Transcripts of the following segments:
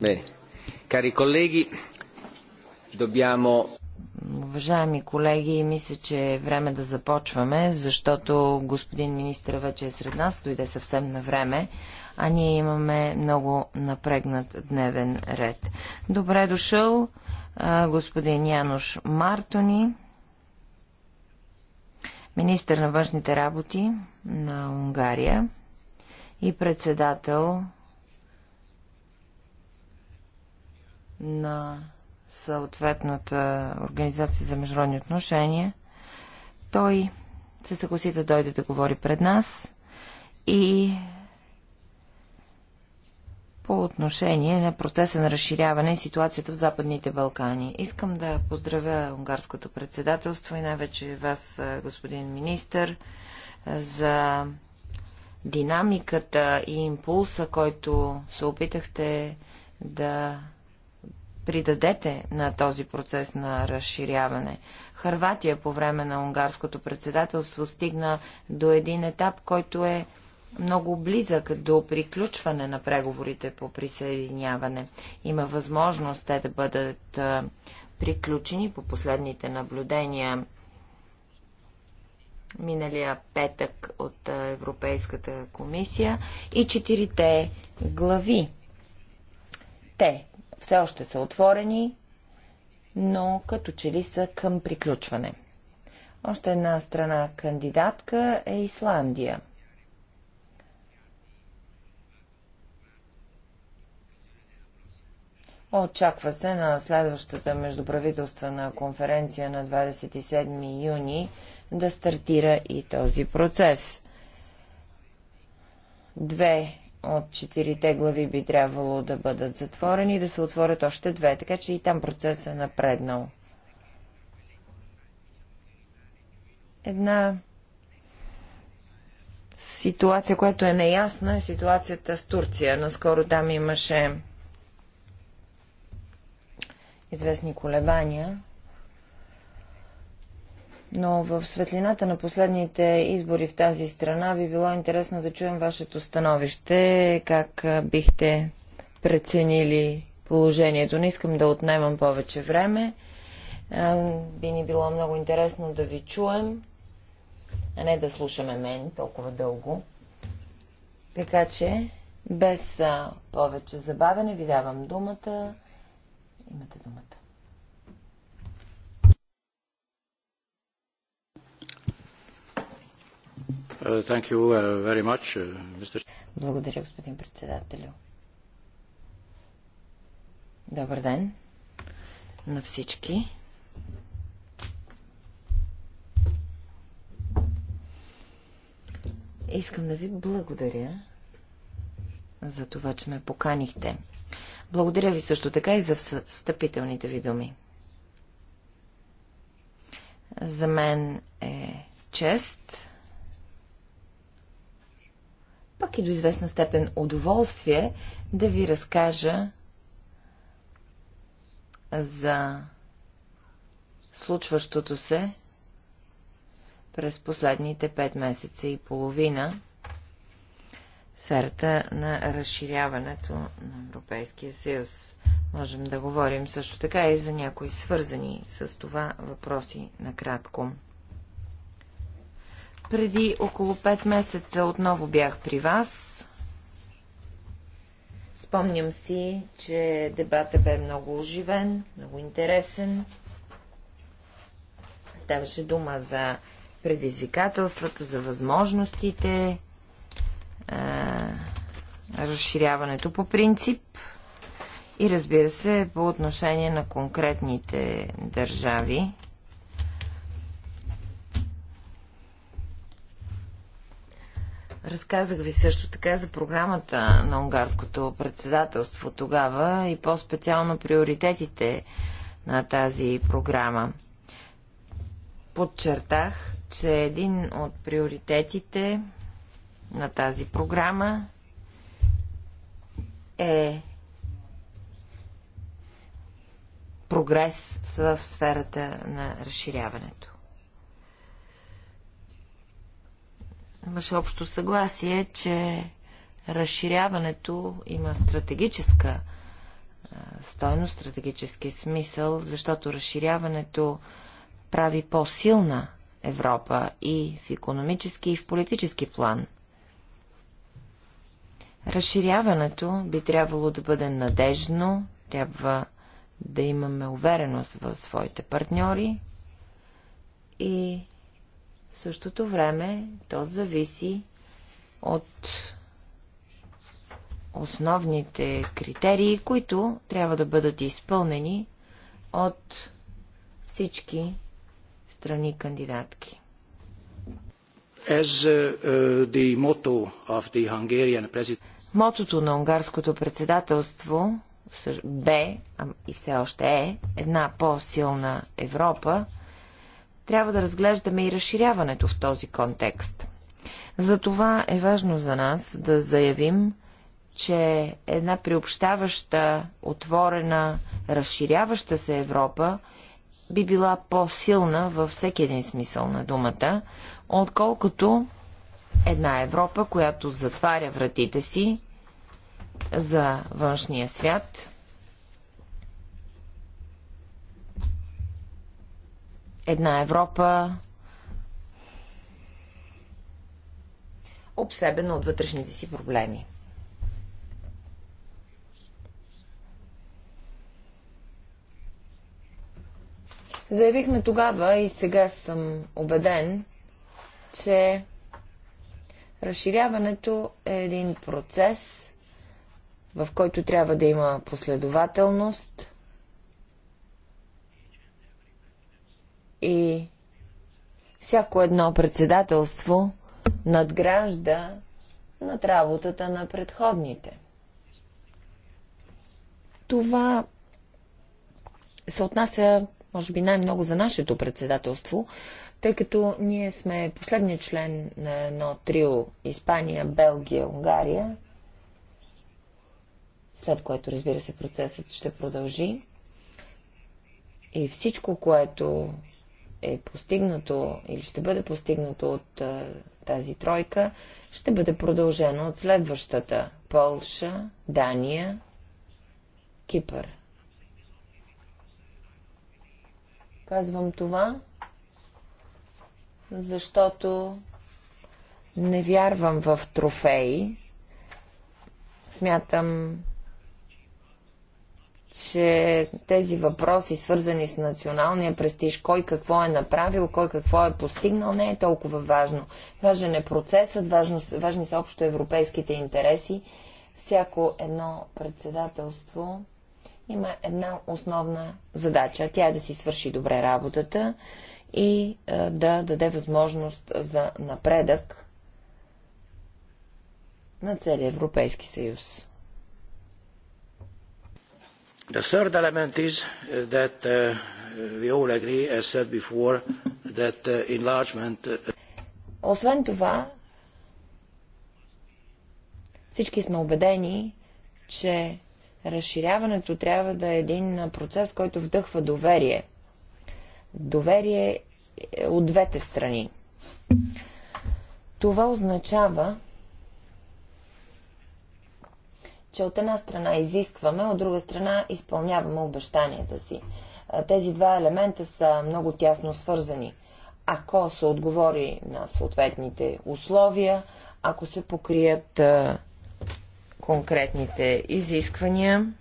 Бе, кари колеги, добямо... Уважаеми колеги, мисля, че е време да започваме, защото господин министр вече е сред нас, дойде съвсем на време, а ние имаме много напрегнат дневен ред. Добре дошъл господин Януш Мартони, министр на външните работи на Унгария и председател на съответната организация за международни отношения, той се съгласи да дойде да говори пред нас и по отношение на процеса на разширяване и ситуацията в Западните Балкани. Искам да поздравя унгарското председателство и най-вече вас, господин министр, за динамиката и импулса, който се опитахте да придадете на този процес на разширяване. Харватия по време на унгарското председателство стигна до един етап, който е много близък до приключване на преговорите по присъединяване. Има възможност те да бъдат приключени по последните наблюдения миналия петък от Европейската комисия и четирите глави. Те все още са отворени, но като че ли са към приключване. Още една страна кандидатка е Исландия. Очаква се на следващата междуправителствена конференция на 27 юни да стартира и този процес. Две от четирите глави би трябвало да бъдат затворени и да се отворят още две, така че и там процесът е напреднал. Една ситуация, която е неясна, е ситуацията с Турция. Наскоро там имаше известни колебания но в светлината на последните избори в тази страна би било интересно да чуем вашето становище, как бихте преценили положението. Не искам да отнемам повече време. Би ни било много интересно да ви чуем, а не да слушаме мен толкова дълго. Така че, без повече забавяне, ви давам думата. Имате думата. Uh, uh, uh, благодаря, господин председателю. Добър ден на всички. Искам да ви благодаря за това, че ме поканихте. Благодаря ви също така и за встъпителните ви думи. За мен е чест пък и до известна степен удоволствие да ви разкажа за случващото се през последните пет месеца и половина сферата на разширяването на Европейския съюз. Можем да говорим също така и за някои свързани с това въпроси накратко. Преди около 5 месеца отново бях при вас. Спомням си, че дебата бе много оживен, много интересен. Ставаше дума за предизвикателствата, за възможностите, е, разширяването по принцип и разбира се по отношение на конкретните държави Разказах ви също така за програмата на унгарското председателство тогава и по-специално приоритетите на тази програма. Подчертах, че един от приоритетите на тази програма е прогрес в сферата на разширяването. Имаше общо съгласие, че разширяването има стратегическа стойност, стратегически смисъл, защото разширяването прави по-силна Европа и в економически, и в политически план. Разширяването би трябвало да бъде надежно, трябва да имаме увереност в своите партньори и в същото време то зависи от основните критерии, които трябва да бъдат изпълнени от всички страни кандидатки. As, uh, uh president... Мотото на унгарското председателство бе и все още е една по-силна Европа трябва да разглеждаме и разширяването в този контекст. Затова е важно за нас да заявим, че една приобщаваща, отворена, разширяваща се Европа би била по-силна във всеки един смисъл на думата, отколкото една Европа, която затваря вратите си за външния свят една Европа, обсебена от вътрешните си проблеми. Заявихме тогава и сега съм убеден, че разширяването е един процес, в който трябва да има последователност – И всяко едно председателство надгражда над работата на предходните. Това се отнася, може би, най-много за нашето председателство, тъй като ние сме последният член на едно трио Испания, Белгия, Унгария, след което, разбира се, процесът ще продължи. И всичко, което е постигнато или ще бъде постигнато от тази тройка, ще бъде продължено от следващата Полша, Дания, Кипър. Казвам това, защото не вярвам в трофеи. Смятам, че тези въпроси, свързани с националния престиж, кой какво е направил, кой какво е постигнал, не е толкова важно. Важен е процесът, важно, важни са общо европейските интереси. Всяко едно председателство има една основна задача. Тя е да си свърши добре работата и е, да даде възможност за напредък на целия Европейски съюз. The third element is uh, that uh, uh, we all agree, as said before, that enlargement... Освен това, всички сме убедени, че разширяването трябва да е един процес, който вдъхва доверие. Доверие е, от двете страни. Това означава, че от една страна изискваме, от друга страна изпълняваме обещанията си. Тези два елемента са много тясно свързани. Ако се отговори на съответните условия, ако се покрият конкретните изисквания,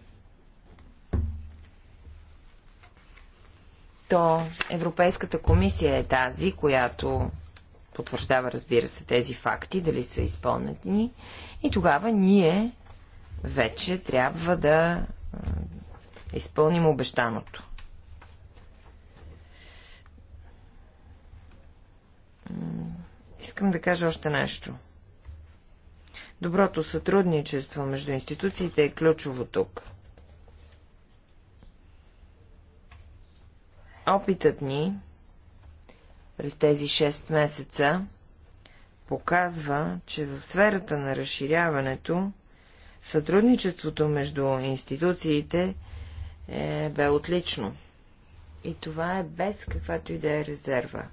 то Европейската комисия е тази, която потвърждава, разбира се, тези факти, дали са изпълнени. И тогава ние вече трябва да изпълним обещаното. Искам да кажа още нещо. Доброто сътрудничество между институциите е ключово тук. Опитът ни през тези 6 месеца показва, че в сферата на разширяването Сътрудничеството между институциите е, бе отлично. И това е без каквато и да е резерва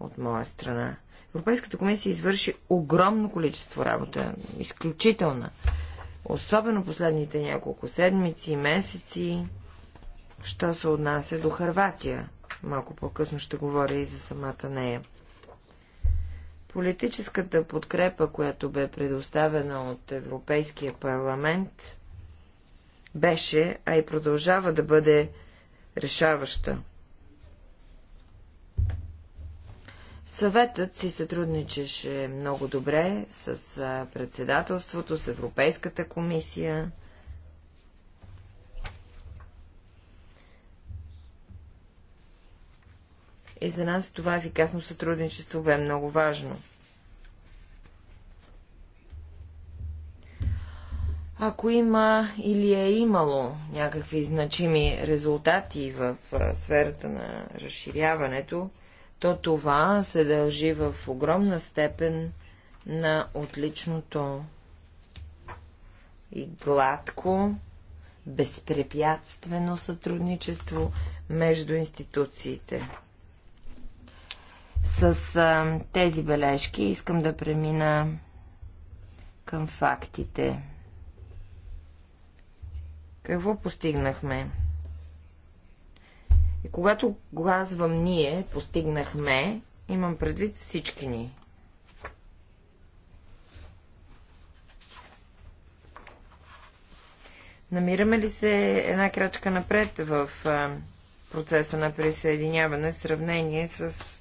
от моя страна. Европейската комисия извърши огромно количество работа, изключителна. Особено последните няколко седмици, месеци, що се отнася до Харватия. Малко по-късно ще говоря и за самата нея. Политическата подкрепа, която бе предоставена от Европейския парламент, беше, а и продължава да бъде решаваща. Съветът си сътрудничеше много добре с председателството, с Европейската комисия, И за нас това ефикасно сътрудничество бе много важно. Ако има или е имало някакви значими резултати в сферата на разширяването, то това се дължи в огромна степен на отличното и гладко, безпрепятствено сътрудничество между институциите. С а, тези бележки искам да премина към фактите. Какво постигнахме? И когато го казвам ние, постигнахме, имам предвид всички ни. Намираме ли се една крачка напред в процеса на присъединяване в сравнение с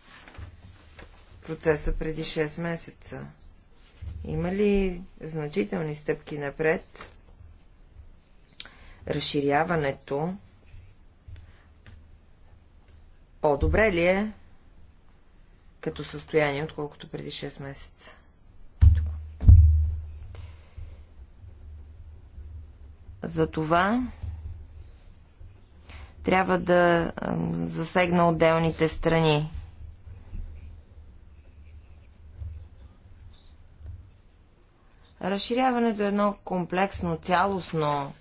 процеса преди 6 месеца. Има ли значителни стъпки напред? Разширяването по-добре ли е като състояние, отколкото преди 6 месеца? Затова трябва да засегна отделните страни. Разширяването е едно комплексно, цялостно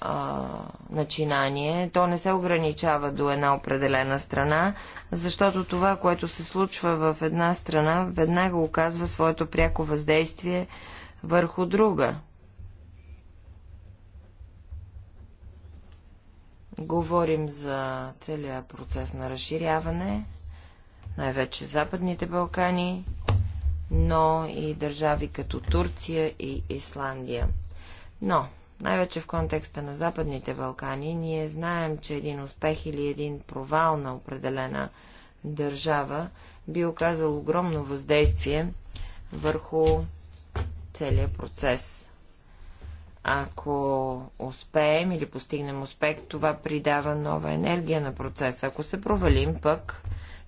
а, начинание. То не се ограничава до една определена страна, защото това, което се случва в една страна, веднага оказва своето пряко въздействие върху друга. Говорим за целият процес на разширяване, най-вече Западните Балкани, но и държави като Турция и Исландия. Но, най-вече в контекста на Западните Балкани, ние знаем, че един успех или един провал на определена държава би оказал огромно въздействие върху целият процес. Ако успеем или постигнем успех, това придава нова енергия на процеса. Ако се провалим, пък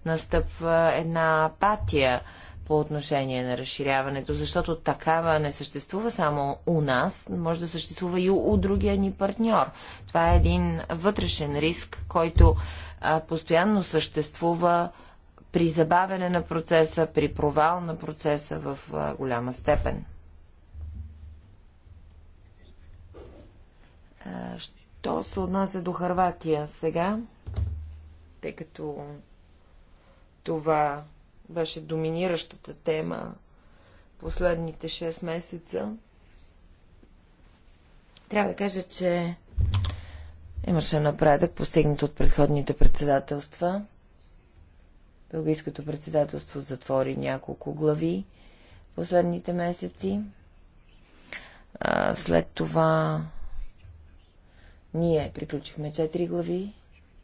настъпва една апатия – по отношение на разширяването, защото такава не съществува само у нас, може да съществува и у другия ни партньор. Това е един вътрешен риск, който а, постоянно съществува при забавяне на процеса, при провал на процеса в а, голяма степен. що се отнася до Харватия сега, тъй като това беше доминиращата тема последните 6 месеца. Трябва да кажа, че имаше напредък, постигнат от предходните председателства. Белгийското председателство затвори няколко глави последните месеци. След това ние приключихме четири глави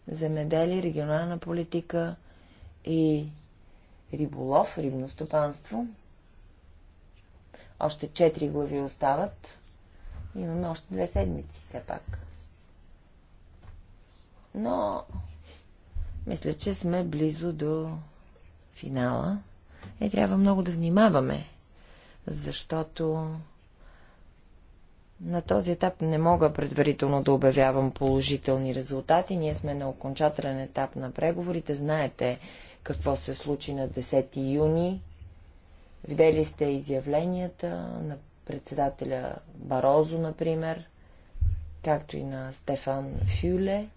земеделие, регионална политика и риболов, рибно стопанство. Още четири глави остават. Имаме още две седмици все пак. Но мисля, че сме близо до финала. И е, трябва много да внимаваме, защото на този етап не мога предварително да обявявам положителни резултати. Ние сме на окончателен етап на преговорите. Знаете, какво се случи на 10 юни. Видели сте изявленията на председателя Барозо, например, както и на Стефан Фюле.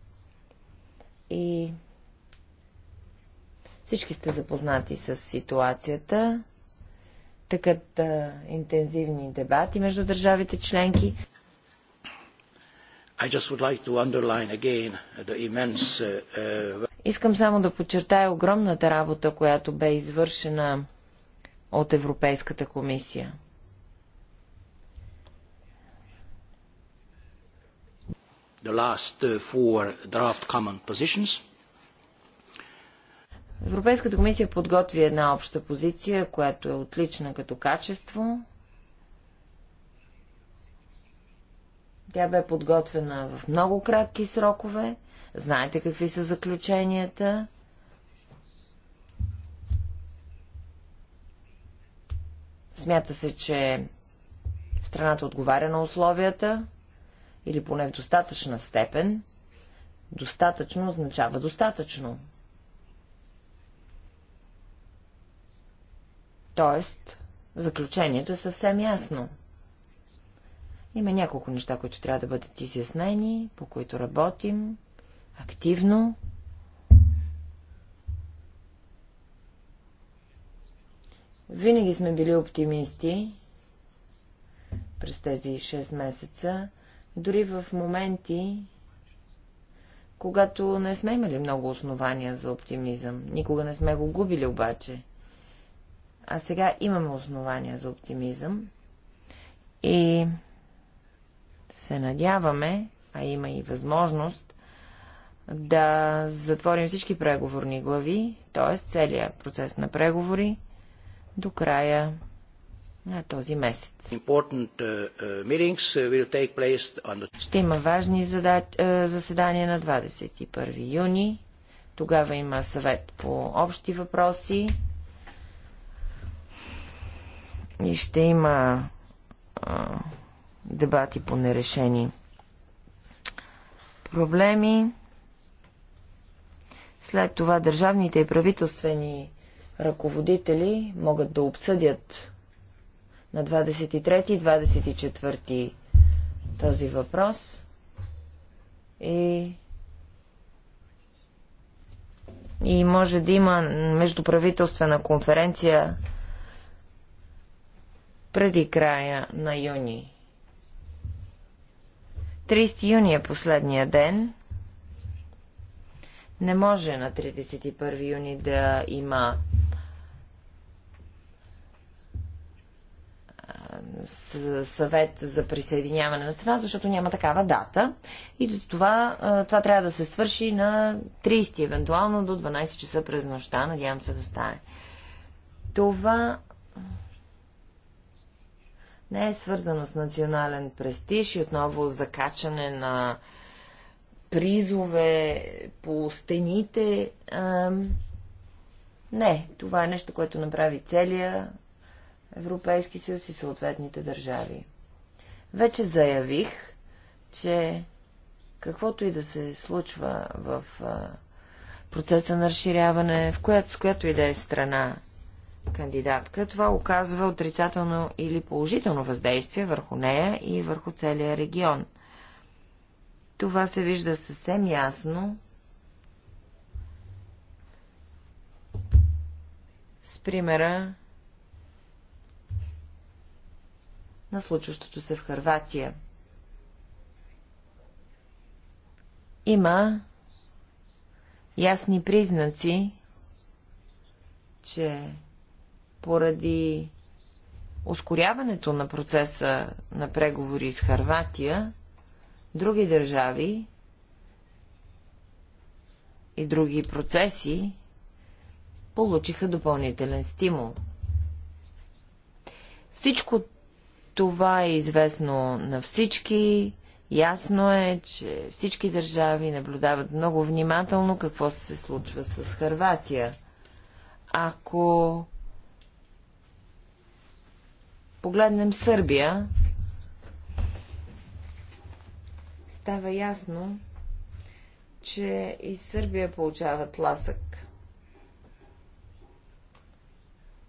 И всички сте запознати с ситуацията. Такът а, интензивни дебати между държавите членки. I just would like to underline again the immense uh, uh Искам само да подчертая огромната работа, която бе извършена от Европейската комисия. The last uh, four draft common positions. Европейската комисия подготви една обща позиция, която е отлична като качество. Тя бе подготвена в много кратки срокове Знаете какви са заключенията? Смята се, че страната отговаря на условията или поне в достатъчна степен. Достатъчно означава достатъчно. Тоест, заключението е съвсем ясно. Има няколко неща, които трябва да бъдат изяснени, по които работим активно. Винаги сме били оптимисти през тези 6 месеца, дори в моменти, когато не сме имали много основания за оптимизъм. Никога не сме го губили обаче. А сега имаме основания за оптимизъм и се надяваме, а има и възможност, да затворим всички преговорни глави, т.е. целият процес на преговори до края на този месец. Uh, uh, uh, ще има важни е, заседания на 21 юни. Тогава има съвет по общи въпроси и ще има а, дебати по нерешени проблеми. След това държавните и правителствени ръководители могат да обсъдят на 23 и 24 този въпрос и и може да има междуправителствена конференция преди края на юни. 30 юни е последния ден не може на 31 юни да има съвет за присъединяване на страната, защото няма такава дата. И до това, това трябва да се свърши на 30, евентуално до 12 часа през нощта. Надявам се да стане. Това не е свързано с национален престиж и отново закачане на призове по стените. Не, това е нещо, което направи целия Европейски съюз и съответните държави. Вече заявих, че каквото и да се случва в процеса на разширяване, в която, с която и да е страна кандидатка, това оказва отрицателно или положително въздействие върху нея и върху целия регион – това се вижда съвсем ясно с примера на случващото се в Харватия. Има ясни признаци, че поради ускоряването на процеса на преговори с Харватия, Други държави и други процеси получиха допълнителен стимул. Всичко това е известно на всички. Ясно е, че всички държави наблюдават много внимателно какво се случва с Харватия. Ако погледнем Сърбия, става ясно, че и Сърбия получава тласък.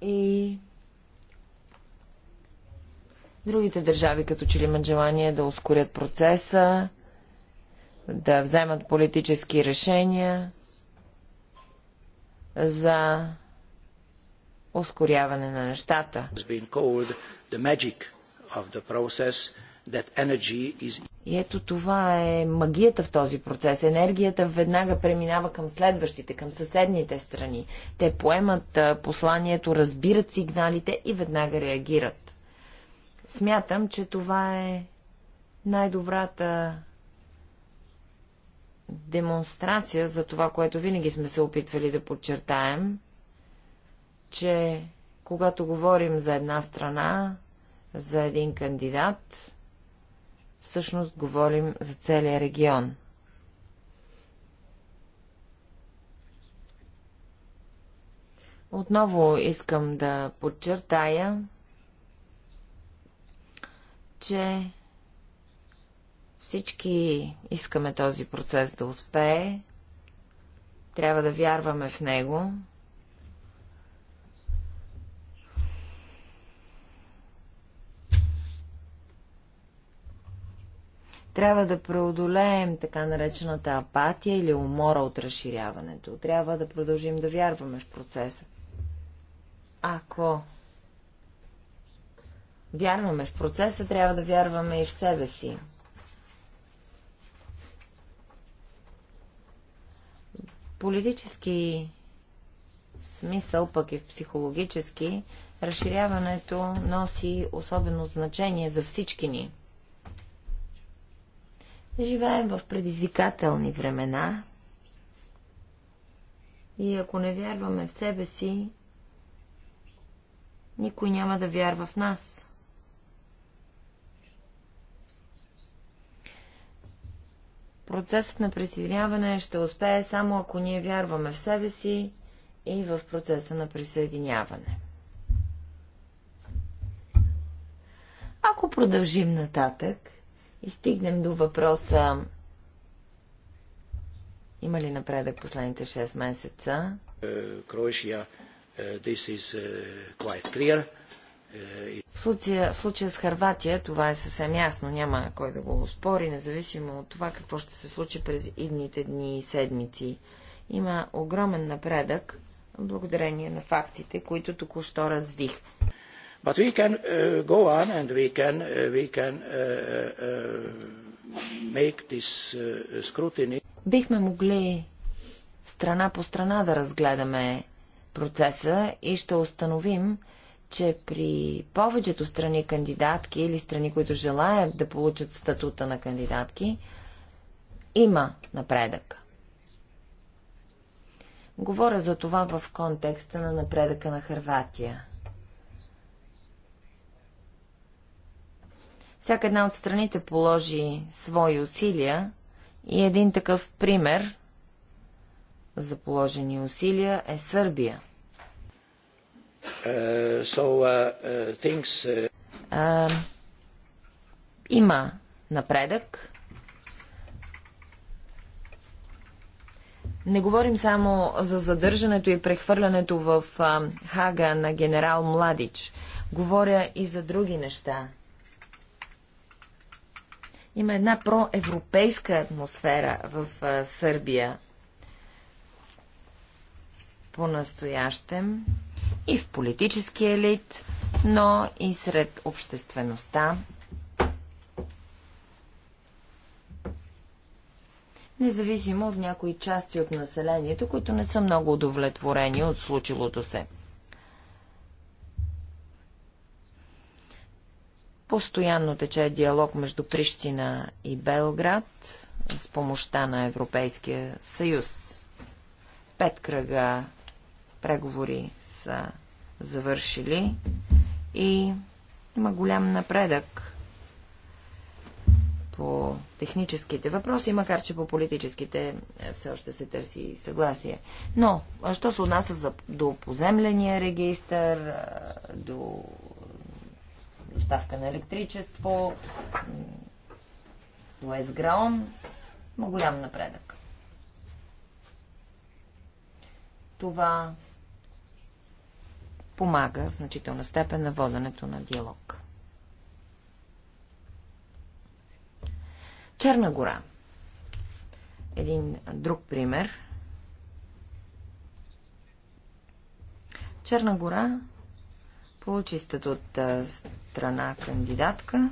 И другите държави, като че ли имат желание да ускорят процеса, да вземат политически решения за ускоряване на нещата. И ето това е магията в този процес. Енергията веднага преминава към следващите, към съседните страни. Те поемат посланието, разбират сигналите и веднага реагират. Смятам, че това е най-добрата демонстрация за това, което винаги сме се опитвали да подчертаем, че когато говорим за една страна, за един кандидат, всъщност говорим за целия регион. Отново искам да подчертая, че всички искаме този процес да успее, трябва да вярваме в него. Трябва да преодолеем така наречената апатия или умора от разширяването. Трябва да продължим да вярваме в процеса. Ако вярваме в процеса, трябва да вярваме и в себе си. Политически смисъл, пък и в психологически, разширяването носи особено значение за всички ни – Живеем в предизвикателни времена и ако не вярваме в себе си, никой няма да вярва в нас. Процесът на присъединяване ще успее само ако ние вярваме в себе си и в процеса на присъединяване. Ако продължим нататък, и стигнем до въпроса има ли напредък последните 6 месеца? Е, Кроешия, е, е, uh, в случая, в случая с Харватия това е съвсем ясно, няма кой да го спори, независимо от това какво ще се случи през идните дни и седмици. Има огромен напредък благодарение на фактите, които току-що развих. But we can uh, go on and we can, uh, we can uh, uh, make this uh, scrutiny. Бихме могли страна по страна да разгледаме процеса и ще установим, че при повечето страни кандидатки или страни, които желаят да получат статута на кандидатки, има напредък. Говоря за това в контекста на напредъка на Харватия. Всяка една от страните положи свои усилия и един такъв пример за положени усилия е Сърбия. Uh, so, uh, uh things, uh... Uh, има напредък. Не говорим само за задържането и прехвърлянето в uh, Хага на генерал Младич. Говоря и за други неща. Има една проевропейска атмосфера в Сърбия по-настоящем и в политически елит, но и сред обществеността. Независимо от някои части от населението, които не са много удовлетворени от случилото се. Постоянно тече диалог между Прищина и Белград с помощта на Европейския съюз. Пет кръга преговори са завършили и има голям напредък по техническите въпроси, макар че по политическите е, все още се търси съгласие. Но, що се отнася до поземления регистър, до доставка на електричество, Луес Граун, има голям напредък. Това помага в значителна степен на воденето на диалог. Черна гора. Един друг пример. Черна гора Получи статут страна кандидатка.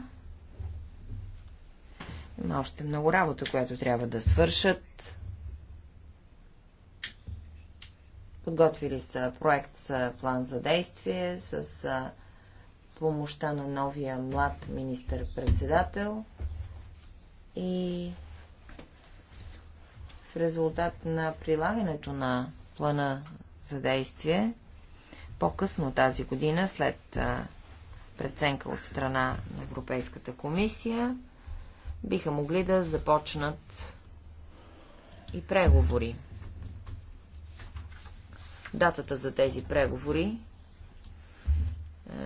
Има още много работа, която трябва да свършат. Подготвили са проект с план за действие с помощта на новия млад министър-председател и в резултат на прилагането на плана за действие по-късно тази година, след преценка от страна на Европейската комисия, биха могли да започнат и преговори. Датата за тези преговори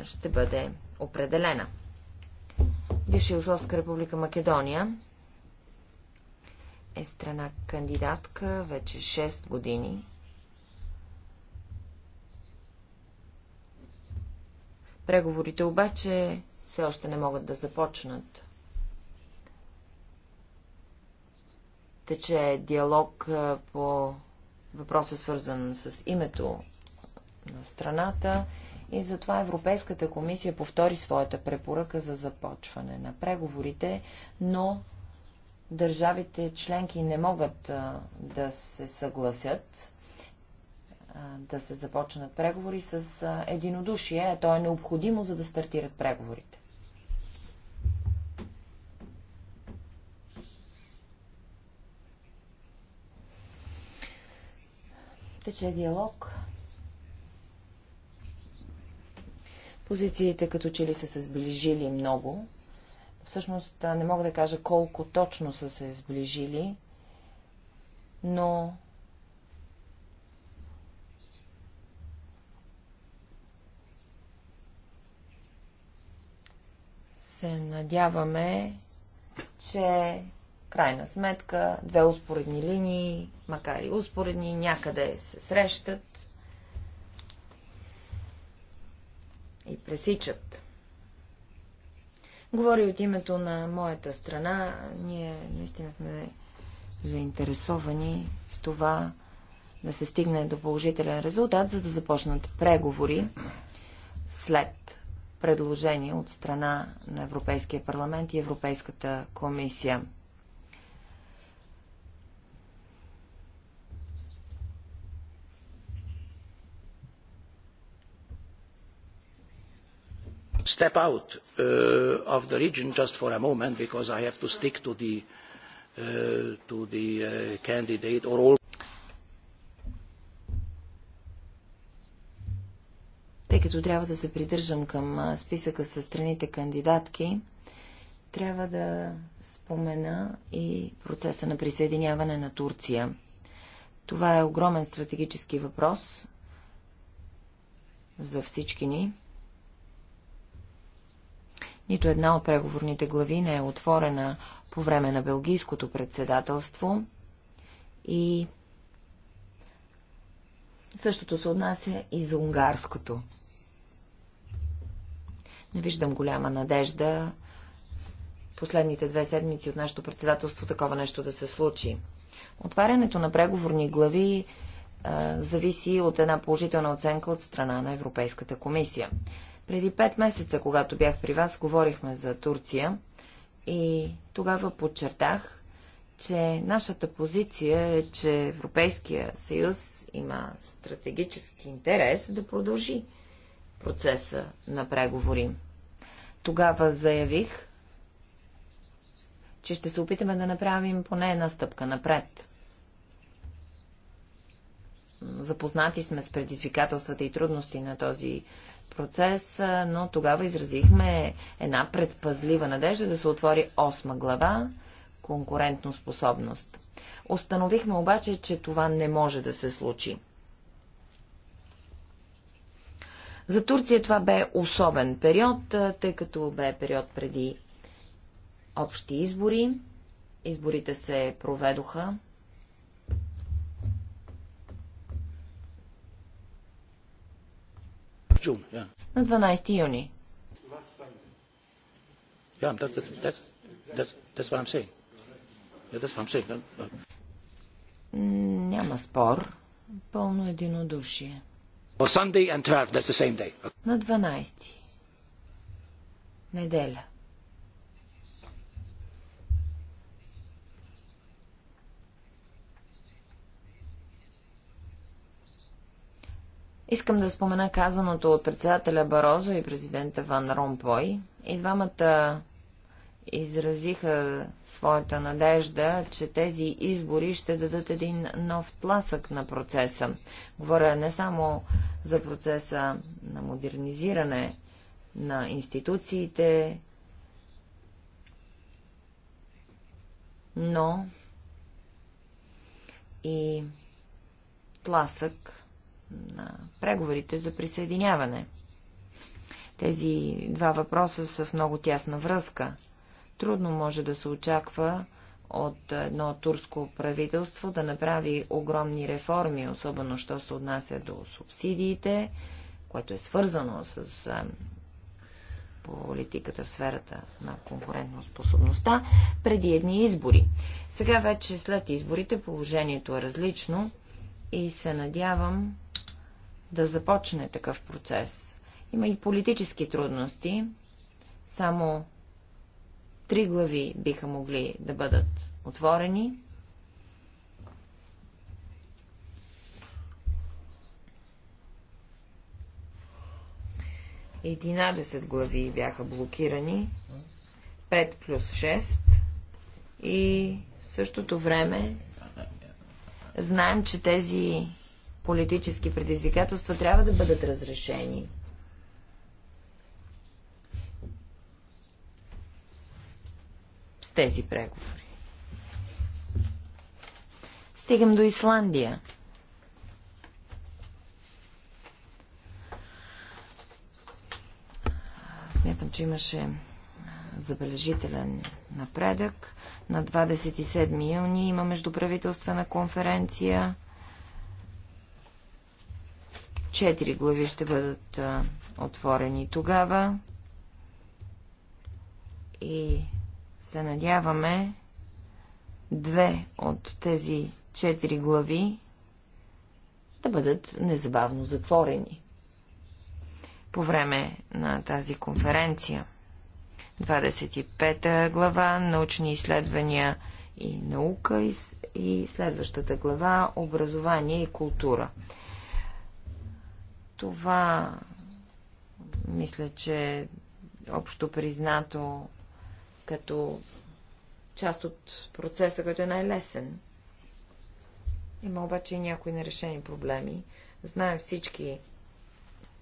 ще бъде определена. Бивши Югославска република Македония е страна кандидатка вече 6 години Преговорите обаче все още не могат да започнат. Тече диалог по въпроса свързан с името на страната и затова Европейската комисия повтори своята препоръка за започване на преговорите, но държавите членки не могат да се съгласят да се започнат преговори с единодушие, то е необходимо, за да стартират преговорите. Тече диалог. Позициите като че ли са се сближили много. Всъщност не мога да кажа колко точно са се сближили, но се надяваме, че крайна сметка две успоредни линии, макар и успоредни, някъде се срещат и пресичат. Говори от името на моята страна. Ние наистина сме заинтересовани в това да се стигне до положителен резултат, за да започнат преговори след предложение от страна на Европейския парламент и Европейската комисия. step out uh, of the region just for a moment because I have to stick to the, uh, uh, to the candidate or all. Тъй като трябва да се придържам към списъка с страните кандидатки, трябва да спомена и процеса на присъединяване на Турция. Това е огромен стратегически въпрос за всички ни. Нито една от преговорните глави не е отворена по време на Белгийското председателство и същото се отнася и за унгарското. Не виждам голяма надежда последните две седмици от нашето председателство такова нещо да се случи. Отварянето на преговорни глави а, зависи от една положителна оценка от страна на Европейската комисия. Преди пет месеца, когато бях при вас, говорихме за Турция и тогава подчертах, че нашата позиция е, че Европейския съюз има стратегически интерес да продължи процеса на преговори. Тогава заявих, че ще се опитаме да направим поне една стъпка напред. Запознати сме с предизвикателствата и трудности на този процес, но тогава изразихме една предпазлива надежда да се отвори осма глава конкурентно способност. Установихме обаче, че това не може да се случи. За Турция това бе особен период, тъй като бе период преди общи избори. Изборите се проведоха на 12 юни. Няма спор. Пълно единодушие. На 12. ти Неделя. Искам да спомена казаното от председателя Барозо и президента Ван Ромпой. И двамата изразиха своята надежда, че тези избори ще дадат един нов тласък на процеса. Говоря не само за процеса на модернизиране на институциите, но и тласък на преговорите за присъединяване. Тези два въпроса са в много тясна връзка. Трудно може да се очаква от едно турско правителство да направи огромни реформи, особено що се отнася до субсидиите, което е свързано с политиката в сферата на конкурентно способността преди едни избори. Сега вече след изборите положението е различно и се надявам да започне такъв процес. Има и политически трудности. Само Три глави биха могли да бъдат отворени. Единадесет глави бяха блокирани. 5 плюс 6 и в същото време знаем, че тези политически предизвикателства трябва да бъдат разрешени. тези преговори. Стигам до Исландия. Смятам, че имаше забележителен напредък. На 27 юни има междуправителствена конференция. Четири глави ще бъдат а, отворени тогава. И се надяваме две от тези четири глави да бъдат незабавно затворени. По време на тази конференция 25 та глава научни изследвания и наука и, и следващата глава образование и култура. Това мисля, че общо признато като част от процеса, който е най-лесен. Има обаче и някои нерешени проблеми. Знаем всички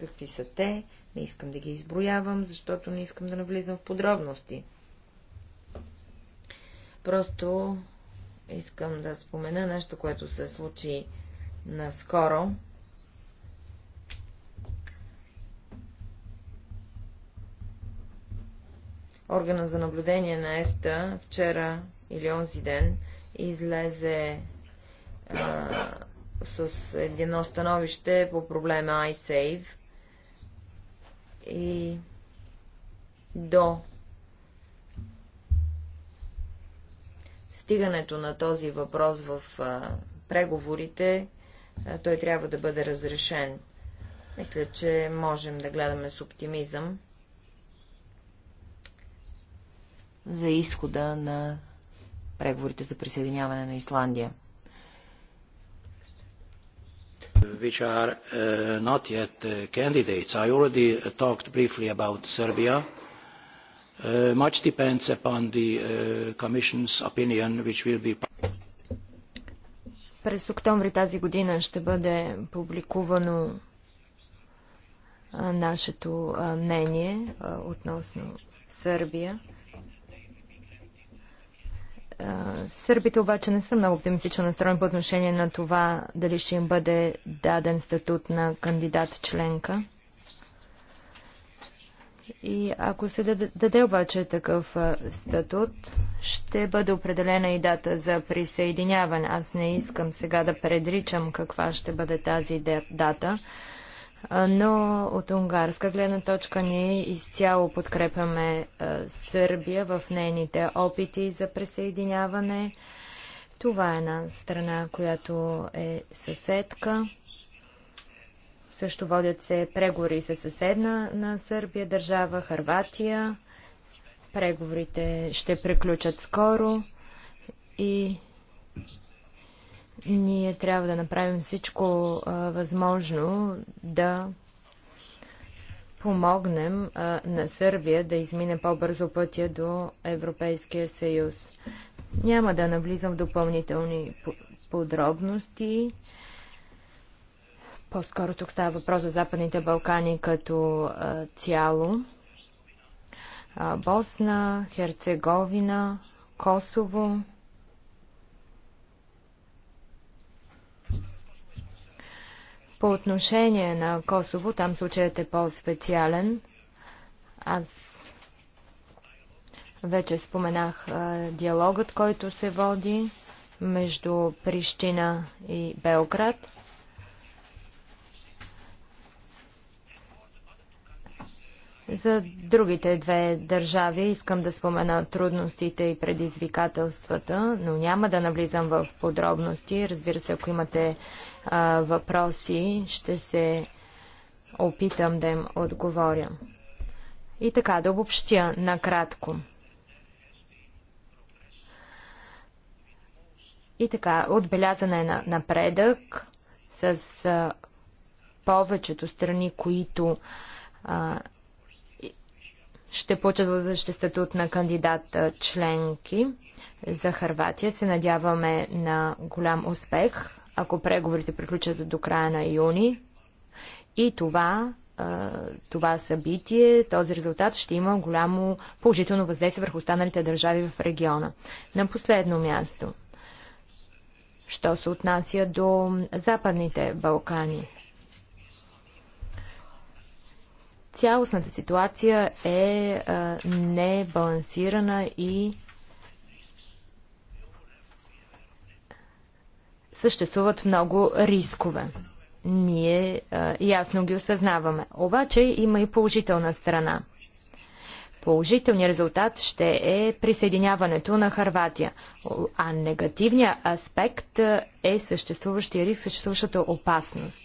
какви са те, не искам да ги изброявам, защото не искам да навлизам в подробности. Просто искам да спомена нещо, което се случи наскоро Органа за наблюдение на ЕФТА вчера или онзи ден излезе а, с едно становище по проблема iSave и до стигането на този въпрос в а, преговорите, а, той трябва да бъде разрешен. Мисля, че можем да гледаме с оптимизъм за изхода на преговорите за присъединяване на Исландия. which are uh, not yet uh, candidates. I already uh, talked briefly about Serbia. Uh, much depends upon the uh, Commission's opinion, which will be... През октомври тази година ще бъде публикувано нашето мнение относно Сърбия. Сърбите обаче не са много оптимистично настроени по отношение на това дали ще им бъде даден статут на кандидат членка. И ако се даде обаче такъв статут, ще бъде определена и дата за присъединяване. Аз не искам сега да предричам каква ще бъде тази дата но от унгарска гледна точка ние изцяло подкрепяме Сърбия в нейните опити за присъединяване. Това е една страна, която е съседка. Също водят се преговори с съседна на Сърбия държава, Харватия. Преговорите ще приключат скоро и ние трябва да направим всичко а, възможно да помогнем а, на Сърбия да измине по-бързо пътя до Европейския съюз. Няма да навлизам в допълнителни подробности. По-скоро тук става въпрос за Западните Балкани като а, цяло. А, Босна, Херцеговина, Косово. По отношение на Косово, там случаят е по-специален. Аз вече споменах а, диалогът, който се води между Прищина и Белград – За другите две държави искам да спомена трудностите и предизвикателствата, но няма да навлизам в подробности. Разбира се, ако имате а, въпроси, ще се опитам да им отговоря. И така, да обобщя накратко. И така, отбелязана е на напредък с а, повечето страни, които а, ще получат бъдещ статут на кандидат членки за Харватия. Се надяваме на голям успех, ако преговорите приключат до края на юни. И това, това събитие, този резултат ще има голямо положително въздействие върху останалите държави в региона. На последно място, що се отнася до Западните Балкани – Цялостната ситуация е небалансирана и съществуват много рискове. Ние а, ясно ги осъзнаваме. Обаче има и положителна страна. Положителният резултат ще е присъединяването на Харватия, а негативният аспект е съществуващия риск, съществуващата опасност.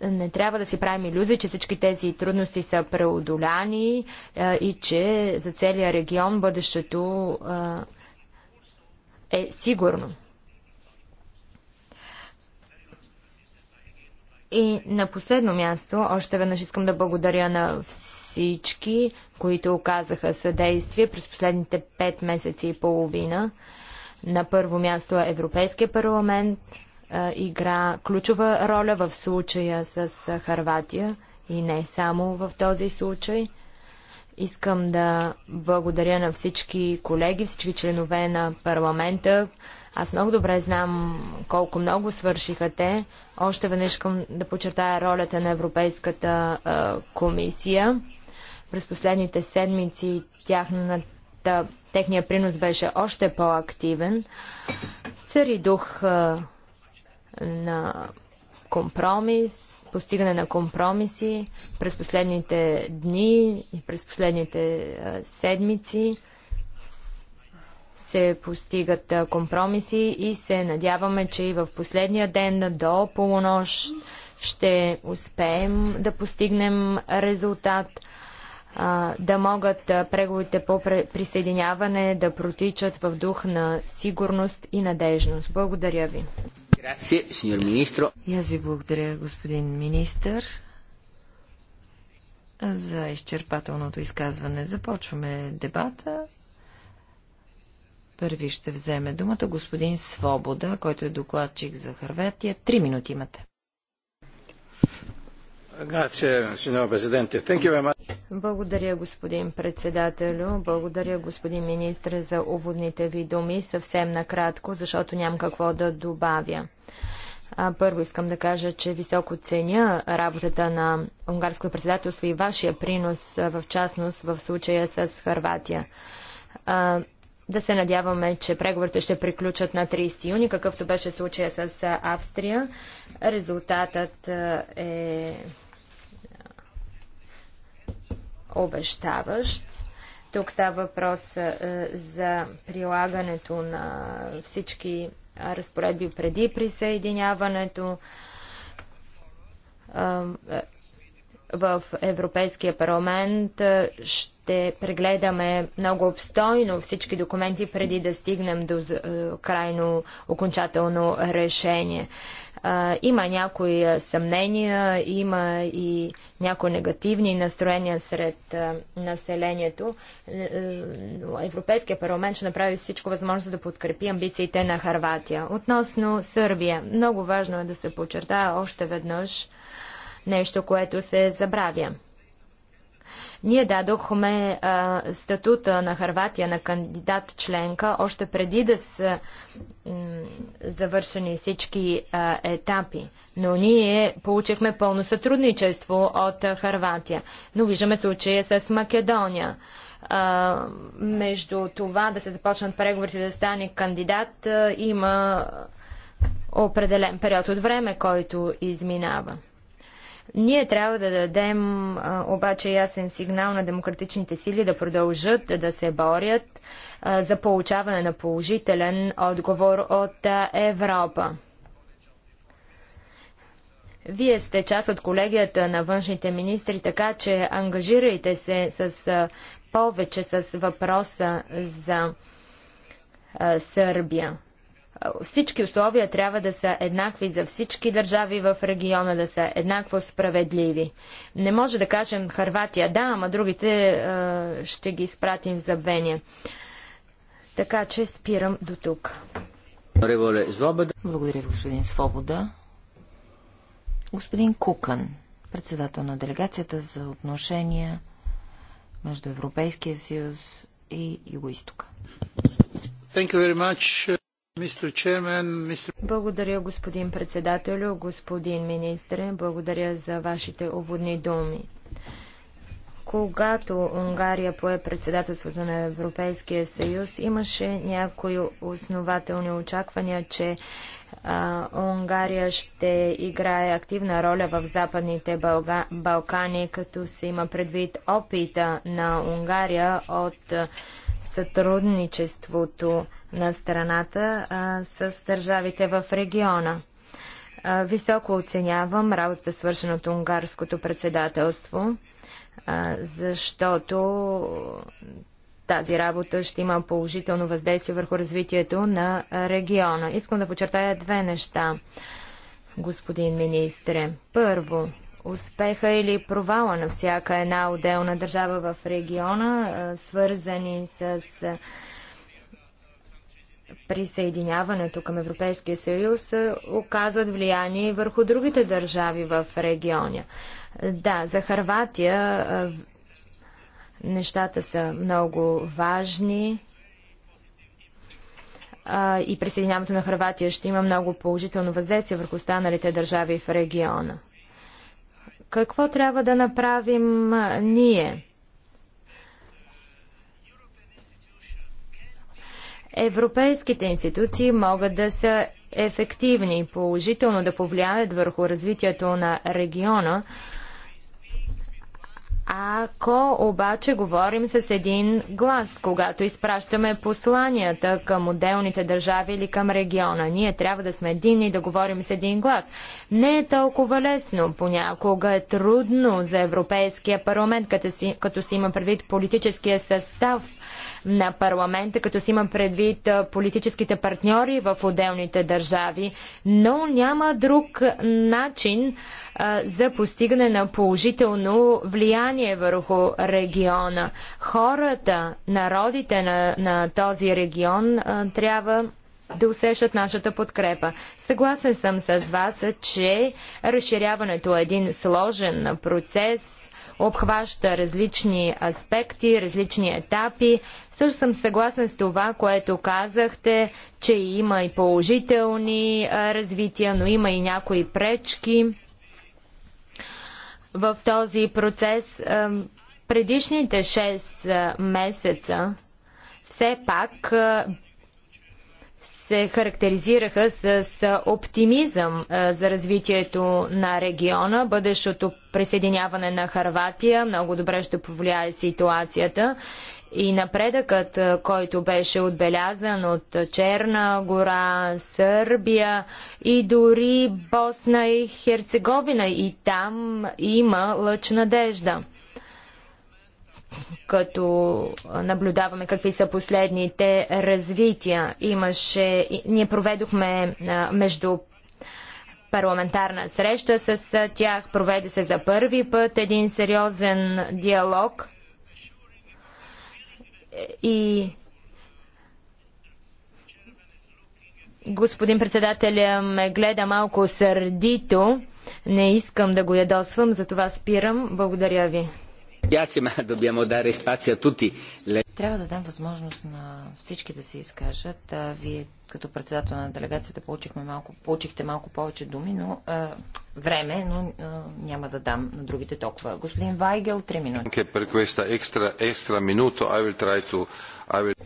Не трябва да си правим иллюзии, че всички тези трудности са преодоляни и че за целия регион бъдещето е сигурно. И на последно място, още веднъж искам да благодаря на всички, които оказаха съдействие през последните 5 месеца и половина. На първо място е Европейския парламент, игра ключова роля в случая с Харватия и не само в този случай. Искам да благодаря на всички колеги, всички членове на парламента. Аз много добре знам колко много свършиха те. Още веднъж искам да подчертая ролята на Европейската комисия. През последните седмици тяхната, техния принос беше още по-активен. Цари дух на компромис, постигане на компромиси през последните дни и през последните седмици се постигат компромиси и се надяваме, че и в последния ден до полунощ ще успеем да постигнем резултат, да могат преговорите по присъединяване да протичат в дух на сигурност и надежност. Благодаря ви. И аз ви благодаря, господин министър, за изчерпателното изказване. Започваме дебата. Първи ще вземе думата господин Свобода, който е докладчик за Харватия. Три минути имате. Благодаря, господин председателю. Благодаря, господин министр, за уводните ви думи. Съвсем накратко, защото нямам какво да добавя. Първо искам да кажа, че високо ценя работата на унгарското председателство и вашия принос, в частност в случая с Харватия. Да се надяваме, че преговорите ще приключат на 30 юни, какъвто беше случая с Австрия. Резултатът е обещаващ. Тук става въпрос за прилагането на всички разпоредби преди присъединяването в Европейския парламент. Ще прегледаме много обстойно всички документи преди да стигнем до крайно окончателно решение. А, има някои съмнения, има и някои негативни настроения сред а, населението. Е, е, Европейския парламент ще направи всичко възможно да подкрепи амбициите на Харватия. Относно Сърбия, много важно е да се подчертая още веднъж нещо, което се забравя – ние дадохме а, статута на Харватия на кандидат членка още преди да са завършени всички а, етапи. Но ние получихме пълно сътрудничество от Харватия. Но виждаме случая с Македония. А, между това да се започнат преговори да стане кандидат а, има определен период от време, който изминава. Ние трябва да дадем а, обаче ясен сигнал на демократичните сили да продължат да се борят а, за получаване на положителен отговор от а, Европа. Вие сте част от колегията на външните министри, така че ангажирайте се с повече с въпроса за Сърбия. Всички условия трябва да са еднакви за всички държави в региона, да са еднакво справедливи. Не може да кажем Харватия да, ама другите е, ще ги изпратим в забвение. Така че спирам до тук. Благодаря, господин Свобода. Господин Кукан, председател на делегацията за отношения между Европейския съюз и Юго-Истока. Благодаря, господин председателю, господин министре. Благодаря за вашите уводни думи. Когато Унгария пое председателството на Европейския съюз, имаше някои основателни очаквания, че а, Унгария ще играе активна роля в Западните Балга... Балкани, като се има предвид опита на Унгария от сътрудничеството на страната а, с държавите в региона. А, високо оценявам работата свършена от унгарското председателство, а, защото тази работа ще има положително въздействие върху развитието на региона. Искам да подчертая две неща, господин министре. Първо, успеха или провала на всяка една отделна държава в региона, свързани с присъединяването към Европейския съюз, оказват влияние върху другите държави в региона. Да, за Харватия нещата са много важни и присъединяването на Харватия ще има много положително въздействие върху останалите държави в региона. Какво трябва да направим ние? Европейските институции могат да са ефективни и положително да повлияят върху развитието на региона, ако обаче говорим с един глас, когато изпращаме посланията към отделните държави или към региона, ние трябва да сме единни и да говорим с един глас. Не е толкова лесно. Понякога е трудно за Европейския парламент, като си, като си има предвид политическия състав на парламента, като си има предвид политическите партньори в отделните държави, но няма друг начин а, за постигане на положително влияние върху региона. Хората, народите на, на този регион а, трябва да усещат нашата подкрепа. Съгласен съм с вас, че разширяването е един сложен процес, обхваща различни аспекти, различни етапи. Също съм съгласен с това, което казахте, че има и положителни развития, но има и някои пречки в този процес. предишните 6 месеца все пак се характеризираха с оптимизъм за развитието на региона. Бъдещото присъединяване на Харватия много добре ще повлияе ситуацията и напредъкът, който беше отбелязан от Черна гора, Сърбия и дори Босна и Херцеговина. И там има лъч надежда като наблюдаваме какви са последните развития. Имаше, ние проведохме между парламентарна среща с тях, проведе се за първи път един сериозен диалог и господин председателя ме гледа малко сърдито. Не искам да го ядосвам, затова спирам. Благодаря ви. Трябва да дам възможност на всички да се изкажат. Вие като председател на делегацията получихме малко, получихте малко повече думи, но е, време, но е, няма да дам на другите толкова. Господин Вайгел, 3 минути.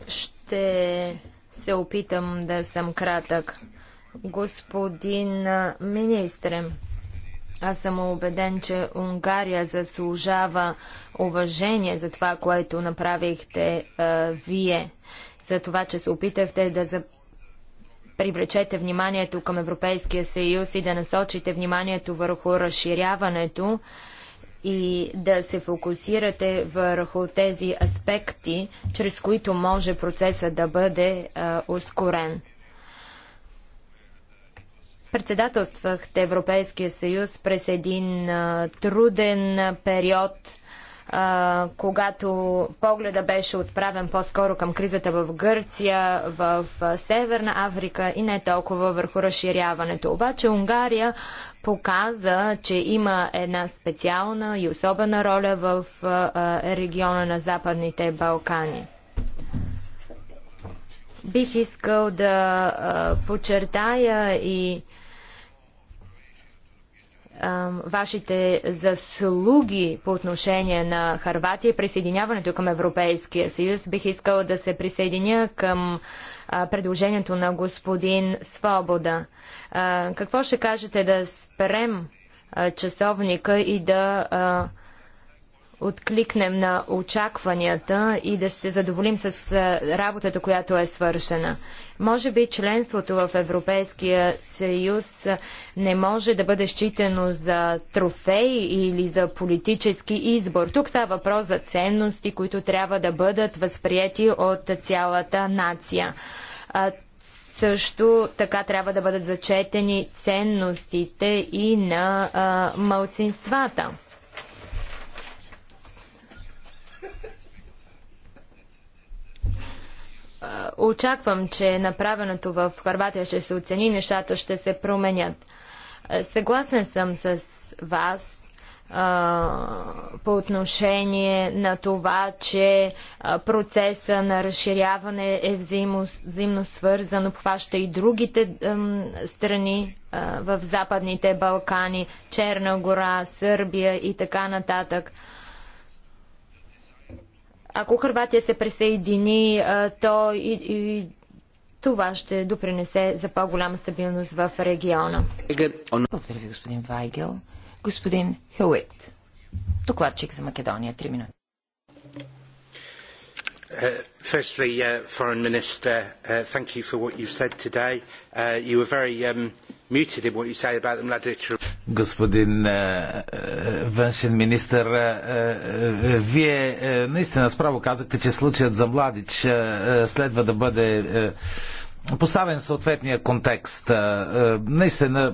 Ще се опитам да съм кратък. Господин министрем, аз съм убеден, че Унгария заслужава уважение за това, което направихте а, вие, за това, че се опитахте да за... привлечете вниманието към Европейския съюз и да насочите вниманието върху разширяването и да се фокусирате върху тези аспекти, чрез които може процесът да бъде а, ускорен. Председателствахте Европейския съюз през един а, труден период, а, когато погледа беше отправен по-скоро към кризата в Гърция, в Северна Африка и не толкова върху разширяването. Обаче Унгария показа, че има една специална и особена роля в а, региона на Западните Балкани. Бих искал да а, подчертая и вашите заслуги по отношение на Харватия и присъединяването към Европейския съюз. Бих искал да се присъединя към предложението на господин Свобода. какво ще кажете да спрем часовника и да откликнем на очакванията и да се задоволим с работата, която е свършена. Може би членството в Европейския съюз не може да бъде считано за трофей или за политически избор. Тук става въпрос за ценности, които трябва да бъдат възприяти от цялата нация. Също така трябва да бъдат зачетени ценностите и на а, малцинствата. Очаквам, че направеното в Харватия ще се оцени, нещата ще се променят. Съгласен съм с вас по отношение на това, че процеса на разширяване е взаимо, взаимно свързан, обхваща и другите страни в Западните Балкани, Черна гора, Сърбия и така нататък. Ако Хрватия се присъедини, то и, и това ще допринесе за по-голяма стабилност в региона. Благодаря ви, господин Вайгел. Господин Хюит, докладчик за Македония, 3 минути. Uh, firstly, uh, Foreign Minister, uh, thank you for what you've said today. Uh, you were very um, muted in what you say about the Mladic господин е, е, външен министр. Е, вие наистина справо казахте, че случаят за Младич следва да бъде поставен в съответния контекст. Наистина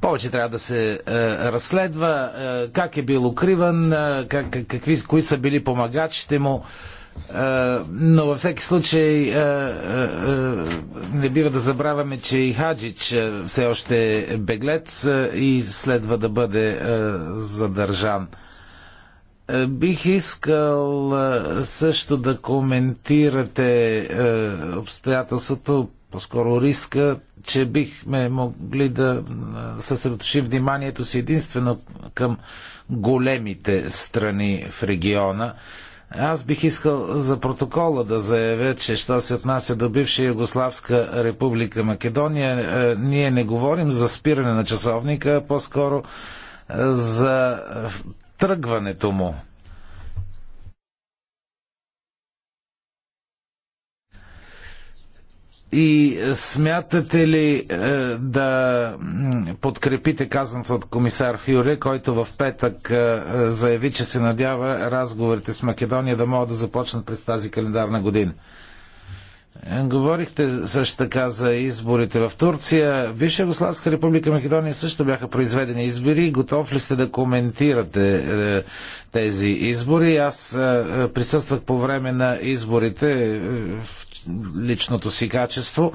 повече трябва да се е, разследва е, как е бил укриван, е, как, какви, кои са били помагачите му. Е, но във всеки случай не бива да забравяме, че и Хаджич все още е беглец и следва да бъде задържан. Бих искал също да коментирате обстоятелството, по-скоро риска, че бихме могли да съсредоточим вниманието си единствено към големите страни в региона. Аз бих искал за протокола да заявя, че що се отнася до бивша Югославска република Македония, е, ние не говорим за спиране на часовника, а по-скоро е, за тръгването му. И смятате ли е, да подкрепите казаното от комисар Фюре, който в петък е, заяви, че се надява разговорите с Македония да могат да започнат през тази календарна година? Говорихте също така за изборите в Турция. Бивша Югославска република Македония също бяха произведени избори. Готов ли сте да коментирате е, тези избори? Аз е, присъствах по време на изборите е, в личното си качество.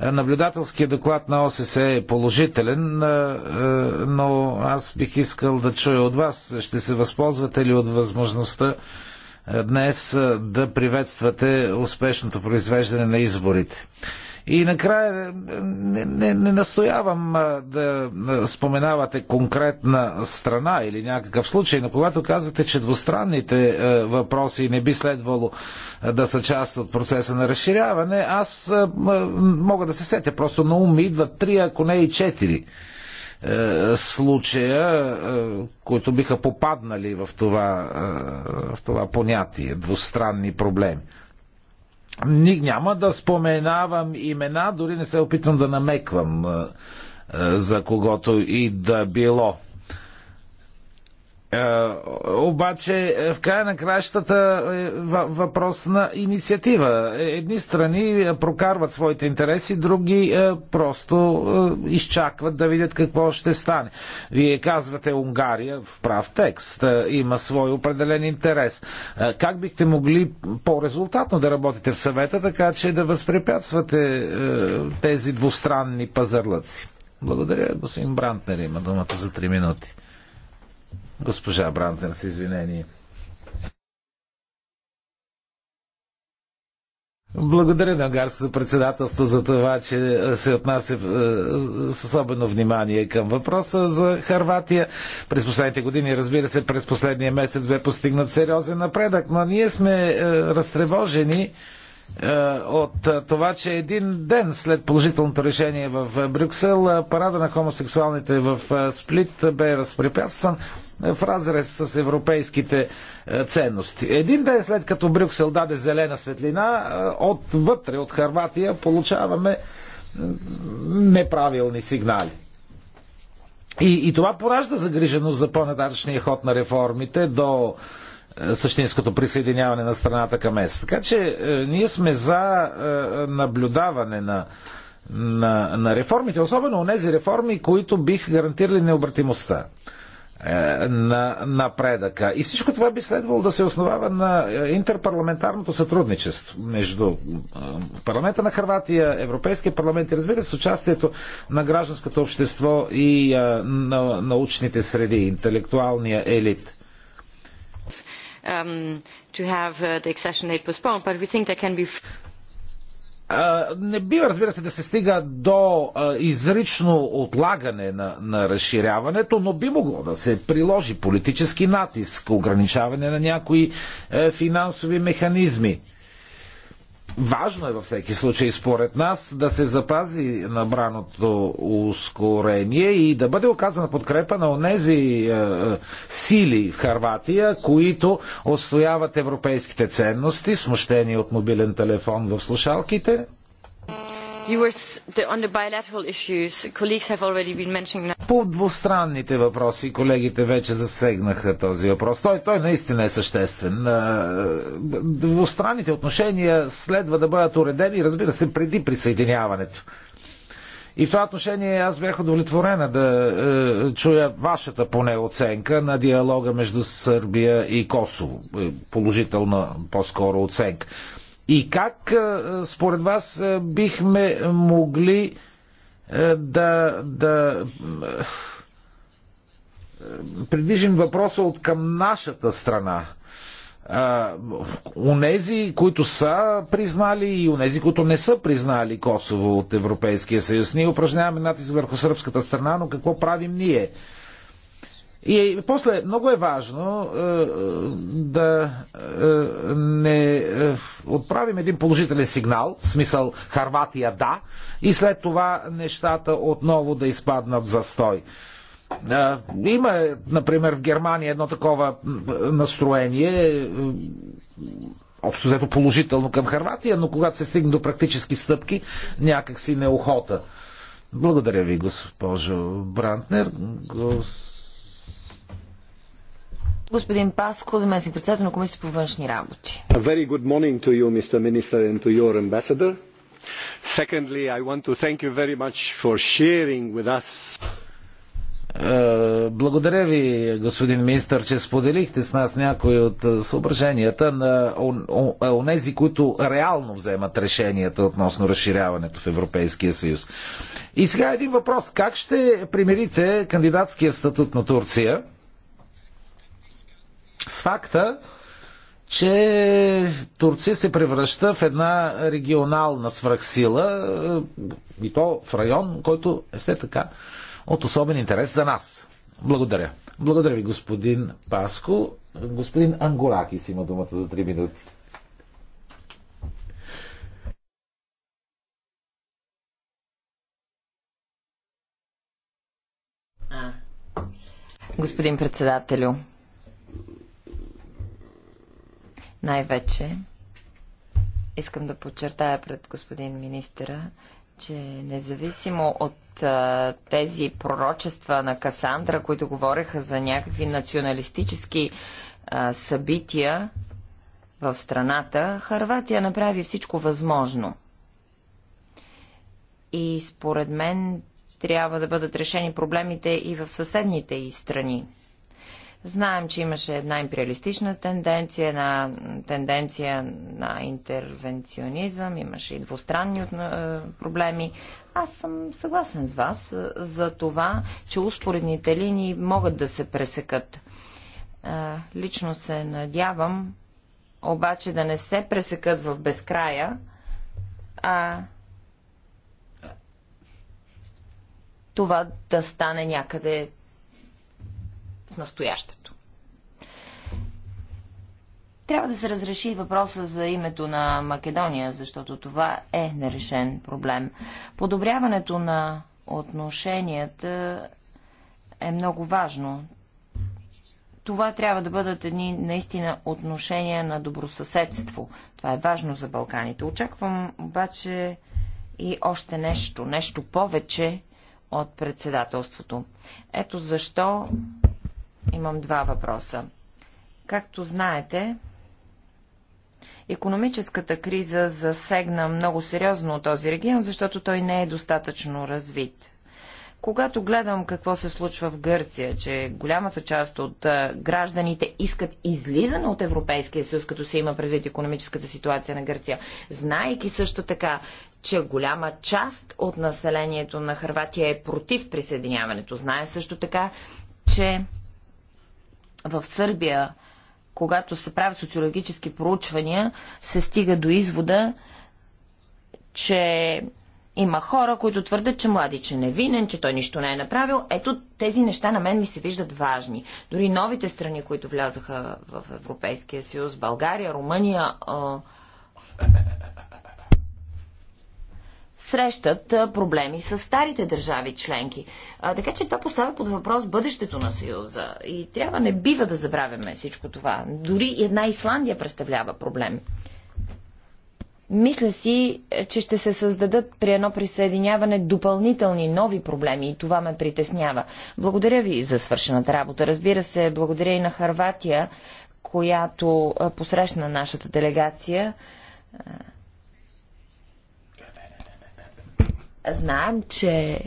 Е, наблюдателският доклад на ОССЕ е положителен, е, е, но аз бих искал да чуя от вас. Ще се възползвате ли от възможността? днес да приветствате успешното произвеждане на изборите. И накрая е, не, не, не настоявам да споменавате конкретна страна или някакъв случай, но когато казвате, че двустранните въпроси не би следвало да са част от процеса на разширяване, аз мога да се сетя. Просто на ум идват три, ако не и четири е, случая, е, които биха попаднали в това, е, в това понятие двустранни проблеми. Няма да споменавам имена, дори не се опитвам да намеквам за когото и да било. Е, обаче е, в края на кращата е въпрос на инициатива. Е, едни страни прокарват своите интереси, други просто изчакват да видят какво ще стане. Вие казвате Унгария в прав текст. Има свой определен интерес. Как бихте могли по-резултатно да работите в съвета, така че да възпрепятствате тези двустранни пазарлъци? Благодаря, господин Брантнер има думата за 3 минути. Госпожа Брантен, с извинение. Благодаря на Унгарското председателство за това, че се отнася е, с особено внимание към въпроса за Харватия. През последните години, разбира се, през последния месец бе постигнат сериозен напредък, но ние сме е, разтревожени е, от това, че един ден след положителното решение в Брюксел, парада на хомосексуалните в Сплит бе разпрепятстван в разрез с европейските е, ценности. Един ден след като Брюксел даде зелена светлина, е, отвътре, от Харватия, получаваме е, неправилни сигнали. И, и това поражда загриженост за по-нататъчния ход на реформите до същинското присъединяване на страната към ЕС. Така че е, ние сме за е, наблюдаване на, на, на реформите, особено у нези реформи, които бих гарантирали необратимостта. Е, на напредъка. И всичко това би следвало да се основава на е, интерпарламентарното сътрудничество между е, парламента на Харватия, Европейския парламент и разбира се с участието на гражданското общество и на научните среди, интелектуалния елит. Um, to have uh, the accession date postponed, but we think there can be не бива, разбира се, да се стига до изрично отлагане на, на разширяването, но би могло да се приложи политически натиск, ограничаване на някои е, финансови механизми. Важно е във всеки случай, според нас, да се запази набраното ускорение и да бъде оказана подкрепа на онези е, е сили в Харватия, които отстояват европейските ценности, смущени от мобилен телефон в слушалките, по двустранните въпроси колегите вече засегнаха този въпрос. Той, той наистина е съществен. Двустранните отношения следва да бъдат уредени, разбира се, преди присъединяването. И в това отношение аз бях удовлетворена да е, чуя вашата поне оценка на диалога между Сърбия и Косово. Е, положителна по-скоро оценка. И как според вас бихме могли да, да придвижим въпроса от към нашата страна? унези, които са признали и онези, които не са признали Косово от Европейския съюз. Ние упражняваме натиск върху сръбската страна, но какво правим ние? И после, много е важно е, да е, не е, отправим един положителен сигнал, в смисъл Харватия да, и след това нещата отново да изпаднат в застой. Е, има, например, в Германия едно такова настроение, е, общо взето положително към Харватия, но когато се стигне до практически стъпки, някакси неохота. Благодаря ви, госпожо Брантнер. Гос... Господин Паско, заместник председател на Комисията по външни работи. A very good morning to you, Mr. Minister, and to your ambassador. Secondly, I want to thank you very much for sharing with us е, благодаря ви, господин министър, че споделихте с нас някои от е, съображенията на е, онези, които реално вземат решенията относно разширяването в Европейския съюз. И сега един въпрос. Как ще примирите кандидатския статут на Турция с факта, че Турция се превръща в една регионална свръхсила е, и то в район, който е все така от особен интерес за нас. Благодаря. Благодаря ви, господин Паско. Господин Ангуракис има думата за 3 минути. Господин председателю, Най-вече искам да подчертая пред господин министъра, че независимо от а, тези пророчества на Касандра, които говореха за някакви националистически а, събития в страната, Харватия направи всичко възможно. И според мен трябва да бъдат решени проблемите и в съседните и страни. Знаем, че имаше една империалистична тенденция, една тенденция на интервенционизъм, имаше и двустранни е, проблеми. Аз съм съгласен с вас е, за това, че успоредните линии могат да се пресекат. Е, лично се надявам, обаче да не се пресекат в безкрая, а това да стане някъде настоящето. Трябва да се разреши въпроса за името на Македония, защото това е нерешен проблем. Подобряването на отношенията е много важно. Това трябва да бъдат едни наистина отношения на добросъседство. Това е важно за Балканите. Очаквам обаче и още нещо, нещо повече от председателството. Ето защо Имам два въпроса. Както знаете, економическата криза засегна много сериозно този регион, защото той не е достатъчно развит. Когато гледам какво се случва в Гърция, че голямата част от гражданите искат излизане от Европейския съюз, като се има предвид економическата ситуация на Гърция, знаеки също така, че голяма част от населението на Харватия е против присъединяването. Знае също така, че в Сърбия, когато се правят социологически проучвания, се стига до извода, че има хора, които твърдят, че младич е невинен, че той нищо не е направил. Ето тези неща на мен ми се виждат важни. Дори новите страни, които влязаха в Европейския съюз, България, Румъния, срещат проблеми с старите държави членки. А, така че това поставя под въпрос бъдещето на Съюза. И трябва не бива да забравяме всичко това. Дори една Исландия представлява проблем. Мисля си, е, че ще се създадат при едно присъединяване допълнителни нови проблеми и това ме притеснява. Благодаря ви за свършената работа. Разбира се, благодаря и на Харватия, която посрещна нашата делегация. Знаем, че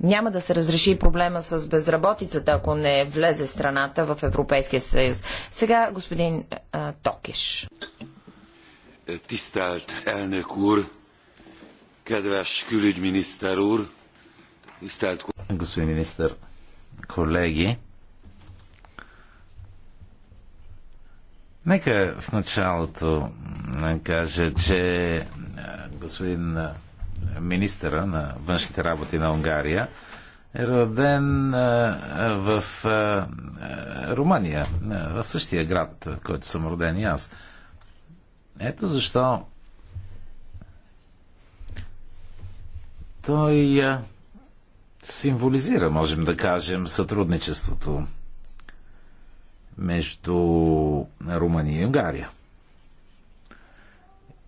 няма да се разреши проблема с безработицата, ако не влезе страната в Европейския съюз. Сега господин а, Токиш. Тисталт елнök кедваш Кюлид министър Ур, тисталт... Господин министър, колеги, Нека в началото кажа, че господин министъра на външните работи на Унгария е роден в Румъния, в същия град, в който съм роден и аз. Ето защо той символизира, можем да кажем, сътрудничеството между Румъния и Унгария.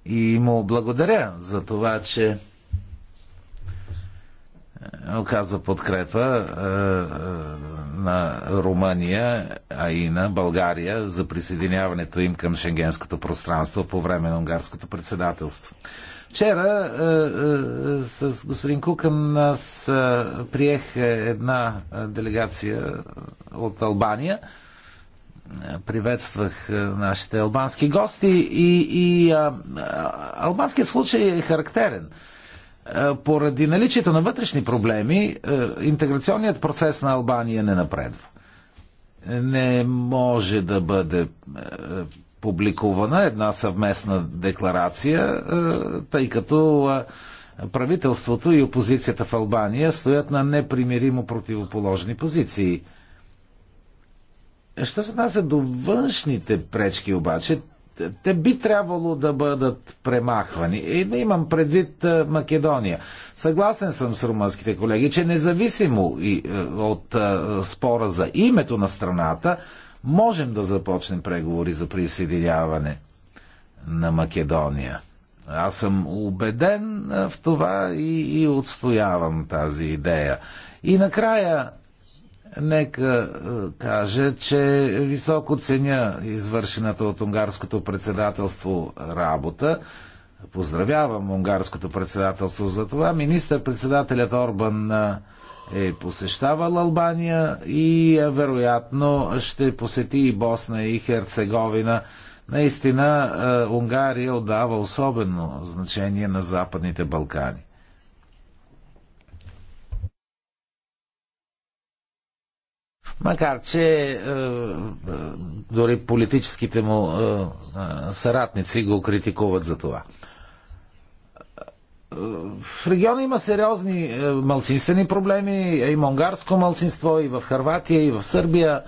И му благодаря за това, че е, оказва подкрепа е, е, на Румъния, а и на България за присъединяването им към шенгенското пространство по време на унгарското председателство. Вчера с господин Кукан аз приех една делегация от Албания – приветствах е, нашите албански гости и, и а, албанският случай е характерен. Е, поради наличието на вътрешни проблеми, е, интеграционният процес на Албания не напредва. Не може да бъде публикувана една съвместна декларация, тъй като правителството и опозицията в Албания стоят на непримиримо противоположни позиции – Що се отнася до външните пречки обаче, те би трябвало да бъдат премахвани. И да имам предвид е, Македония. Съгласен съм с румънските колеги, че независимо е, от е, спора за името на страната, можем да започнем преговори за присъединяване на Македония. Аз съм убеден в това и, и отстоявам тази идея. И накрая Нека е, кажа, че високо ценя извършената от унгарското председателство работа. Поздравявам унгарското председателство за това. Министър-председателят Орбан е, е посещавал Албания и е, вероятно ще посети и Босна и Херцеговина. Наистина Унгария отдава особено значение на Западните Балкани. макар че е, дори политическите му е, е съратници го критикуват за това. Е, в региона има сериозни е, малцинствени проблеми, и монгарско малцинство, и в Харватия, и в Сърбия.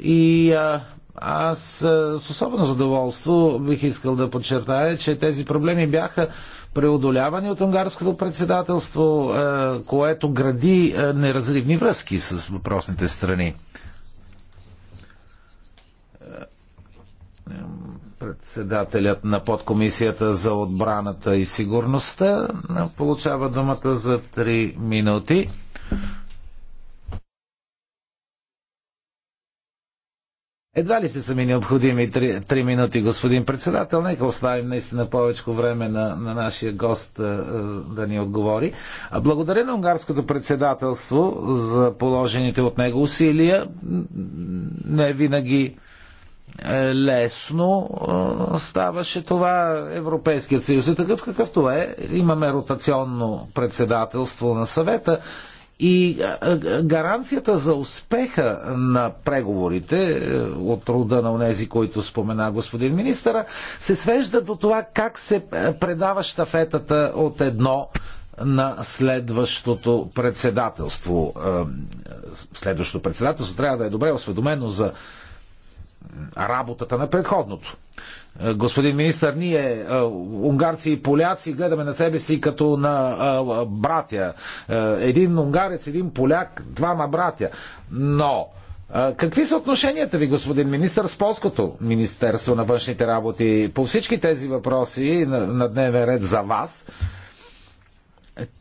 И е, аз с особено задоволство бих искал да подчертая, че тези проблеми бяха преодолявани от унгарското председателство, е, което гради е, неразривни връзки с въпросните страни. Е, председателят на подкомисията за отбраната и сигурността получава думата за 3 минути. Едва ли ще са ми необходими три, три минути, господин председател. Нека оставим наистина повече време на, на нашия гост а, да ни отговори. Благодаря на унгарското председателство за положените от него усилия. Не винаги е, лесно ставаше това. Европейският съюз е такъв какъвто е. Имаме ротационно председателство на съвета и гаранцията за успеха на преговорите е, от рода на онези, които спомена господин министъра, се свежда до това как се е, предава штафетата от едно на следващото председателство. Е, следващото председателство трябва да е добре осведомено за работата на предходното. Е, господин министър, ние, е, унгарци и поляци, гледаме на себе си като на е, братя. Един унгарец, един поляк, двама братя. Но Какви са отношенията ви, господин министр, с Полското Министерство на външните работи по всички тези въпроси на, на дневен ред за вас?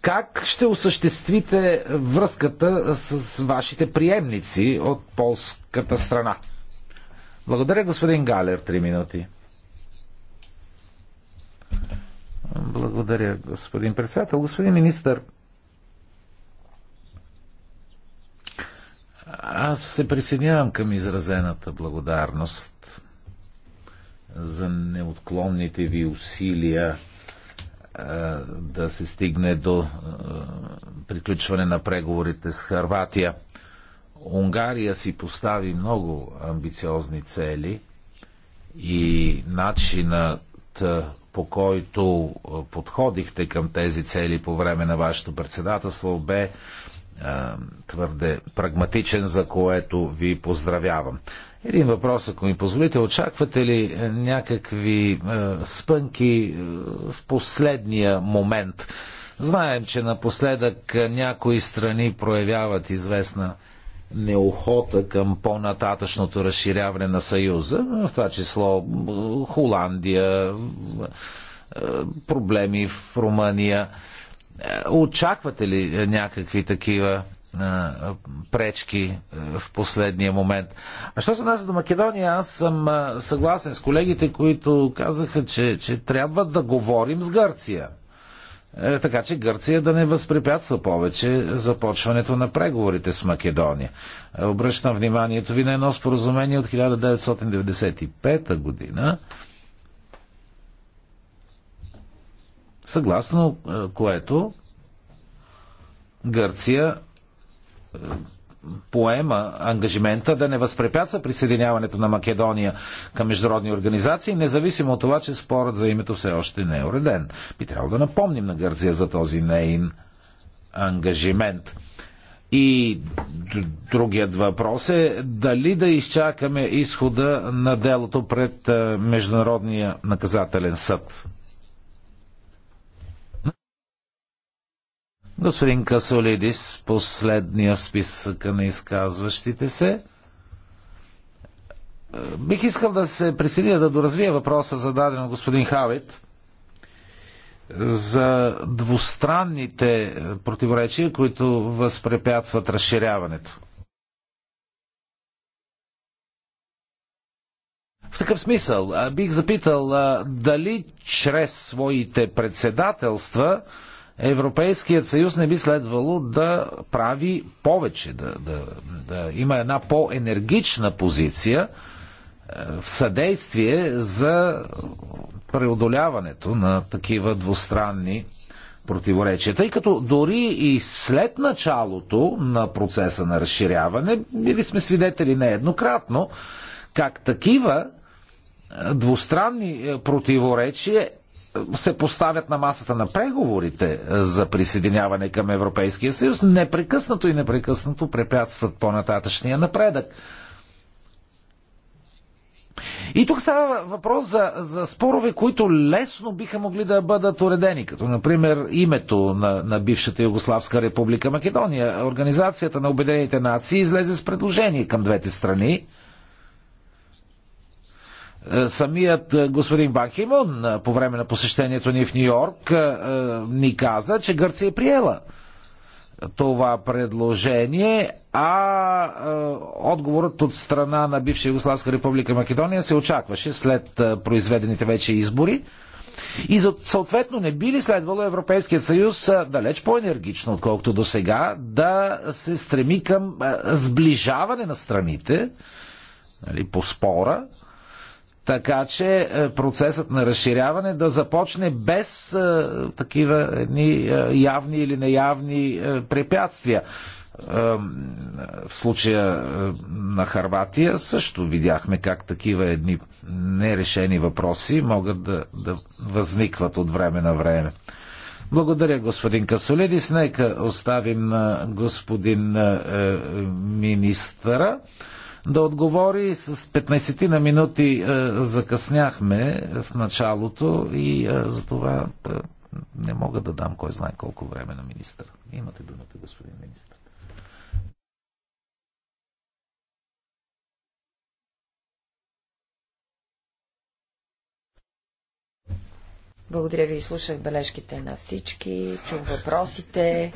Как ще осъществите връзката с вашите приемници от полската страна? Благодаря, господин Галер. Три минути. Благодаря, господин председател. Господин министър, аз се присъединявам към изразената благодарност за неотклонните ви усилия да се стигне до приключване на преговорите с Харватия. Унгария си постави много амбициозни цели и начинът по който подходихте към тези цели по време на вашето председателство бе твърде прагматичен, за което ви поздравявам. Един въпрос, ако ми позволите, очаквате ли някакви спънки в последния момент? Знаем, че напоследък някои страни проявяват известна неохота към по-нататъчното разширяване на Съюза, в това число Холандия, е, проблеми в Румъния. Е, очаквате ли някакви такива е, пречки в последния момент. А що се нас до Македония, аз съм съгласен с колегите, които казаха, че, че трябва да говорим с Гърция. Е, така че Гърция да не възпрепятства повече започването на преговорите с Македония. Е, обръщам вниманието ви на едно споразумение от 1995 година, съгласно е, което Гърция поема ангажимента да не възпрепятства присъединяването на Македония към международни организации, независимо от това, че спорът за името все още не е уреден. Би трябвало да напомним на Гърция за този нейн ангажимент. И другият въпрос е дали да изчакаме изхода на делото пред Международния наказателен съд. Господин Касолидис, последния в списъка на изказващите се. Бих искал да се присъединя да доразвия въпроса, зададен от господин Хавит за двустранните противоречия, които възпрепятстват разширяването. В такъв смисъл бих запитал дали чрез своите председателства Европейският съюз не би следвало да прави повече, да, да, да има една по-енергична позиция е, в съдействие за преодоляването на такива двустранни противоречия. Тъй като дори и след началото на процеса на разширяване, били сме свидетели нееднократно, как такива е, двустранни е, противоречия се поставят на масата на преговорите е, за присъединяване към Европейския съюз, непрекъснато и непрекъснато препятстват по-нататъчния напредък. И тук става въпрос за, за спорове, които лесно биха могли да бъдат уредени, като например името на, на бившата Югославска република Македония. Организацията на Обединените нации излезе с предложение към двете страни е, самият е, господин Банхимон е, по време на посещението ни в Нью Йорк ни каза, че Гърция е приела това предложение, а отговорът от страна на бивша Югославска република Македония се очакваше след произведените вече избори. И съответно не би ли следвало Европейският съюз далеч по-енергично, отколкото до сега, да се стреми към сближаване на страните нали, по спора, така че е, процесът на разширяване да започне без е, такива едни е, явни или неявни препятствия. В случая на Харватия също видяхме как такива едни нерешени въпроси могат да, да възникват от време на време. Благодаря, господин Касолидис. Нека оставим на господин е, министъра да отговори. С 15 на минути е, закъсняхме в началото и е, затова е, не мога да дам кой знае колко време на министър. Имате думата, господин министър. Благодаря ви, слушах бележките на всички, чух въпросите.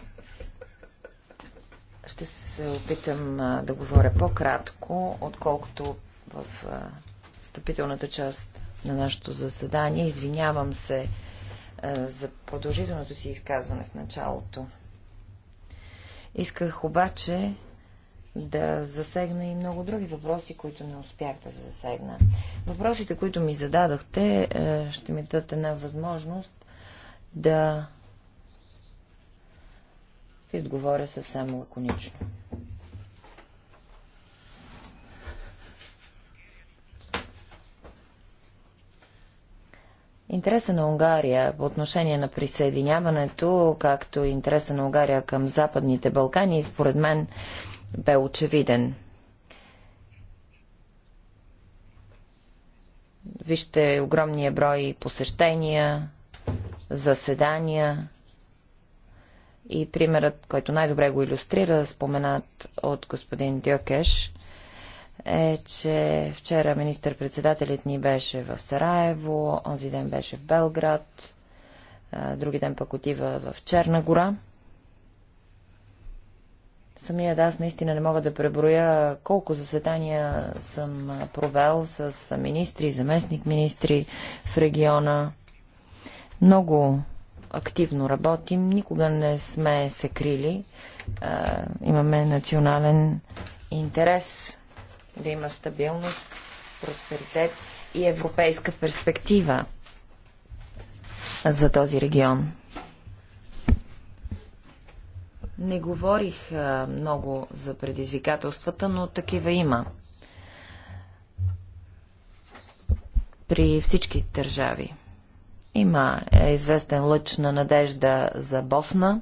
Ще се опитам да говоря по-кратко, отколкото в встъпителната част на нашето заседание. Извинявам се за продължителното си изказване в началото. Исках обаче да засегна и много други въпроси, които не успях да засегна. Въпросите, които ми зададохте, е, ще ми дадат една възможност да и отговоря съвсем лаконично. Интереса на Унгария по отношение на присъединяването, както и интереса на Унгария към Западните Балкани, според мен бе очевиден. Вижте огромния брой посещения, заседания, и примерът, който най-добре го иллюстрира, споменат от господин Дьокеш, е, че вчера министър-председателят ни беше в Сараево, онзи ден беше в Белград, други ден пък отива в Черна гора. Самият аз наистина не мога да преброя колко заседания съм провел с министри, заместник-министри в региона. Много активно работим, никога не сме се крили. А, е, имаме национален интерес да има стабилност, просперитет и европейска перспектива за този регион. Не говорих а, е, много за предизвикателствата, но такива има. При всички държави. Има е, известен лъч на надежда за Босна.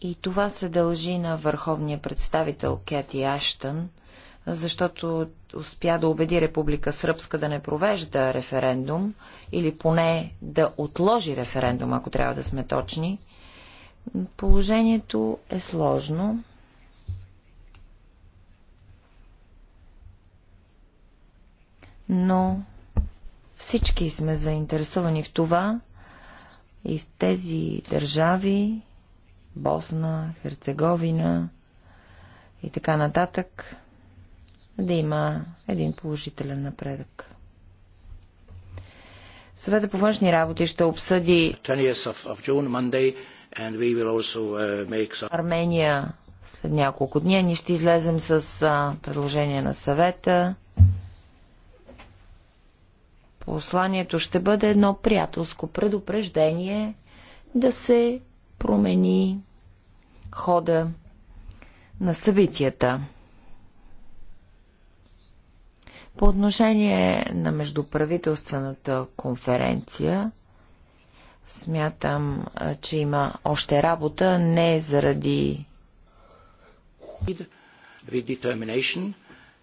И това се дължи на върховния представител Кети Аштън, защото успя да убеди Република Сръбска да не провежда референдум или поне да отложи референдум, ако трябва да сме точни. Положението е сложно. Но всички сме заинтересовани в това и в тези държави, Босна, Херцеговина и така нататък, да има един положителен напредък. Съвета по външни работи ще обсъди uh, Армения след няколко дни. Ние ще излезем с предложение на съвета. Посланието ще бъде едно приятелско предупреждение да се промени хода на събитията. По отношение на междуправителствената конференция, смятам, че има още работа, не заради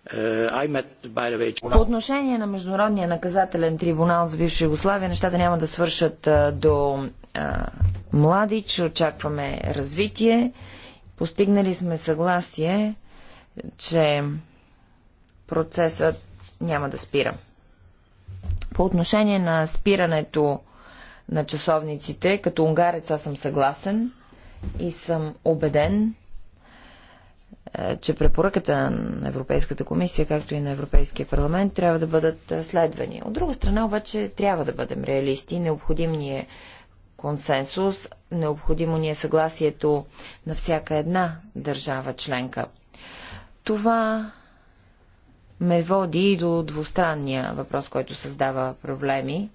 Uh, По отношение на Международния наказателен трибунал за бивша Югославия, нещата няма да свършат до младич. Очакваме развитие. Постигнали сме съгласие, че процесът няма да спира. По отношение на спирането на часовниците, като унгарец аз съм съгласен и съм убеден, е, че препоръката на Европейската комисия, както и на Европейския парламент, трябва да бъдат е, следвани. От друга страна обаче трябва да бъдем реалисти. Необходим ни е консенсус, необходимо ни е съгласието на всяка една държава членка. Това ме води и до двустранния въпрос, който създава проблеми.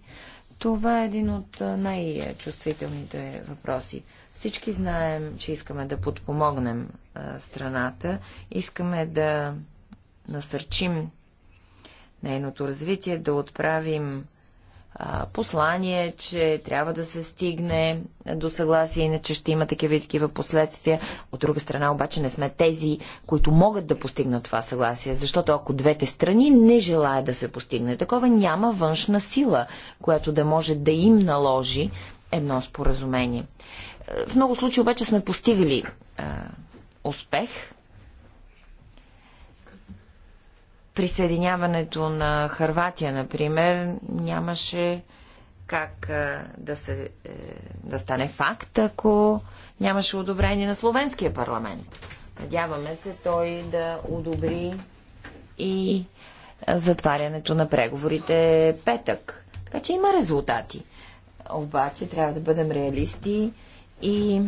Това е един от е, най-чувствителните въпроси. Всички знаем, че искаме да подпомогнем а, страната, искаме да насърчим нейното развитие, да отправим а, послание, че трябва да се стигне до съгласие, иначе ще има такива и такива последствия. От друга страна обаче не сме тези, които могат да постигнат това съгласие, защото ако двете страни не желаят да се постигне такова, няма външна сила, която да може да им наложи едно споразумение. В много случаи обаче сме постигали а, е, успех. Присъединяването на Харватия, например, нямаше как а, е, да, се, е, да стане факт, ако нямаше одобрение на Словенския парламент. Надяваме се той да одобри и е, затварянето на преговорите петък. Така че има резултати. Обаче трябва да бъдем реалисти и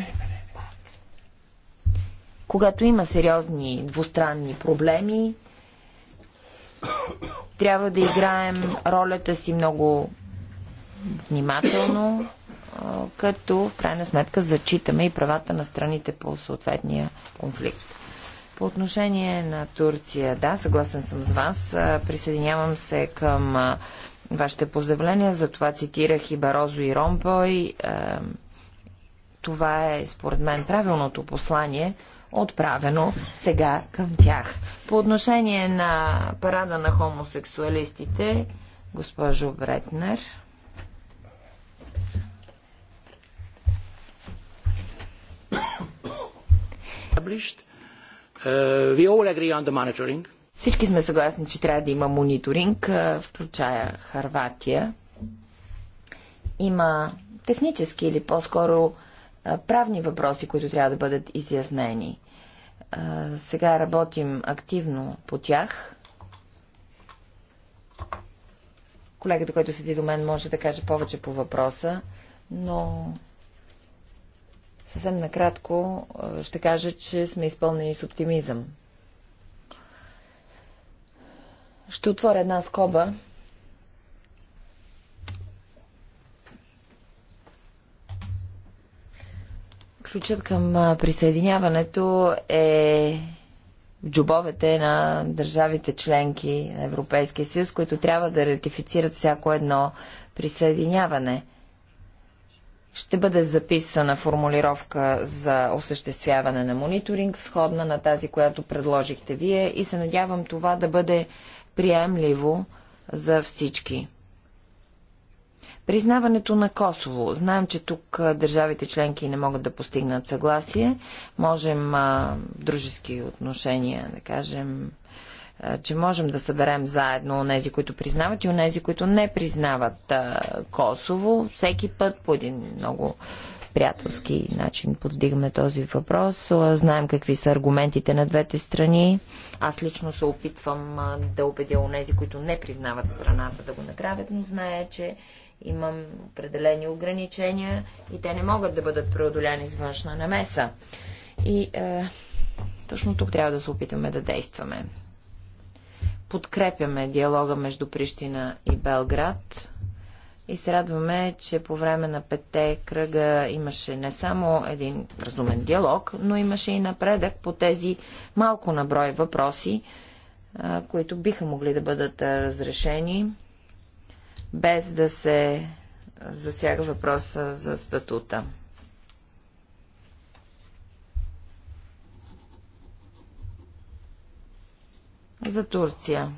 когато има сериозни двустранни проблеми, трябва да играем ролята си много внимателно, като в крайна сметка зачитаме и правата на страните по съответния конфликт. По отношение на Турция, да, съгласен съм с вас. Присъединявам се към вашите поздравления, за това цитирах и Барозо и Ромпой. Това е, според мен, правилното послание, отправено сега към тях. По отношение на парада на хомосексуалистите, госпожо Бретнер. Uh, Всички сме съгласни, че трябва да има мониторинг, включая Харватия. Има технически или по-скоро правни въпроси, които трябва да бъдат изяснени. Сега работим активно по тях. Колегата, който седи до мен, може да каже повече по въпроса, но съвсем накратко ще кажа, че сме изпълнени с оптимизъм. Ще отворя една скоба Ключът към присъединяването е в джобовете на държавите членки на Европейския съюз, които трябва да ратифицират всяко едно присъединяване. Ще бъде записана формулировка за осъществяване на мониторинг, сходна на тази, която предложихте вие и се надявам това да бъде приемливо за всички. Признаването на Косово. Знаем, че тук държавите членки не могат да постигнат съгласие. Можем а, дружески отношения, да кажем, а, че можем да съберем заедно онези, които признават и онези, които не признават а, Косово. Всеки път по един много приятелски начин поддигаме този въпрос. Знаем какви са аргументите на двете страни. Аз лично се опитвам да убедя нези, които не признават страната да го направят, но знае, че Имам определени ограничения и те не могат да бъдат преодоляни с външна намеса. И е, точно тук трябва да се опитаме да действаме. Подкрепяме диалога между Прищина и Белград и се радваме, че по време на петте кръга имаше не само един разумен диалог, но имаше и напредък по тези малко наброй въпроси, е, които биха могли да бъдат е, разрешени без да се засяга въпроса за статута. За Турция.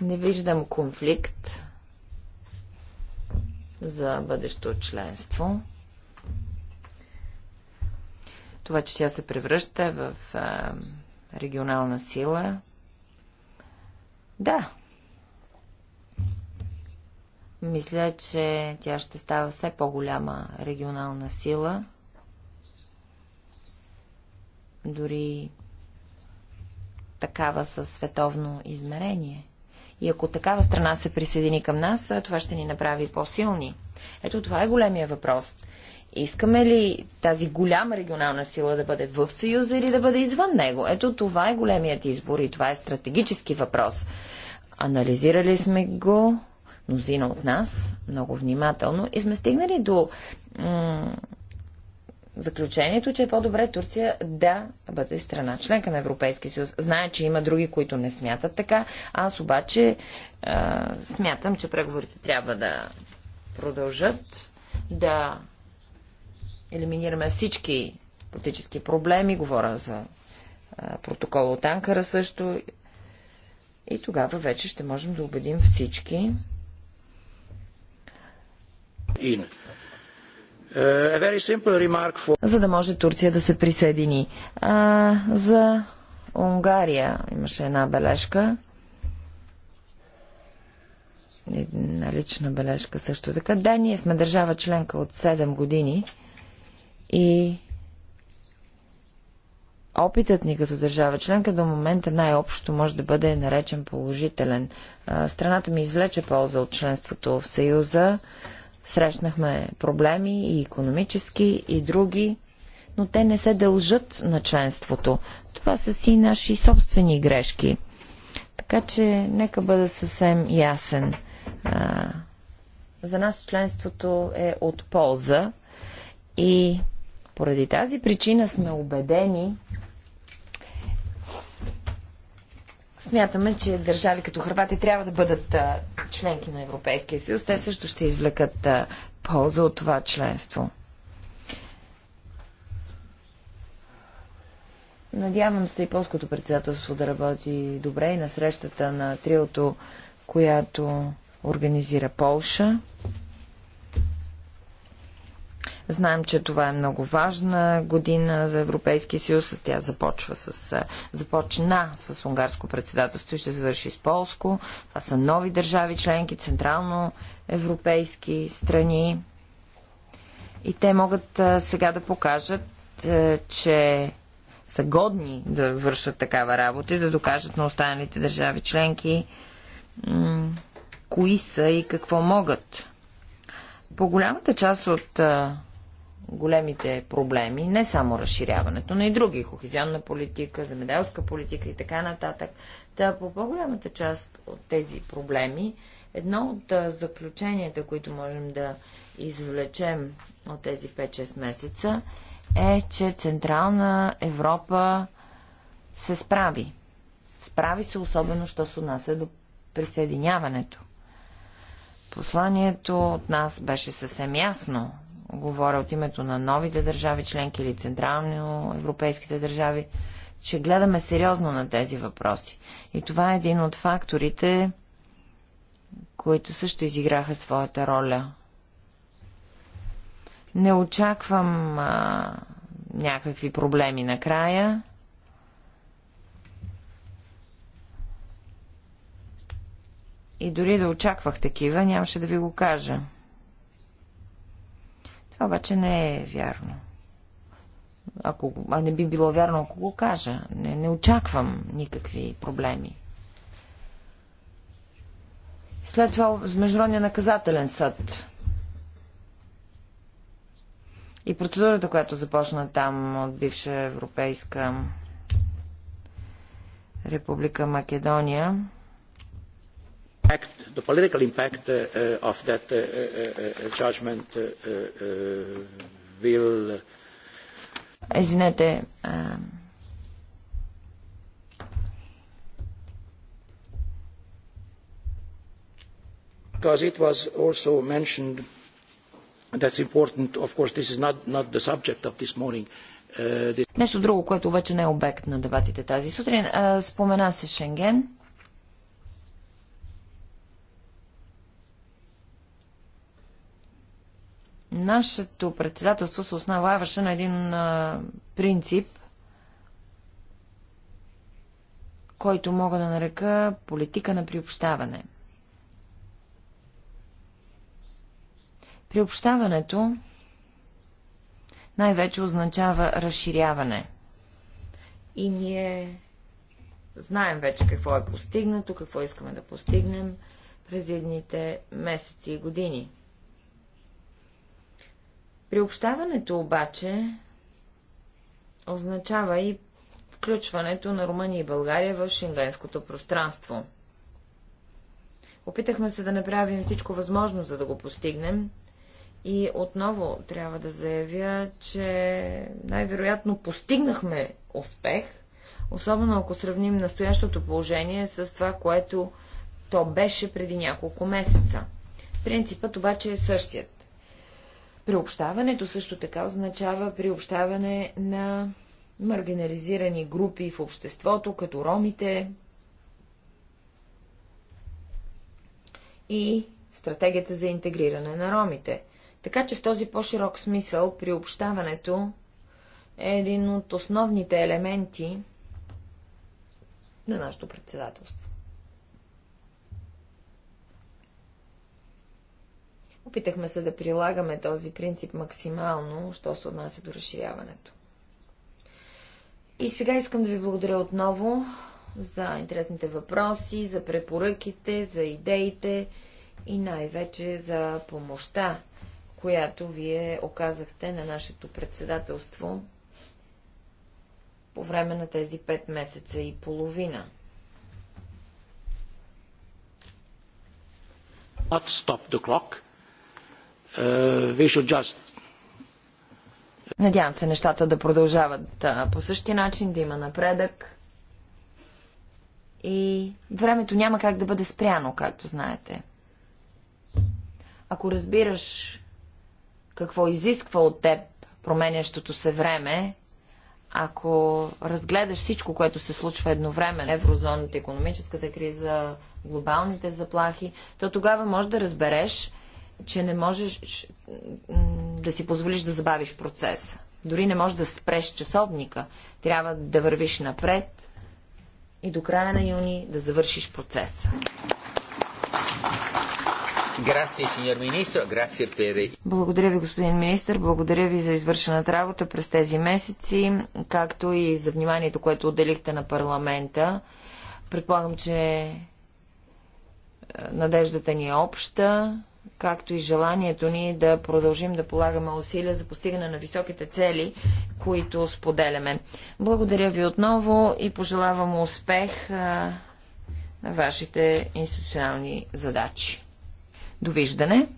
Не виждам конфликт за бъдещо членство. Това, че тя се превръща в регионална сила. Да, мисля, че тя ще става все по-голяма регионална сила. Дори такава със световно измерение. И ако такава страна се присъедини към нас, това ще ни направи по-силни. Ето това е големия въпрос. Искаме ли тази голяма регионална сила да бъде в Съюза или да бъде извън него? Ето това е големият избор и това е стратегически въпрос. Анализирали сме го, мнозина от нас много внимателно и сме стигнали до заключението, че е по-добре Турция да бъде страна членка на Европейския съюз. Знае, че има други, които не смятат така. Аз обаче а, смятам, че преговорите трябва да продължат, да елиминираме всички политически проблеми. Говоря за а, протокол протокола от Анкара също. И тогава вече ще можем да убедим всички Eh, за да може Турция да се присъедини. А, за Унгария имаше една бележка. Една лична бележка също така. Да, ние сме държава членка от 7 години и опитът ни като държава членка до момента най-общо може да бъде наречен положителен. Страната ми извлече полза от членството в Съюза. Срещнахме проблеми и економически, и други, но те не се дължат на членството. Това са си наши собствени грешки. Така че, нека бъда съвсем ясен. А, за нас членството е от полза и поради тази причина сме убедени, Смятаме, че държави като Хрватия трябва да бъдат а, членки на Европейския съюз. Те също ще извлекат а, полза от това членство. Надявам се и полското председателство да работи добре и на срещата на триото, която организира Полша. Знаем, че това е много важна година за Европейския съюз. Тя започва с, започна с унгарско председателство и ще завърши с полско. Това са нови държави членки, централно европейски страни. И те могат сега да покажат, че са годни да вършат такава работа и да докажат на останалите държави членки кои са и какво могат. По голямата част от а, големите проблеми, не само разширяването, но и други, хохизионна политика, земеделска политика и така нататък. Та по по-голямата част от тези проблеми, едно от заключенията, които можем да извлечем от тези 5-6 месеца, е, че Централна Европа се справи. Справи се особено, що се отнася до присъединяването. Посланието от нас беше съвсем ясно говоря от името на новите държави членки или централно европейските държави, че гледаме сериозно на тези въпроси. И това е един от факторите, които също изиграха своята роля. Не очаквам а, някакви проблеми накрая. И дори да очаквах такива, нямаше да ви го кажа. Това обаче не е вярно. Ако, а не би било вярно, ако го кажа. Не, не очаквам никакви проблеми. След това с Международния наказателен съд. И процедурата, която започна там от бивша Европейска република Македония, impact, the political impact of that judgment will... Извинете, because it was also mentioned that's important of course this is not, not the subject of this morning Нещо друго, което обаче не е обект на дебатите тази сутрин. Спомена се Шенген. Нашето председателство се основаваше на един а, принцип, който мога да нарека политика на приобщаване. Приобщаването най-вече означава разширяване. И ние знаем вече какво е постигнато, какво искаме да постигнем през едните месеци и години. Приобщаването обаче означава и включването на Румъния и България в шенгенското пространство. Опитахме се да направим всичко възможно, за да го постигнем. И отново трябва да заявя, че най-вероятно постигнахме успех, особено ако сравним настоящото положение с това, което то беше преди няколко месеца. Принципът обаче е същият. Приобщаването също така означава приобщаване на маргинализирани групи в обществото, като ромите. И стратегията за интегриране на ромите. Така че в този по-широк смисъл приобщаването е един от основните елементи на нашето председателство. Опитахме се да прилагаме този принцип максимално, що се отнася до разширяването. И сега искам да ви благодаря отново за интересните въпроси, за препоръките, за идеите и най-вече за помощта, която вие оказахте на нашето председателство по време на тези пет месеца и половина. Not stop the clock. Е, Надявам се нещата да продължават по същия начин, да има напредък. И времето няма как да бъде спряно, както знаете. Ако разбираш какво изисква от теб променящото се време, ако разгледаш всичко, което се случва едновременно, еврозоната, економическата криза, глобалните заплахи, то тогава може да разбереш, че не можеш да си позволиш да забавиш процеса. Дори не можеш да спреш часовника. Трябва да вървиш напред и до края на юни да завършиш процеса. Благодаря ви, господин министр. Благодаря ви за извършената работа през тези месеци, както и за вниманието, което отделихте на парламента. Предполагам, че е, надеждата ни е обща както и желанието ни да продължим да полагаме усилия за постигане на високите цели, които споделяме. Благодаря ви отново и пожелавам успех на вашите институционални задачи. Довиждане!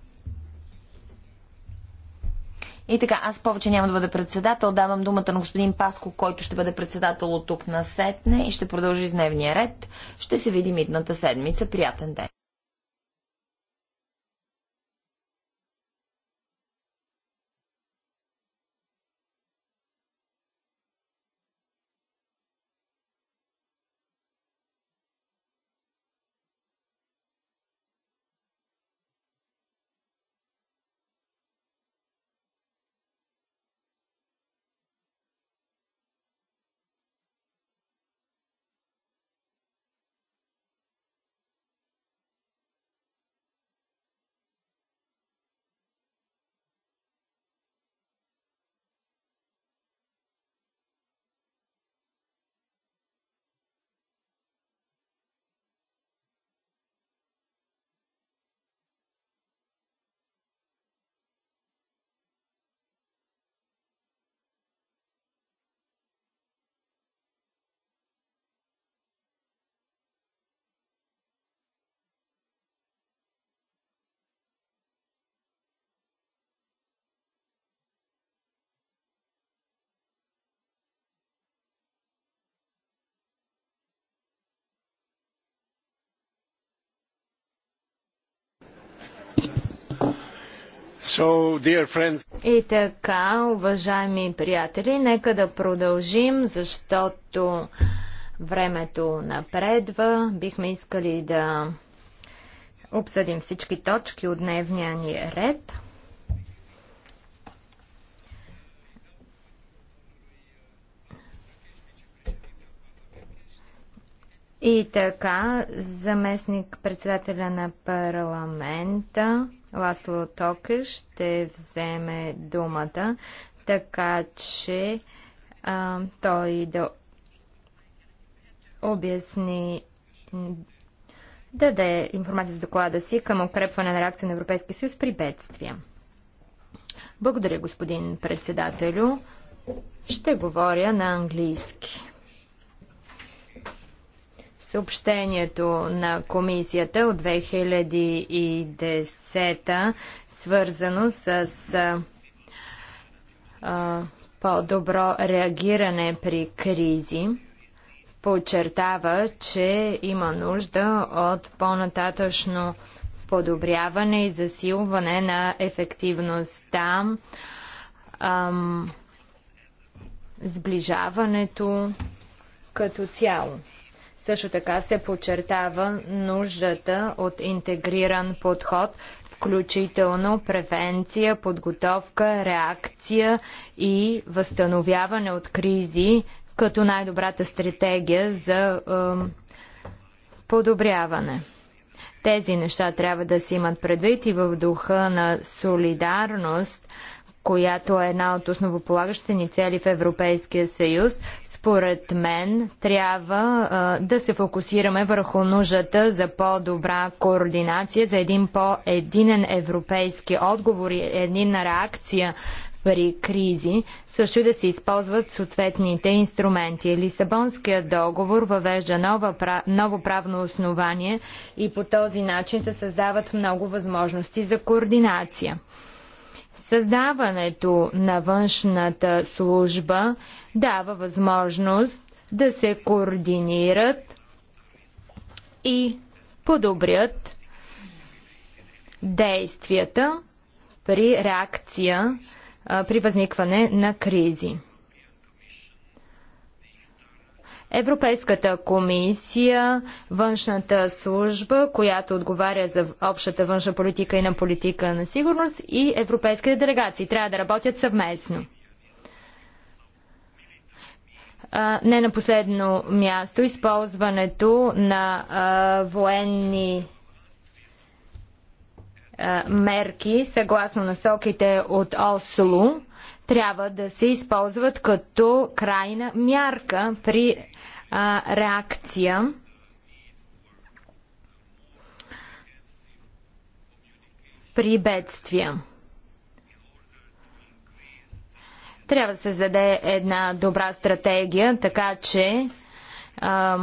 И така, аз повече няма да бъда председател. Давам думата на господин Паско, който ще бъде председател от тук на сетне и ще продължи с дневния ред. Ще се видим идната седмица. Приятен ден! So, И така, уважаеми приятели, нека да продължим, защото времето напредва. Бихме искали да обсъдим всички точки от дневния ни ред. И така, заместник председателя на парламента Ласло Токър ще вземе думата, така че а, той да обясни да даде информация за доклада си към укрепване на реакция на Европейския съюз при бедствия. Благодаря, господин председателю. Ще говоря на английски. Съобщението на комисията от 2010 свързано с по-добро реагиране при кризи подчертава, че има нужда от по-нататъчно подобряване и засилване на ефективността, ам, сближаването като цяло. Също така се подчертава нуждата от интегриран подход, включително превенция, подготовка, реакция и възстановяване от кризи като най-добрата стратегия за е, подобряване. Тези неща трябва да се имат предвид и в духа на солидарност – която е една от основополагащите ни цели в Европейския съюз, според мен трябва а, да се фокусираме върху нуждата за по-добра координация, за един по-единен европейски отговор и единна реакция при кризи, също да се използват съответните инструменти. Лисабонският договор въвежда нова, ново правно основание и по този начин се създават много възможности за координация. Създаването на външната служба дава възможност да се координират и подобрят действията при реакция при възникване на кризи. Европейската комисия, външната служба, която отговаря за общата външна политика и на политика на сигурност и европейските делегации трябва да работят съвместно. Не на последно място, използването на военни мерки, съгласно насоките от ОСЛО, трябва да се използват като крайна мярка при а, реакция. При бедствия. Трябва да се заде една добра стратегия, така че а,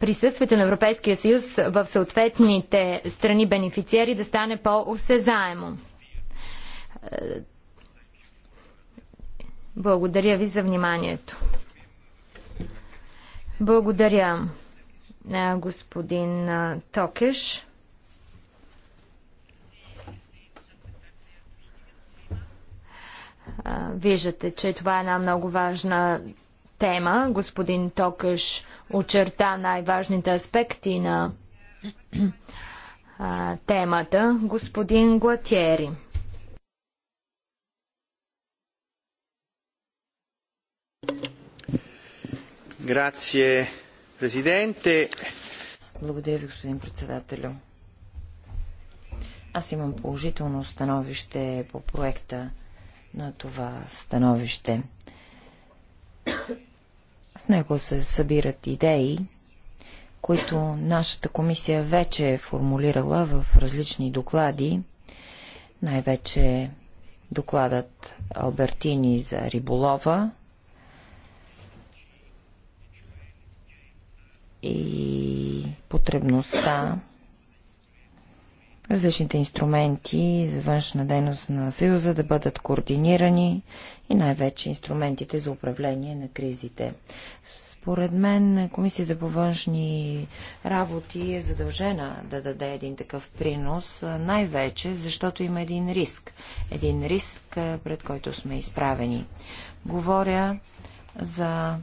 присъствието на Европейския съюз в съответните страни бенефициери да стане по-осезаемо. Благодаря ви за вниманието. Благодаря, господин Токеш. Виждате, че това е една много важна тема. Господин Токеш очерта най-важните аспекти на темата. Господин you президенте. Благодаря ви, господин председателю. Аз имам положително становище по проекта на това становище. В него се събират идеи, които нашата комисия вече е формулирала в различни доклади, най-вече докладът Албертини за риболова, и потребността различните инструменти за външна дейност на Съюза да бъдат координирани и най-вече инструментите за управление на кризите. Според мен Комисията по външни работи е задължена да даде един такъв принос, най-вече защото има един риск. Един риск, пред който сме изправени. Говоря за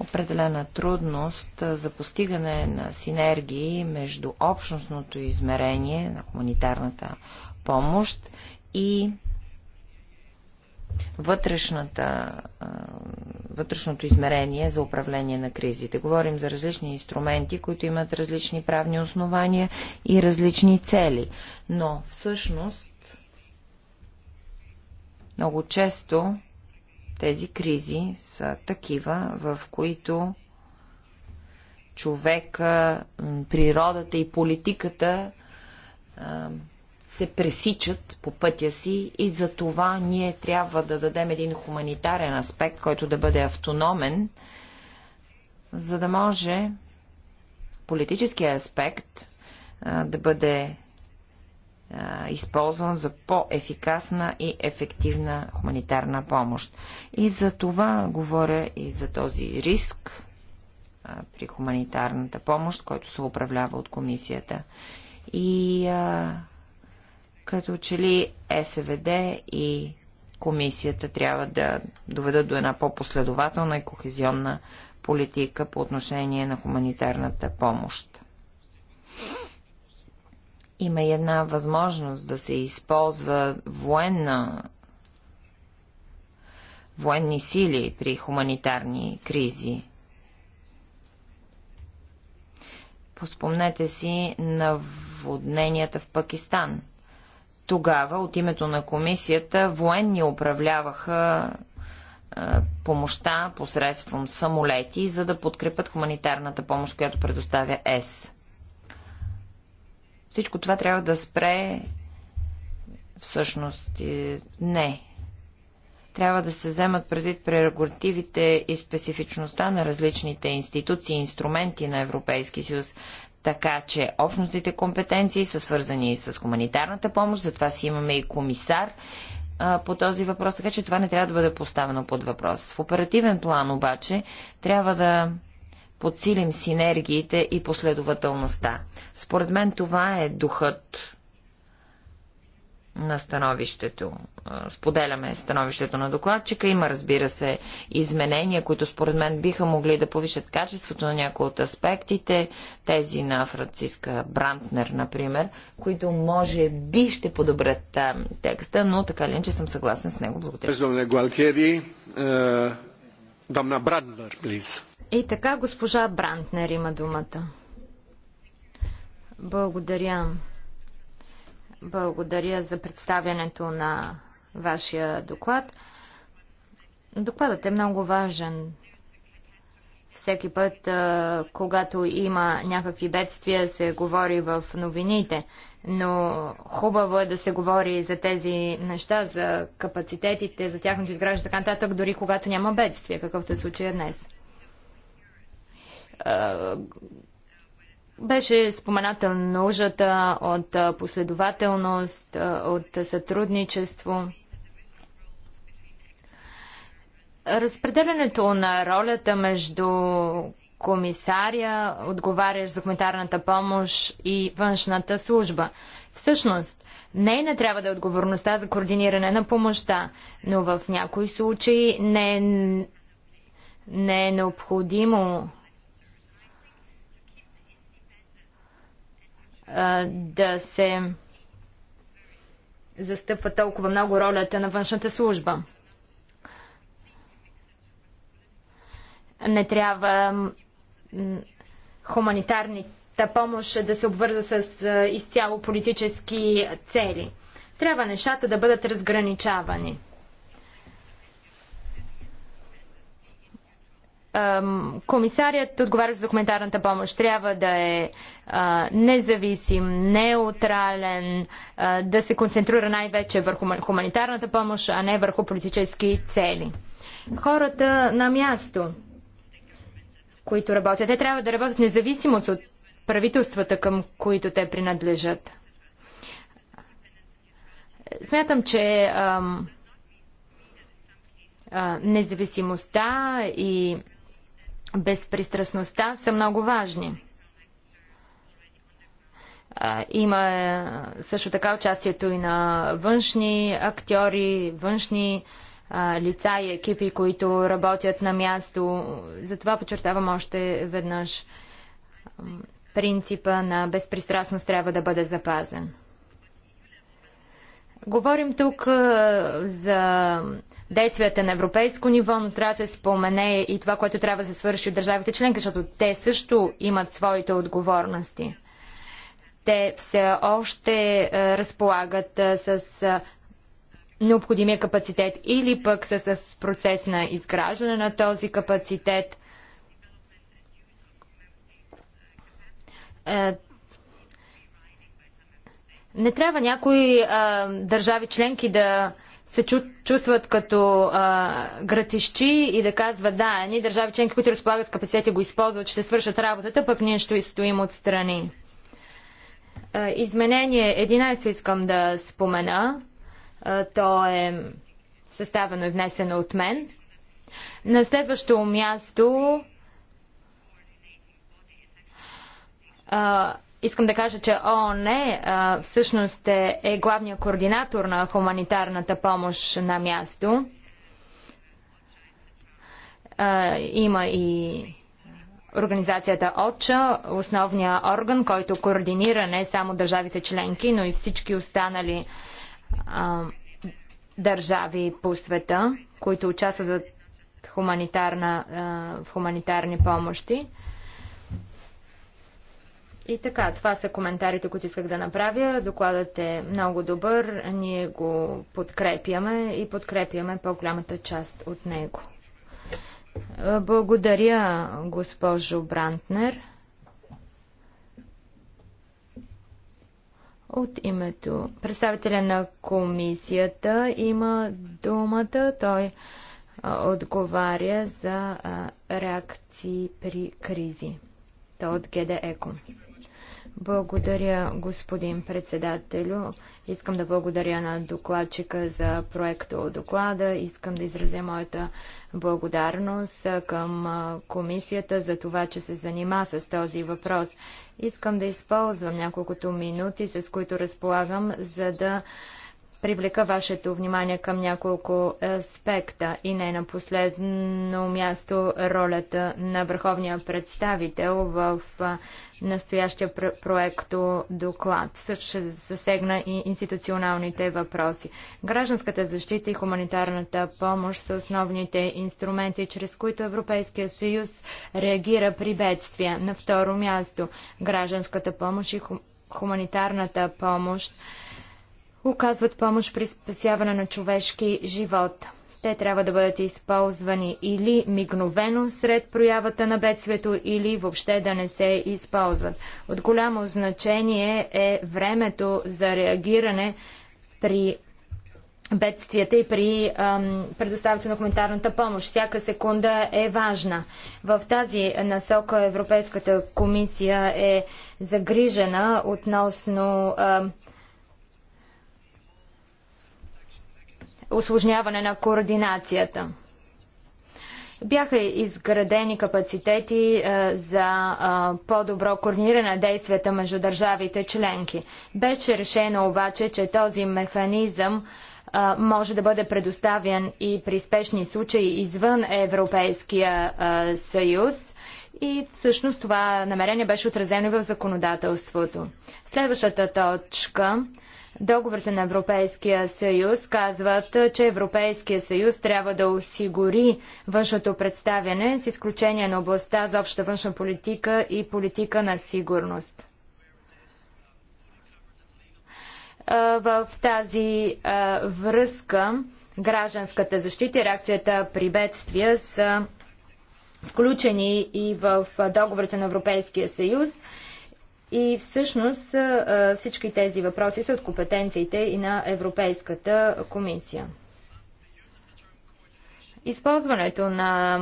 определена трудност за постигане на синергии между общностното измерение на хуманитарната помощ и вътрешната, вътрешното измерение за управление на кризите. Говорим за различни инструменти, които имат различни правни основания и различни цели. Но всъщност много често тези кризи са такива, в които човека, природата и политиката се пресичат по пътя си и за това ние трябва да дадем един хуманитарен аспект, който да бъде автономен, за да може политическия аспект да бъде използван за по-ефикасна и ефективна хуманитарна помощ. И за това говоря и за този риск а, при хуманитарната помощ, който се управлява от комисията. И а, като че ли СВД и комисията трябва да доведат до една по-последователна и кохезионна политика по отношение на хуманитарната помощ. Има и една възможност да се използва военна военни сили при хуманитарни кризи. Поспомнете си наводненията в Пакистан. Тогава от името на комисията военни управляваха е, помощта посредством самолети, за да подкрепят хуманитарната помощ, която предоставя ЕС. Всичко това трябва да спре всъщност не. Трябва да се вземат предвид прерогативите и специфичността на различните институции и инструменти на Европейски съюз, така че общностните компетенции са свързани с хуманитарната помощ, затова си имаме и комисар а, по този въпрос, така че това не трябва да бъде поставено под въпрос. В оперативен план обаче трябва да подсилим синергиите и последователността. Според мен това е духът на становището. Споделяме становището на докладчика. Има, разбира се, изменения, които според мен биха могли да повишат качеството на някои от аспектите. Тези на Франциска Брантнер, например, които може би ще подобрят текста, но така ли, че съм съгласен с него. Благодаря. Дамна Брантнер, please. И така госпожа Брантнер има думата. Благодаря. Благодаря за представянето на вашия доклад. Докладът е много важен. Всеки път, когато има някакви бедствия, се говори в новините, но хубаво е да се говори за тези неща, за капацитетите, за тяхното изграждане, така нататък, дори когато няма бедствия, какъвто е случая днес. Беше спомената нуждата от последователност, от сътрудничество. Разпределянето на ролята между комисаря, отговарящ за хуманитарната помощ и външната служба. Всъщност, не трябва да е отговорността за координиране на помощта, но в някои случаи не е, не е необходимо да се застъпва толкова много ролята на външната служба. Не трябва хуманитарната помощ да се обвърза с изцяло политически цели. Трябва нещата да бъдат разграничавани. комисарият, отговарящ за документарната помощ, трябва да е независим, неутрален, да се концентрира най-вече върху хуманитарната помощ, а не върху политически цели. Хората на място, които работят, те трябва да работят независимо от правителствата, към които те принадлежат. Смятам, че независимостта и безпристрастността са много важни. Има е, също така участието и на външни актьори, външни лица и екипи, които работят на място. Затова подчертавам още веднъж принципа на безпристрастност трябва да бъде запазен. Говорим тук за действията на европейско ниво, но трябва да се спомене и това, което трябва да се свърши от държавите членки, защото те също имат своите отговорности. Те все още разполагат с необходимия капацитет или пък са с процес на изграждане на този капацитет е, – не трябва някои а, държави членки да се чу, чувстват като а, гратищи и да казват да, ние държави членки, които разполагат с капацитет и го използват, ще свършат работата, пък ние ще стоим отстрани. А, изменение 11 искам да спомена. А, то е съставено и внесено от мен. На следващо място а, Искам да кажа, че ООН всъщност е, е главният координатор на хуманитарната помощ на място. Има и организацията ОЧА, основния орган, който координира не само държавите членки, но и всички останали а, държави по света, които участват в, хуманитарна, а, в хуманитарни помощи. И така, това са коментарите, които исках да направя. Докладът е много добър, ние го подкрепяме и подкрепяме по-голямата част от него. Благодаря, госпожо Брантнер. От името представителя на комисията има думата. Той отговаря за реакции при кризи. Той е от ГД Екон. Благодаря, господин председателю. Искам да благодаря на докладчика за проекта от доклада. Искам да изразя моята благодарност към комисията за това, че се занима с този въпрос. Искам да използвам няколкото минути, с които разполагам, за да привлека вашето внимание към няколко аспекта и не на последно място ролята на върховния представител в настоящия проекто доклад. Също ще засегна и институционалните въпроси. Гражданската защита и хуманитарната помощ са основните инструменти, чрез които Европейския съюз реагира при бедствия. На второ място, гражданската помощ и хуманитарната помощ оказват помощ при спасяване на човешки живот. Те трябва да бъдат използвани или мигновено сред проявата на бедствието, или въобще да не се използват. От голямо значение е времето за реагиране при бедствията и при ам, предоставянето на хуманитарната помощ. Всяка секунда е важна. В тази насока Европейската комисия е загрижена относно ам, осложняване на координацията. Бяха изградени капацитети е, за е, по-добро координиране на действията между държавите членки. Беше решено обаче, че този механизъм е, може да бъде предоставен и при спешни случаи извън Европейския съюз. И всъщност това намерение беше отразено и в законодателството. Следващата точка Договорите на Европейския съюз казват, че Европейския съюз трябва да осигури външното представяне с изключение на областта за обща външна политика и политика на сигурност. В тази връзка гражданската защита и реакцията при бедствия са включени и в договорите на Европейския съюз – и всъщност всички тези въпроси са от компетенциите и на Европейската комисия. Използването на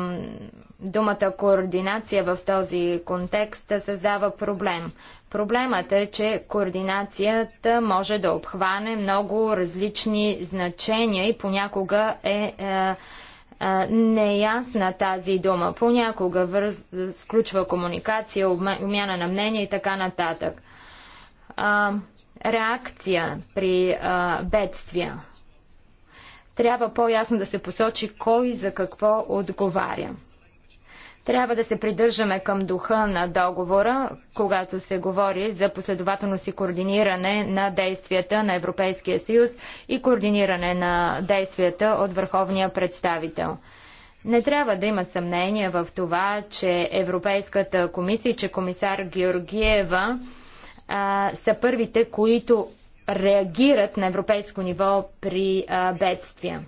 думата координация в този контекст създава проблем. Проблемът е, че координацията може да обхване много различни значения и понякога е, е неясна тази дума. Понякога включва комуникация, умяна на мнение и така нататък. А, реакция при а, бедствия. Трябва по-ясно да се посочи кой за какво отговаря. Трябва да се придържаме към духа на договора, когато се говори за последователност и координиране на действията на Европейския съюз и координиране на действията от върховния представител. Не трябва да има съмнение в това, че Европейската комисия, че комисар Георгиева а, са първите, които реагират на европейско ниво при а, бедствия.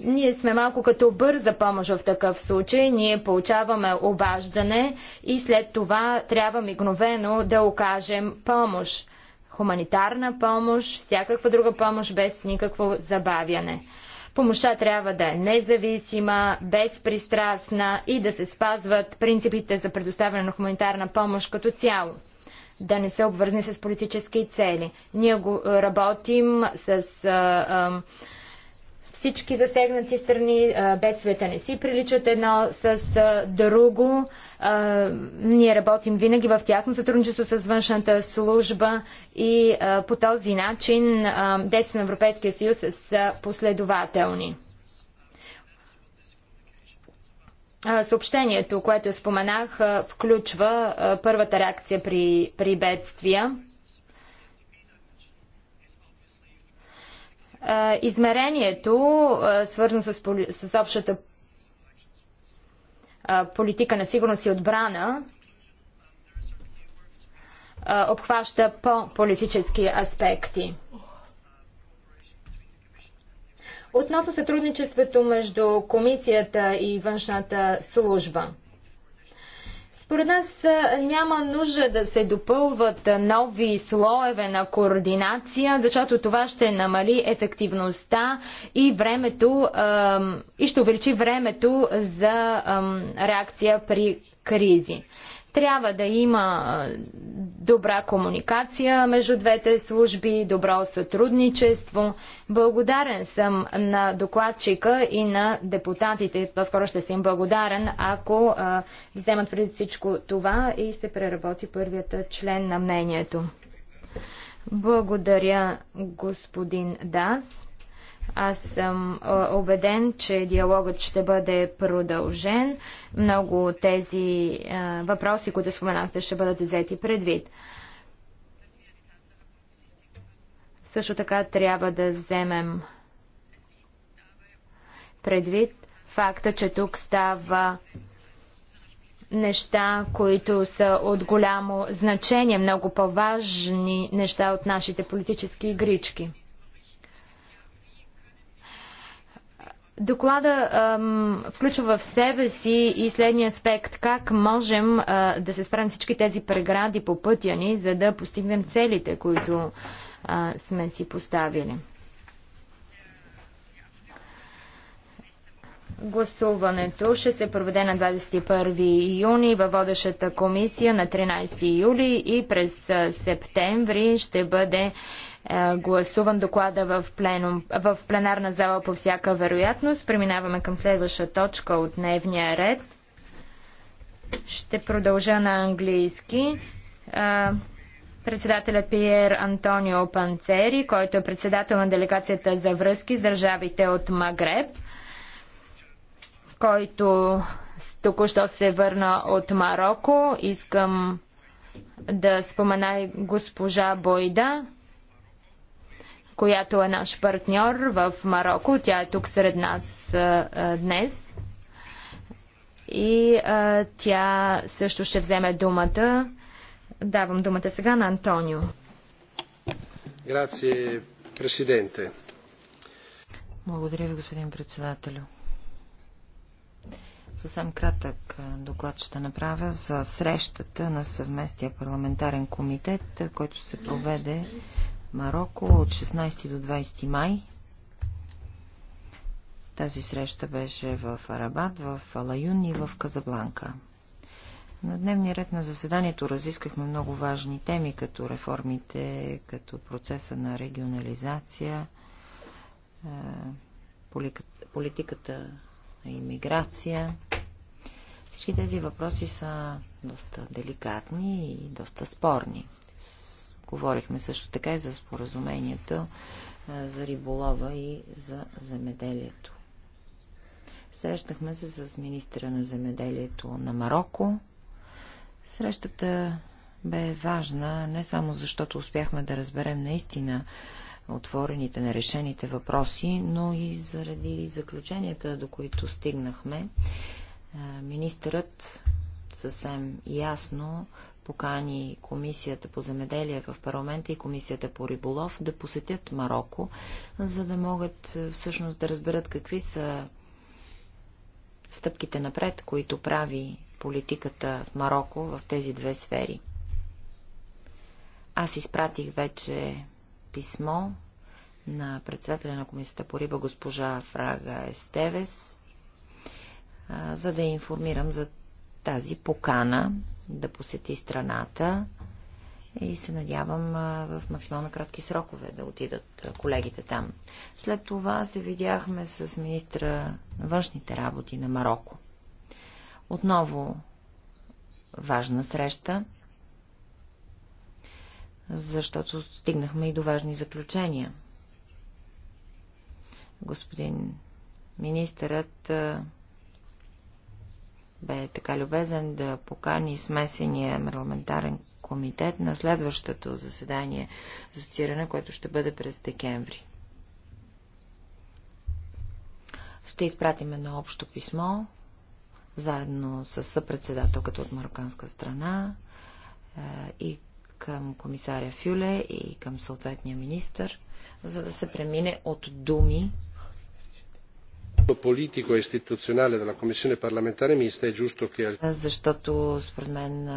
Ние сме малко като бърза помощ в такъв случай. Ние получаваме обаждане и след това трябва мигновено да окажем помощ. Хуманитарна помощ, всякаква друга помощ без никакво забавяне. Помощта трябва да е независима, безпристрастна и да се спазват принципите за предоставяне на хуманитарна помощ като цяло да не се обвързани с политически цели. Ние го работим с а, а, всички засегнати страни, бедствията не си приличат едно с друго. Ние работим винаги в тясно сътрудничество с външната служба и по този начин действия на Европейския съюз са последователни. Съобщението, което споменах, включва първата реакция при, при бедствия. измерението, свързано с, с общата политика на сигурност и отбрана, обхваща по-политически аспекти. Относно сътрудничеството между комисията и външната служба – според нас няма нужда да се допълват нови слоеве на координация, защото това ще намали ефективността и времето и ще увеличи времето за реакция при кризи. Трябва да има добра комуникация между двете служби, добро сътрудничество. Благодарен съм на докладчика и на депутатите. По-скоро ще съм благодарен, ако а, вземат преди всичко това и се преработи първият член на мнението. Благодаря, господин Дас. Аз съм убеден, че диалогът ще бъде продължен. Много от тези въпроси, които споменахте, ще бъдат взети предвид. Също така трябва да вземем предвид факта, че тук става неща, които са от голямо значение, много по-важни неща от нашите политически игрички. Доклада ам, включва в себе си и следния аспект как можем а, да се справим всички тези прегради по пътя ни, за да постигнем целите, които а, сме си поставили. Гласуването ще се проведе на 21 юни във водещата комисия на 13 юли и през септември ще бъде е, гласуван доклада в, пленум, в пленарна зала по всяка вероятност. Преминаваме към следваща точка от дневния ред. Ще продължа на английски. Е, председателят Пиер Антонио Панцери, който е председател на делегацията за връзки с държавите от Магреб, който току-що се върна от Марокко. Искам да спомена госпожа Бойда, която е наш партньор в Марокко. Тя е тук сред нас днес. И а, тя също ще вземе думата. Давам думата сега на Антонио. Грация, президенте. Благодаря ви, господин председателю. Съвсем кратък доклад ще направя за срещата на съвместния парламентарен комитет, който се проведе Марокко от 16 до 20 май. Тази среща беше в Арабат, в Алаюн и в Казабланка. На дневния ред на заседанието разискахме много важни теми, като реформите, като процеса на регионализация, е, политиката на иммиграция. Всички тези въпроси са доста деликатни и доста спорни. Говорихме също така и за споразуменията за риболова и за земеделието. Срещнахме се с министра на земеделието на Марокко. Срещата бе важна не само защото успяхме да разберем наистина отворените, нерешените въпроси, но и заради заключенията, до които стигнахме. Министърът съвсем ясно покани Комисията по земеделие в парламента и Комисията по риболов да посетят Марокко, за да могат е, всъщност да разберат какви са стъпките напред, които прави политиката в Марокко в тези две сфери. Аз изпратих вече писмо на председателя на Комисията по риба, госпожа Фрага Естевес, за да я информирам за тази покана да посети страната и се надявам в максимално кратки срокове да отидат колегите там. След това се видяхме с министра на външните работи на Марокко. Отново важна среща, защото стигнахме и до важни заключения. Господин министърът бе така любезен да покани смесения парламентарен комитет на следващото заседание за асоцииране, което ще бъде през декември. Ще изпратим едно общо писмо, заедно с съпредседателката от мароканска страна е, и към комисаря Фюле и към съответния министр, за да се премине от думи политико институционале на комисия парламентаре миста е giusto che... Защото според мен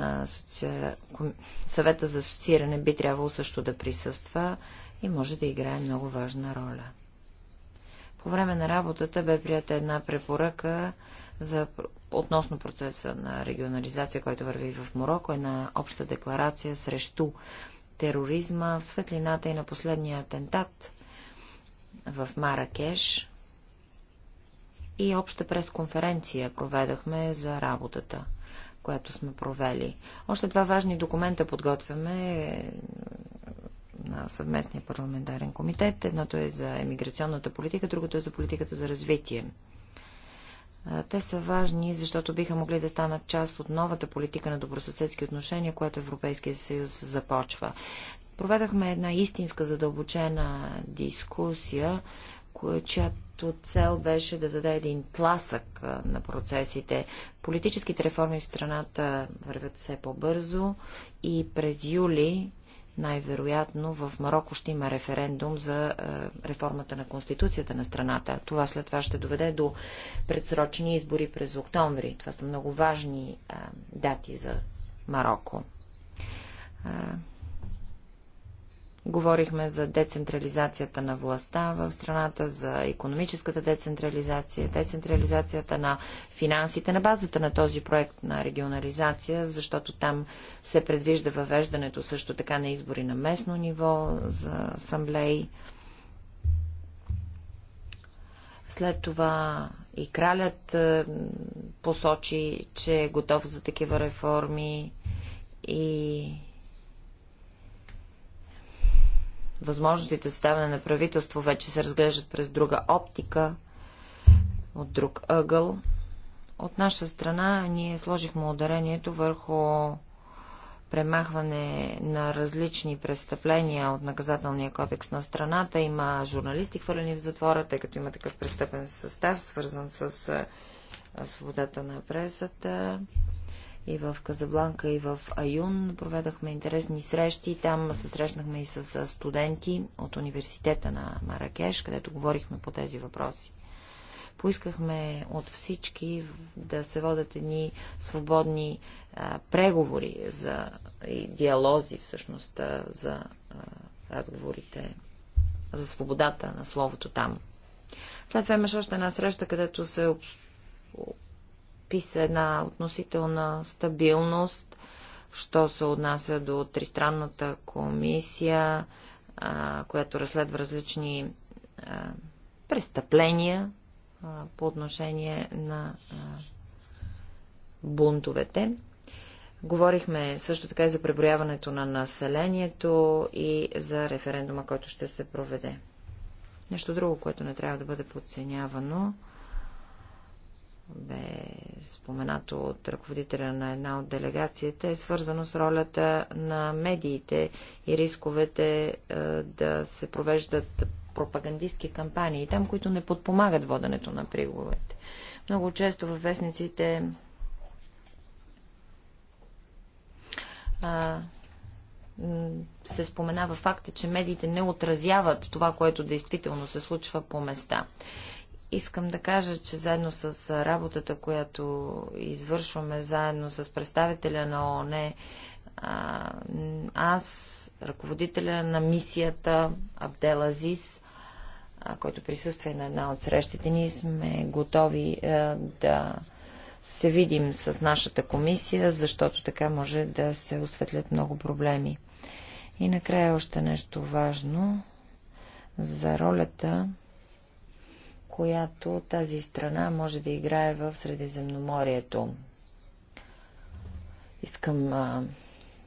съвета за асоцииране би трябвало също да присъства и може да играе много важна роля. По време на работата бе прията една препоръка за, относно процеса на регионализация, който върви в Мороко, една обща декларация срещу тероризма в светлината и на последния атентат в Маракеш, и обща пресконференция проведахме за работата, която сме провели. Още два важни документа подготвяме е, на съвместния парламентарен комитет. Едното е за емиграционната политика, другото е за политиката за развитие. Те са важни, защото биха могли да станат част от новата политика на добросъседски отношения, която Европейския съюз започва. Проведахме една истинска задълбочена дискусия, която чиято цел беше да даде един тласък на процесите. Политическите реформи в страната вървят все по-бързо и през юли най-вероятно в Марокко ще има референдум за реформата на Конституцията на страната. Това след това ще доведе до предсрочни избори през октомври. Това са много важни дати за Марокко. Говорихме за децентрализацията на властта в страната, за економическата децентрализация, децентрализацията на финансите на базата на този проект на регионализация, защото там се предвижда въвеждането също така на избори на местно ниво за асамблеи. След това и кралят е, посочи, че е готов за такива реформи и възможностите за ставане на правителство вече се разглеждат през друга оптика, от друг ъгъл. От наша страна ние сложихме ударението върху премахване на различни престъпления от наказателния кодекс на страната. Има журналисти хвърлени в затвора, тъй като има такъв престъпен състав, свързан с свободата на пресата и в Казабланка, и в Аюн. Проведахме интересни срещи. Там се срещнахме и с студенти от университета на Маракеш, където говорихме по тези въпроси. Поискахме от всички да се водят едни свободни а, преговори за, и диалози, всъщност, а, за а, разговорите за свободата на словото там. След това имаше още една среща, където се писа една относителна стабилност, що се отнася до Тристранната комисия, а, която разследва различни а, престъпления а, по отношение на а, бунтовете. Говорихме също така и за преброяването на населението и за референдума, който ще се проведе. Нещо друго, което не трябва да бъде подценявано бе споменато от ръководителя на една от делегациите, е свързано с ролята на медиите и рисковете е, да се провеждат пропагандистски кампании, там, които не подпомагат воденето на приговорите. Много често във вестниците а, се споменава факта, че медиите не отразяват това, което действително се случва по места. Искам да кажа, че заедно с работата, която извършваме заедно с представителя на ООН, аз, ръководителя на мисията Абделазис, който присъства и на една от срещите ни, сме готови да се видим с нашата комисия, защото така може да се осветлят много проблеми. И накрая още нещо важно за ролята която тази страна може да играе в Средиземноморието. Искам а,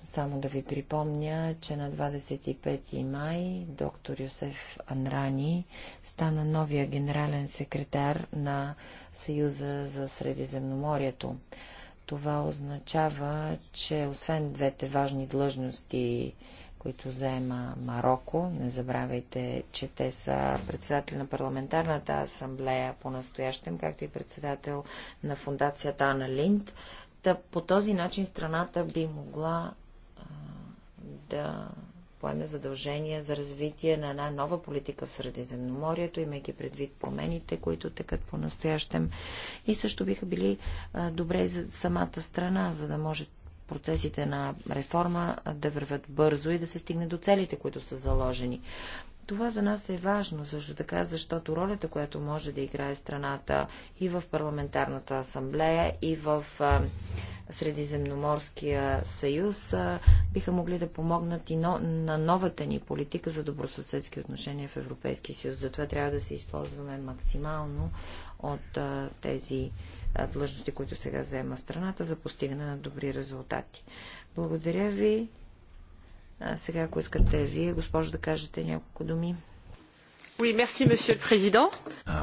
само да ви припомня, че на 25 май доктор Йосеф Анрани стана новия генерален секретар на Съюза за Средиземноморието. Това означава, че освен двете важни длъжности които заема Марокко. Не забравяйте, че те са председател на парламентарната асамблея по-настоящем, както и председател на фундацията Ана Линд. Та по този начин страната би могла а, да поеме задължение за развитие на една нова политика в Средиземноморието, имайки предвид промените, които текат по-настоящем. И също биха били а, добре и за самата страна, за да може процесите на реформа да вървят бързо и да се стигне до целите, които са заложени. Това за нас е важно също така, защото ролята, която може да играе страната и в парламентарната асамблея, и в Средиземноморския съюз, биха могли да помогнат и на новата ни политика за добросъседски отношения в Европейския съюз. Затова трябва да се използваме максимално от тези длъжности, които сега заема страната за постигане на добри резултати. Благодаря ви. А сега, ако искате вие, госпожо, да кажете няколко думи.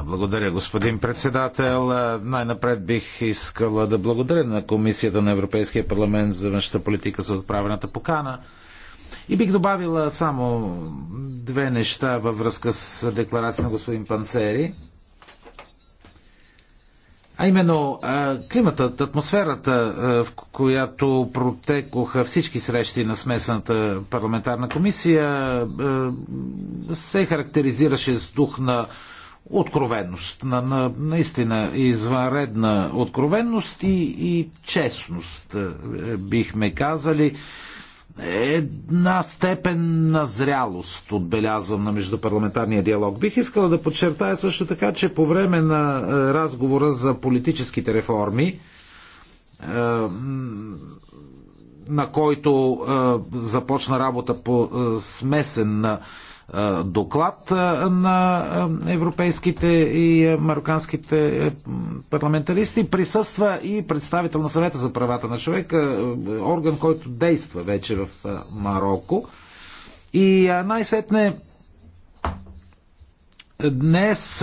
Благодаря, господин председател. Най-напред бих искала да благодаря на Комисията на Европейския парламент за външната политика за отправената покана. И бих добавила само две неща във връзка с декларация на господин Панцери. А именно климатът, атмосферата, в която протекоха всички срещи на смесената парламентарна комисия, се характеризираше с дух на откровенност, на, на наистина извънредна откровенност и, и честност, бихме казали една степен на зрялост, отбелязвам на междупарламентарния диалог. Бих искала да подчертая също така, че по време на е, разговора за политическите реформи, е, на който е, започна работа по смесен доклад на европейските и мароканските е, парламентаристи. Присъства и представител на съвета за правата на човека, орган, който действа вече в Марокко. И най-сетне Днес,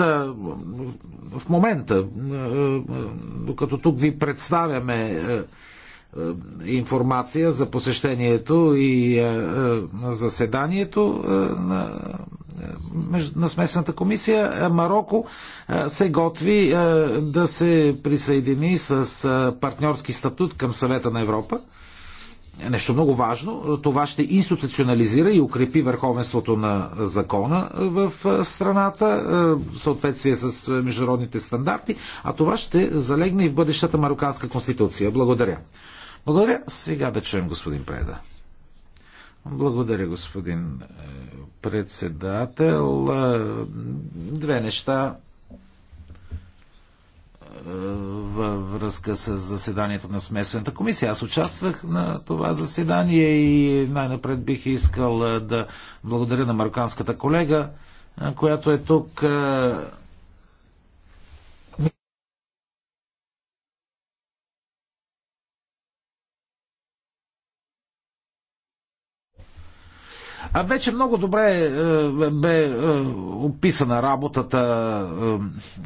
в момента, докато тук ви представяме е, информация за посещението и е, е, заседанието на, на смесната комисия. Марокко се готви да се присъедини с партньорски статут към съвета на Европа нещо много важно. Това ще институционализира и укрепи върховенството на закона в страната, в съответствие с международните стандарти, а това ще залегне и в бъдещата мароканска конституция. Благодаря. Благодаря. Сега да чуем господин Преда. Благодаря, господин е, председател. Е, две неща е, във връзка с заседанието на смесената комисия. Аз участвах на това заседание и най-напред бих искал да благодаря на марокканската колега, която е тук. А вече много добре е, бе е, описана работата,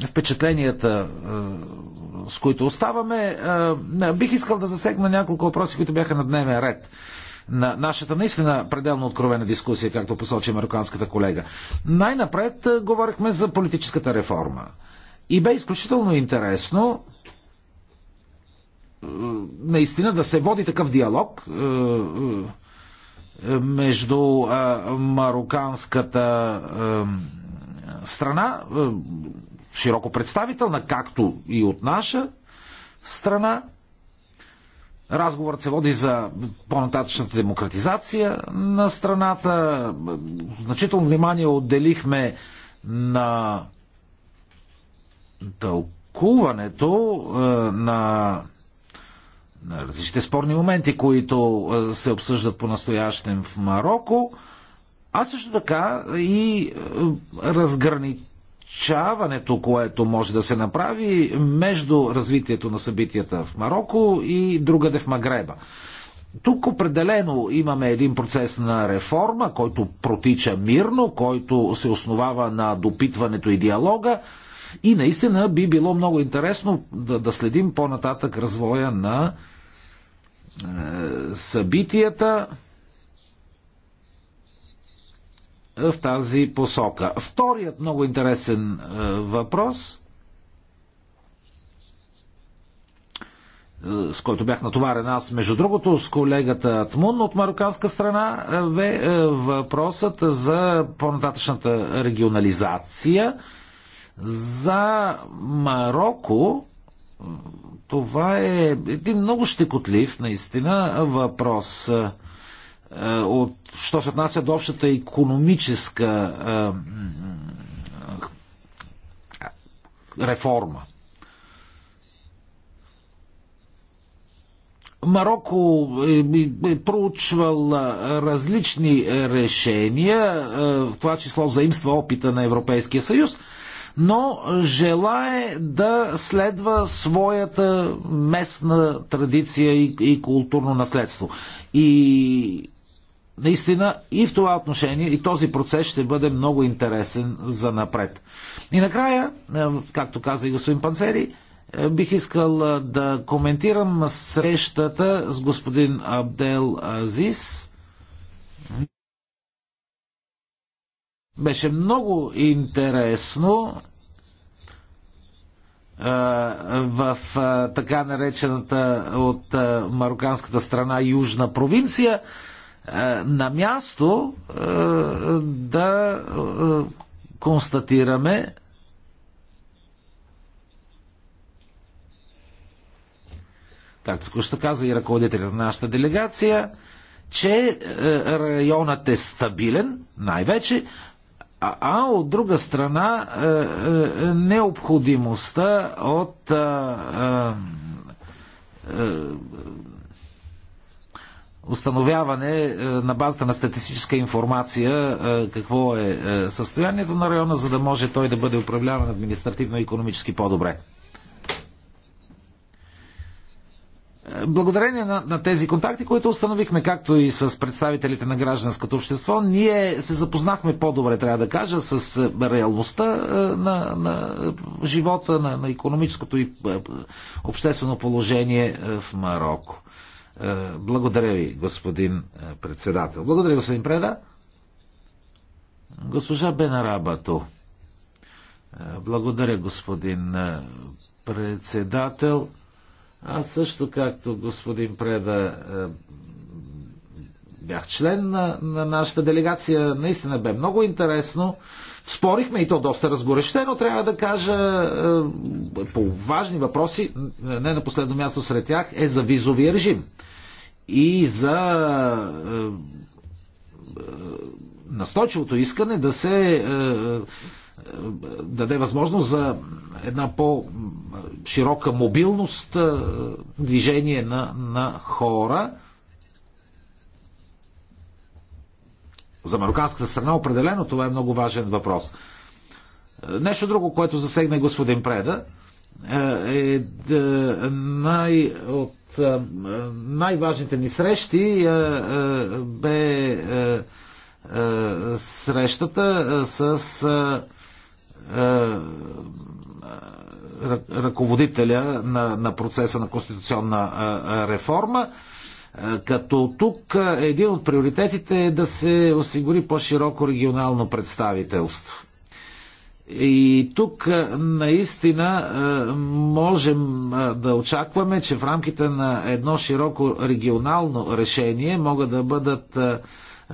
е, впечатленията, е, с които оставаме. Е, бих искал да засегна няколко въпроси, които бяха на дневен ред на нашата наистина пределно откровена дискусия, както посочи американската колега. Най-напред е, говорихме за политическата реформа. И бе изключително интересно е, наистина да се води такъв диалог. Е, е между мароканската страна, широко представителна, както и от наша страна. Разговорът се води за по-нататъчната демократизация на страната. Значително внимание отделихме на тълкуването на на различните спорни моменти, които се обсъждат по-настоящем в Марокко, а също така и разграничаването, което може да се направи между развитието на събитията в Марокко и другаде в Магреба. Тук определено имаме един процес на реформа, който протича мирно, който се основава на допитването и диалога, и наистина би било много интересно да, да следим по-нататък развоя на е, събитията е, в тази посока. Вторият много интересен е, въпрос, е, с който бях натоварен аз, между другото, с колегата Тмун от мароканска страна, е, бе е, въпросът за по-нататъчната регионализация за Марокко това е един много щекотлив, наистина, въпрос. Е, от, що се отнася до общата економическа е, реформа. Марокко е, е проучвал различни решения, в това число заимства опита на Европейския съюз, но желае да следва своята местна традиция и, и културно наследство. И наистина и в това отношение и този процес ще бъде много интересен за напред. И накрая, е, както каза и господин Панцери, е, бих искал е, да коментирам срещата с господин Абдел Азис. Беше много интересно в така наречената от мароканската страна Южна провинция, на място да констатираме както току-що каза и ръководителя на нашата делегация, че районът е стабилен, най-вече, а от друга страна е, е, е, необходимостта от установяване на базата на статистическа информация какво е състоянието на района, за да може той да бъде управляван административно и економически по-добре. Благодарение на, на тези контакти, които установихме, както и с представителите на гражданското общество, ние се запознахме по-добре, трябва да кажа, с е, реалността е, на, на живота, на, на економическото и е, обществено положение в Марокко. Благодаря ви, господин председател. Благодаря, господин Преда. Госпожа Бенарабато. Благодаря, господин председател. Аз също, както господин Преда, е, бях член на, на нашата делегация. Наистина бе много интересно. Спорихме и то доста разгорещено, трябва да кажа, е, по важни въпроси, не на последно място сред тях, е за визовия режим и за е, настойчивото искане да се даде възможност за една по-широка мобилност, движение на, на хора. За мароканската страна определено това е много важен въпрос. Нещо друго, което засегна господин Преда, е, е най, от най-важните ни срещи бе срещата с е, е, ръководителя на, на процеса на конституционна е, реформа, като тук един от приоритетите е да се осигури по-широко регионално представителство. И тук наистина можем да очакваме, че в рамките на едно широко регионално решение могат да бъдат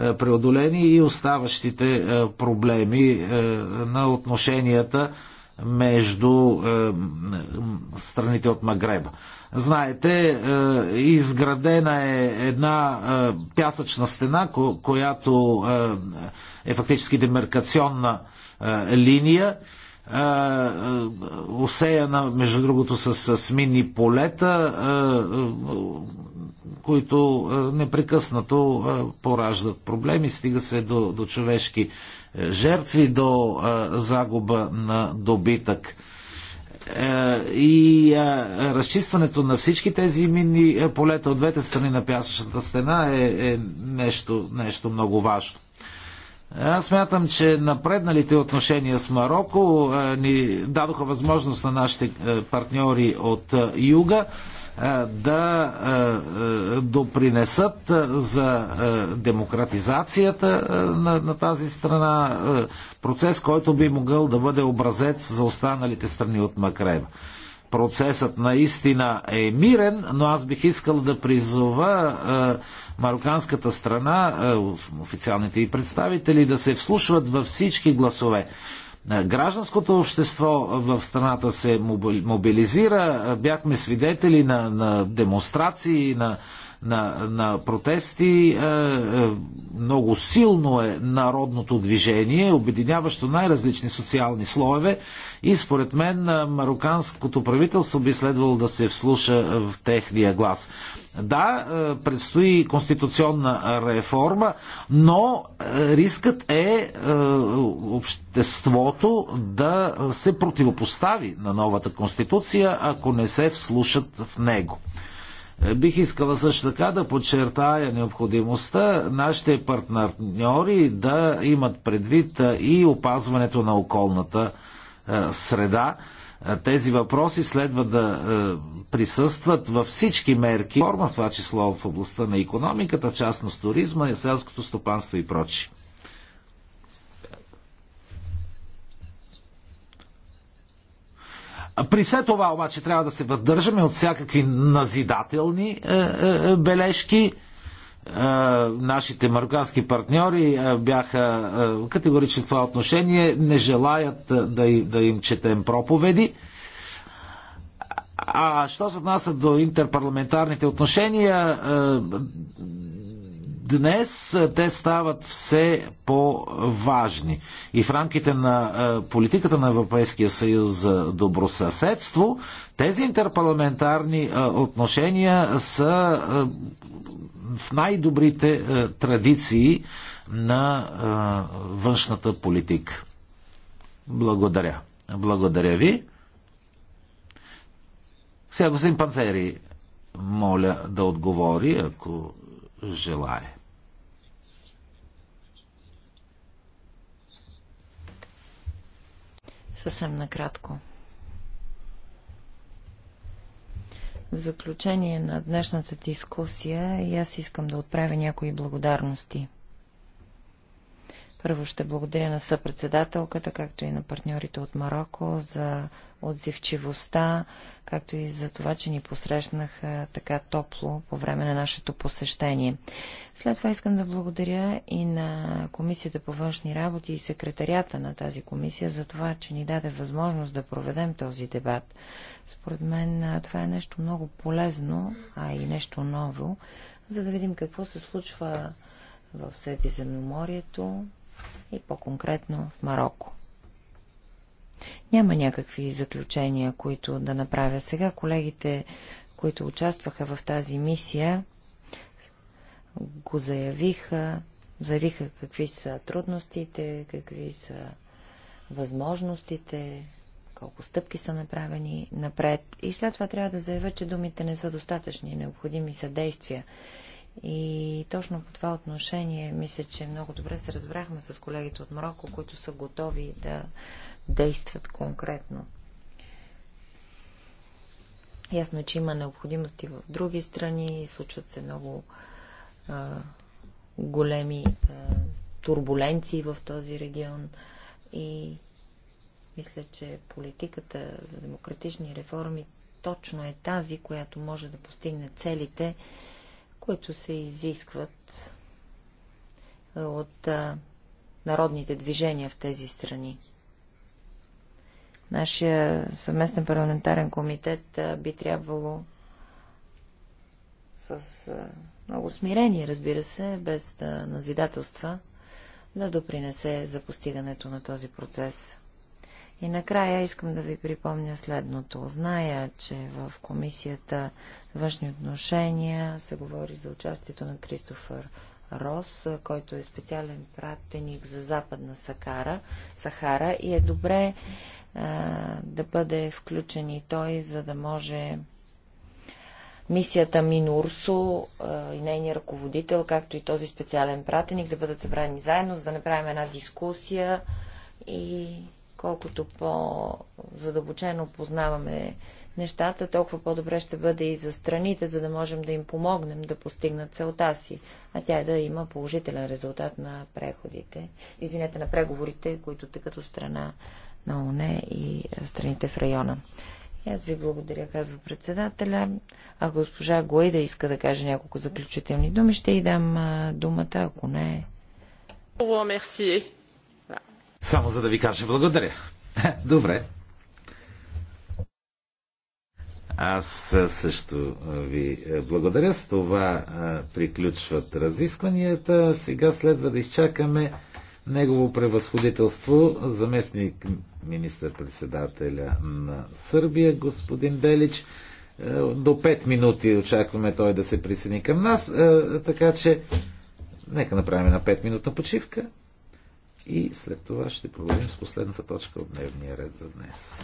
е, преодолени и оставащите е, проблеми е, на отношенията между страните от Магреба. Знаете, изградена е една пясъчна стена, която е фактически демаркационна линия осеяна, между другото, с, с полета, които непрекъснато пораждат проблеми, стига се до, до човешки жертви, до загуба на добитък и разчистването на всички тези минни полета от двете страни на пясъчната стена е, е нещо, нещо много важно. Аз смятам, че напредналите отношения с Марокко е, ни дадоха възможност на нашите е, партньори от е, юга да допринесат за демократизацията на, тази страна процес, който би могъл да бъде образец за останалите страни от Макреба процесът наистина е мирен, но аз бих искал да призова е, мароканската страна, е, официалните и представители, да се вслушват във всички гласове. Е, гражданското общество в страната се мобилизира. Е, бяхме свидетели на, на демонстрации, на на, на протести. Е, е, много силно е народното движение, обединяващо най-различни социални слоеве и според мен е, мароканското правителство би следвало да се вслуша в техния глас. Да, предстои конституционна реформа, но рискът е обществото да се противопостави на новата конституция, ако не се вслушат в него. Бих искала също така да подчертая необходимостта нашите партньори да имат предвид и опазването на околната среда. Тези въпроси следва да присъстват във всички мерки, форма в това число в областта на економиката, в частност туризма, селското стопанство и прочие. При все това обаче трябва да се въздържаме от всякакви назидателни е, е, е, бележки. Е, нашите марокански партньори е, бяха е, категорични в това отношение, не желаят е, да, да им четем проповеди. А що се отнася до интерпарламентарните отношения, е, днес те стават все по-важни. И в рамките на политиката на Европейския съюз за добросъседство, тези интерпарламентарни отношения са в най-добрите традиции на външната политика. Благодаря. Благодаря ви. Сега господин Панцери, моля да отговори, ако Желая. Съвсем накратко. В заключение на днешната дискусия и аз искам да отправя някои благодарности – първо ще благодаря на съпредседателката, както и на партньорите от Марокко за отзивчивостта, както и за това, че ни посрещнаха така топло по време на нашето посещение. След това искам да благодаря и на Комисията по външни работи и секретарията на тази комисия за това, че ни даде възможност да проведем този дебат. Според мен това е нещо много полезно, а и нещо ново, за да видим какво се случва в Средиземноморието, и по-конкретно в Марокко. Няма някакви заключения, които да направя сега. Колегите, които участваха в тази мисия, го заявиха, заявиха какви са трудностите, какви са възможностите, колко стъпки са направени напред. И след това трябва да заявя, че думите не са достатъчни, необходими са действия. И точно по това отношение мисля, че много добре се разбрахме с колегите от Марокко, които са готови да действат конкретно. Ясно е, че има необходимости в други страни, случват се много а, големи а, турбуленции в този регион и мисля, че политиката за демократични реформи точно е тази, която може да постигне целите, които се изискват е, от народните движения в тези страни. Нашия съвместен парламентарен комитет би трябвало с много смирение, разбира се, без да назидателства, да допринесе за постигането на този процес. И накрая искам да ви припомня следното. Зная, че в комисията външни отношения се говори за участието на Кристофър Рос, който е специален пратеник за Западна Сахара, Сахара и е добре а, да бъде включен и той, за да може мисията Минурсо и нейния ръководител, както и този специален пратеник, да бъдат събрани заедно, за да направим една дискусия и колкото по-задълбочено познаваме нещата, толкова по-добре ще бъде и за страните, за да можем да им помогнем да постигнат целта си, а тя е да има положителен резултат на преходите, извинете, на преговорите, които те като страна на ОНЕ и страните в района. И аз ви благодаря, казва председателя. А госпожа Гуейда иска да каже няколко заключителни думи, ще й дам думата, ако не... Само за да ви кажа благодаря. Добре. Аз също ви благодаря. С това приключват разискванията. Сега следва да изчакаме негово превъзходителство, заместник министър-председателя на Сърбия, господин Делич. До 5 минути очакваме той да се присъедини към нас, така че нека направим една 5-минутна почивка и след това ще проводим с последната точка от дневния ред за днес.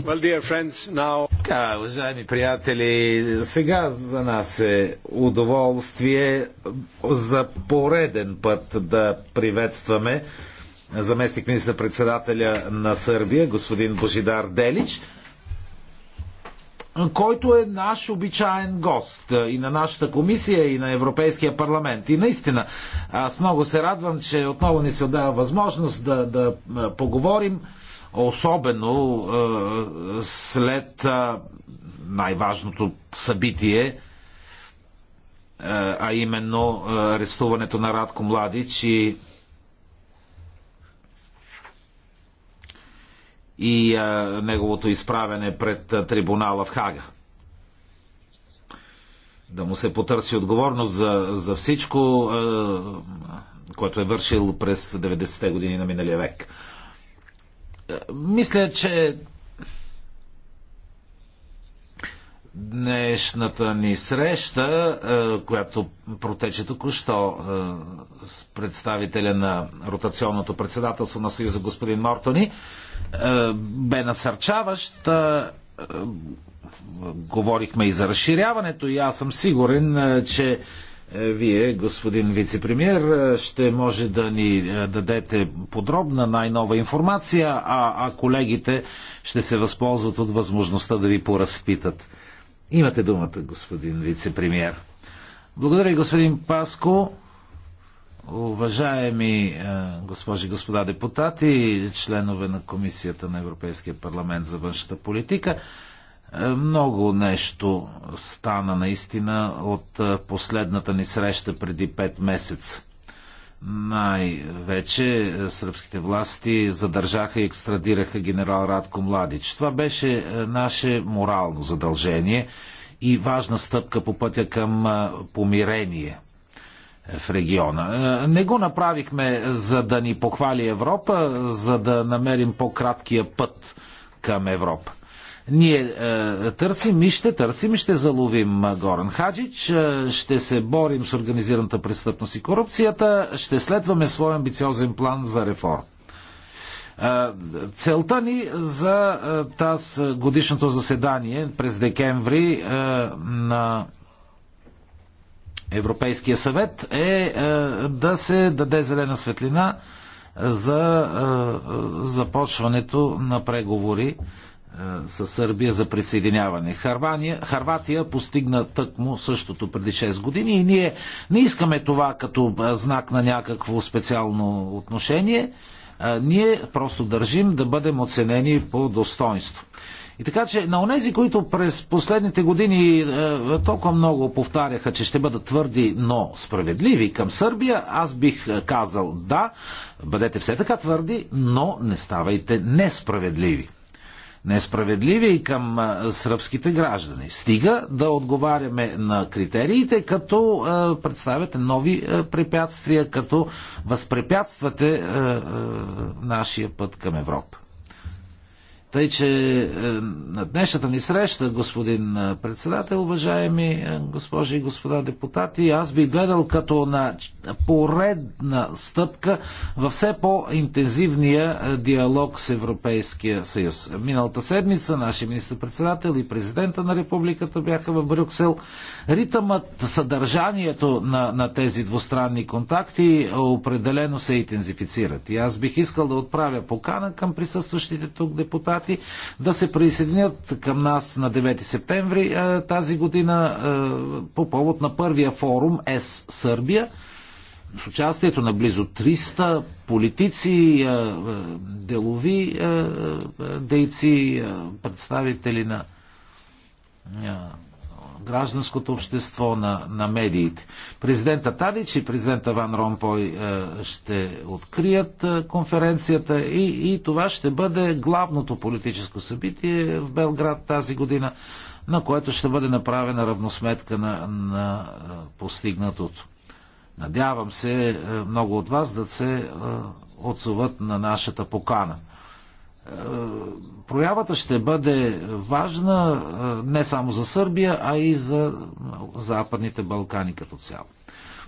Well, friends, now... Така, уважаеми приятели, сега за нас е удоволствие за пореден път да приветстваме заместник министър председателя на Сърбия, господин Божидар Делич, който е наш обичаен гост и на нашата комисия, и на Европейския парламент. И наистина, аз много се радвам, че отново ни се отдава възможност да, да поговорим особено след най-важното събитие, а именно арестуването на Радко Младич и и е, неговото изправене пред трибунала в Хага. Да му се потърси отговорност за, за всичко, е, което е вършил през 90-те години на миналия век. Мисля, че днешната ни среща, е, която протече току-що е, с представителя на ротационното председателство на Съюза господин Мортони, е, бе насърчаваща. Говорихме и за разширяването и аз съм сигурен, че е, вие, господин вице-премьер, е, ще може да ни е, дадете подробна най-нова информация, а, а колегите ще се възползват от възможността да ви поразпитат. Имате думата, господин вице-премьер. Благодаря, господин Паско. Уважаеми госпожи и господа депутати, членове на Комисията на Европейския парламент за външната политика, е, много нещо стана наистина от е, последната ни среща преди 5 месеца. Най-вече е, сръбските власти задържаха и екстрадираха генерал Радко Младич. Това беше наше морално задължение и важна стъпка по пътя към помирение в региона. Не го направихме за да ни похвали Европа, за да намерим по-краткия път към Европа. Ние е, търсим и ще търсим и ще заловим е, Горан Хаджич, е, ще се борим с организираната престъпност и корупцията, ще следваме своя амбициозен план за реформ. Е, целта ни за е, таз годишното заседание през декември на Европейския съвет е да се даде зелена светлина за започването на преговори е, със Сърбия за присъединяване. Харвания, Харватия постигна тъкмо същото преди 6 години и ние не искаме това като е, знак на някакво специално отношение. Е, ние просто държим да бъдем оценени по достоинство. И така че на онези, които през последните години е, толкова много повтаряха, че ще бъдат твърди, но справедливи към Сърбия, аз бих казал да, бъдете все така твърди, но не ставайте несправедливи несправедливи и към сръбските граждани. Стига да отговаряме на критериите, като представяте нови препятствия, като възпрепятствате нашия път към Европа. Тъй, че е, на днешната ни среща, господин е, председател, уважаеми е, госпожи и господа депутати, аз би гледал като на поредна стъпка в все по-интензивния диалог с Европейския съюз. Миналата седмица нашия министр-председател и президента на републиката бяха в Брюксел. Ритъмът, съдържанието на, на тези двустранни контакти определено се интензифицират. И аз бих искал да отправя покана към присъстващите тук депутати щати да се присъединят към нас на 9 септември тази година по повод на първия форум С Сърбия с участието на близо 300 политици, делови дейци, представители на гражданското общество, на, на медиите. Президента Тадич и президента Ван Ромпой е, ще открият е, конференцията и, и това ще бъде главното политическо събитие в Белград тази година, на което ще бъде направена равносметка на, на е, постигнатото. Надявам се много от вас да се отзоват на нашата покана. Е, проявата ще бъде важна е, не само за Сърбия, а и за Западните Балкани като цяло.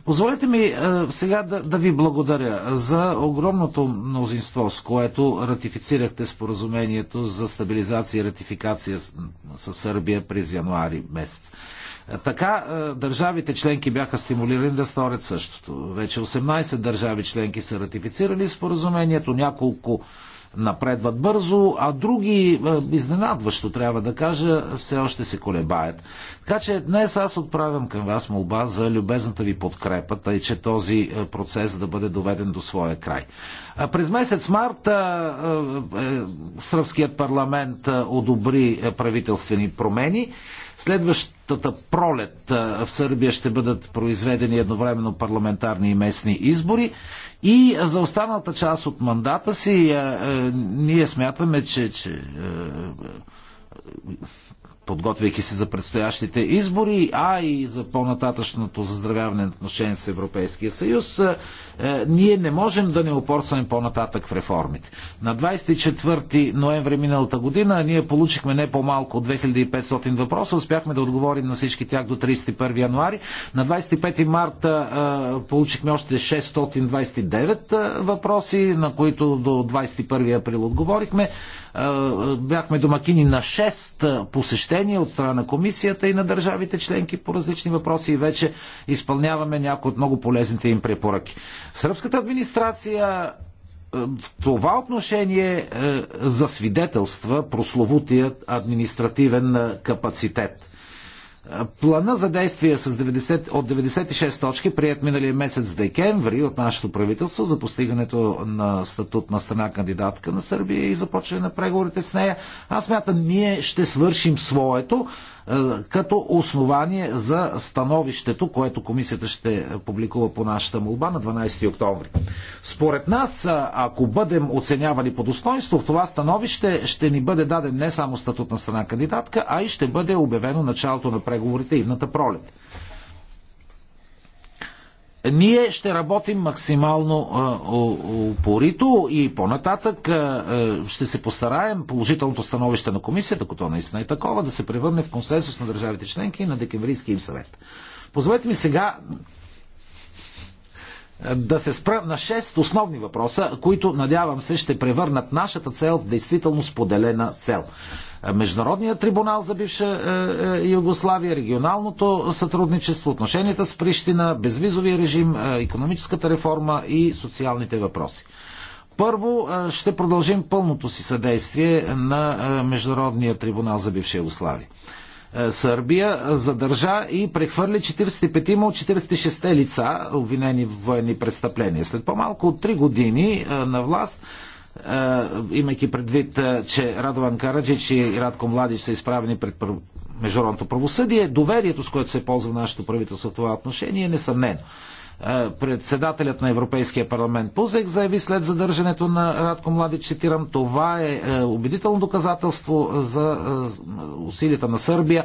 Позволете ми е, сега да, да ви благодаря за огромното мнозинство, с което ратифицирахте споразумението за стабилизация и ратификация с, с Сърбия през януари месец. Така държавите членки бяха стимулирани да сторят същото. Вече 18 държави членки са ратифицирали споразумението, няколко напредват бързо, а други, е, изненадващо трябва да кажа, все още се колебаят. Така че днес аз отправям към вас молба за любезната ви подкрепа, тъй че този е, процес да бъде доведен до своя край. През месец март е, Сръбският парламент одобри правителствени промени. Следващата пролет в Сърбия ще бъдат произведени едновременно парламентарни и местни избори. И за останалата част от мандата си ние смятаме, че, че подготвяйки се за предстоящите избори, а и за по-нататъчното заздравяване на отношения с Европейския съюз, е, е, ние не можем да не опорстваме по-нататък в реформите. На 24 ноември миналата година ние получихме не по-малко от 2500 въпроса, успяхме да отговорим на всички тях до 31 януари. На 25 марта е, получихме още 629 въпроси, на които до 21 април отговорихме. Е, бяхме домакини на 6 е, посещения от страна на комисията и на държавите членки по различни въпроси и вече изпълняваме някои от много полезните им препоръки. Сръбската администрация е, в това отношение засвидетелства прословутият административен капацитет. Плана за действие с 90, от 96 точки, прият миналия месец декември от нашето правителство за постигането на статут на страна кандидатка на Сърбия и започване на преговорите с нея, аз мятам, ние ще свършим своето като основание за становището, което комисията ще публикува по нашата молба на 12 октомври. Според нас, ако бъдем оценявани по достоинство, в това становище ще ни бъде даден не само статут на страна кандидатка, а и ще бъде обявено началото на преговорите преговорите идната пролет. Ние ще работим максимално упорито и по-нататък ще се постараем положителното становище на комисията, като наистина е такова, да се превърне в консенсус на държавите членки и на декемврийския им съвет. Позволете ми сега да се спра на шест основни въпроса, които надявам се ще превърнат нашата цел в действително споделена цел. Международният трибунал за бивша е, е, Югославия, регионалното сътрудничество, отношенията с Прищина, безвизовия режим, економическата реформа и социалните въпроси. Първо е, ще продължим пълното си съдействие на Международния трибунал за бивша Югославия. Е, Сърбия задържа и прехвърли 45 от 46 лица, обвинени в военни престъпления. След по-малко от 3 години е, на власт е, имайки предвид, че Радован Караджич и Радко Младич са изправени пред международното правосъдие, доверието, с което се ползва нашето правителство в това отношение, е несъмнено. Е, председателят на Европейския парламент Пузек заяви след задържането на Радко Младич, цитирам, това е, е убедително доказателство за е, усилията на Сърбия.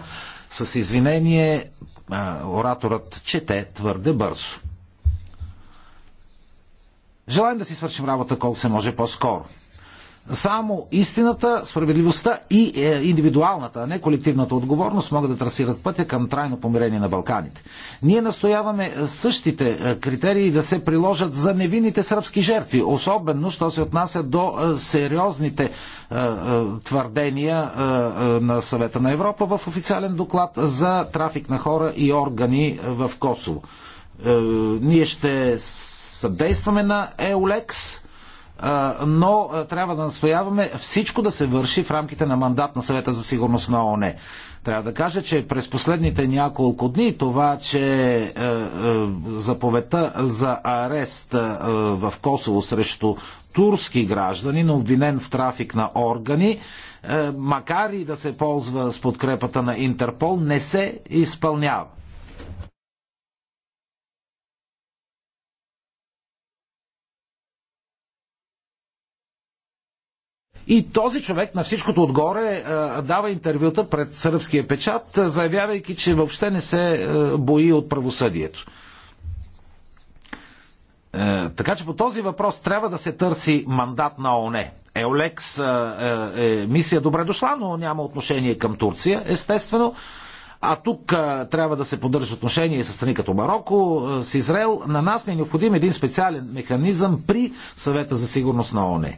С извинение, ораторът чете твърде бързо. Желаем да си свършим работа колко се може по-скоро. Само истината, справедливостта и е, индивидуалната, а не колективната отговорност могат да трасират пътя към трайно помирение на Балканите. Ние настояваме същите е, критерии да се приложат за невинните сръбски жертви, особено що се отнася до е, сериозните твърдения на Съвета на Европа в официален доклад за трафик на хора и органи в Косово. Ние ще съдействаме на Еолекс но трябва да настояваме всичко да се върши в рамките на мандат на съвета за сигурност на ООН. Трябва да кажа, че през последните няколко дни това, че е, е, заповедта за арест е, в Косово срещу турски граждани, но обвинен в трафик на органи, макар и да се ползва с подкрепата на Интерпол, не се изпълнява. И този човек на всичкото отгоре е, дава интервюта пред сръбския печат, е, заявявайки, че въобще не се е, бои от правосъдието. Така че по този въпрос трябва да се търси мандат на ОНЕ. Еолекс е мисия добре дошла, но няма отношение към Турция, естествено. А тук а, трябва да се поддържат отношения с страни като Марокко, с Израел. На нас не е необходим един специален механизъм при съвета за сигурност на ОНЕ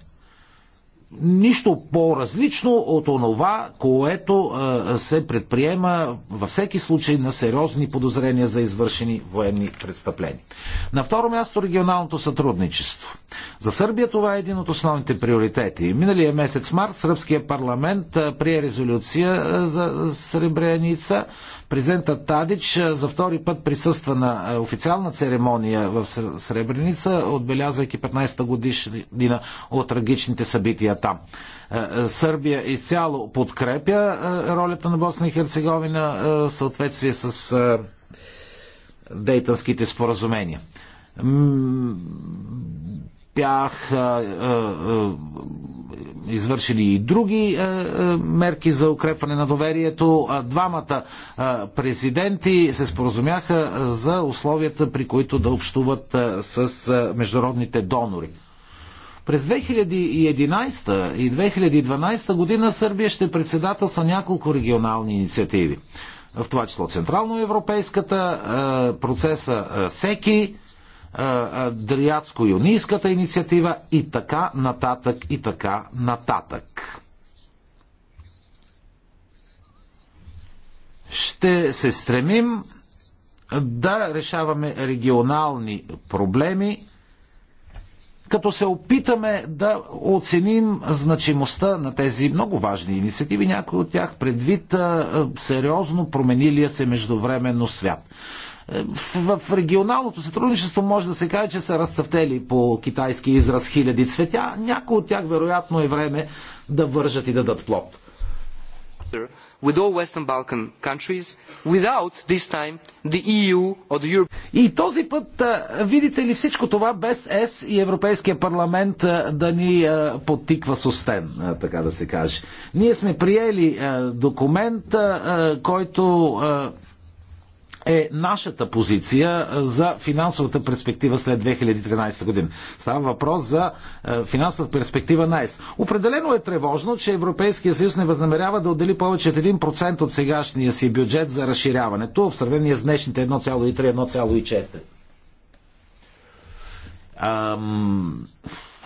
нищо по-различно от онова, което е, се предприема във всеки случай на сериозни подозрения за извършени военни престъпления. На второ място регионалното сътрудничество. За Сърбия това е един от основните приоритети. Миналия месец март Сръбския парламент е, прие резолюция е, за Сребреница, Президентът Тадич за втори път присъства на официална церемония в Сребреница, отбелязвайки 15-та годишнина от трагичните събития там. Сърбия изцяло подкрепя ролята на Босна и Херцеговина в съответствие с дейтанските споразумения бях извършили и други е, е, мерки за укрепване на доверието. Двамата е, президенти се споразумяха за условията, при които да общуват с международните донори. През 2011 и 2012 година Сърбия ще председателства няколко регионални инициативи. В това число Централноевропейската, процеса СЕКИ, е, е, дриатско юнийската инициатива и така нататък, и така нататък. Ще се стремим да решаваме регионални проблеми, като се опитаме да оценим значимостта на тези много важни инициативи, някои от тях предвид е, сериозно променилия се междувременно свят. Е, в регионалното сътрудничество може да се каже, че са разцъфтели по китайски израз хиляди цветя. Някои от тях вероятно е време да вържат и да дадат плод. E и този път, е, видите ли, всичко това без ЕС и Европейския парламент е, да ни подтиква с остен, така да се каже. Ние сме приели документ, който е нашата позиция е, за финансовата перспектива след 2013 година. Става въпрос за е, финансовата перспектива на ЕС. Определено е тревожно, че Европейския съюз не възнамерява да отдели повече от 1% от сегашния си бюджет за разширяването в сравнение с днешните 1,3-1,4. Ам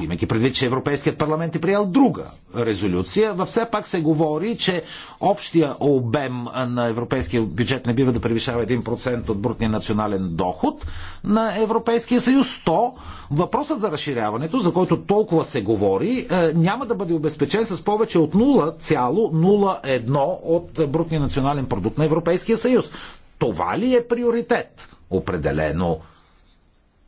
имайки предвид, че Европейският парламент е приел друга резолюция, във все пак се говори, че общия обем на европейския бюджет не бива да превишава 1% от брутния национален доход на Европейския съюз. То въпросът за разширяването, за който толкова се говори, е, няма да бъде обезпечен с повече от 0,01 от брутния национален продукт на Европейския съюз. Това ли е приоритет? Определено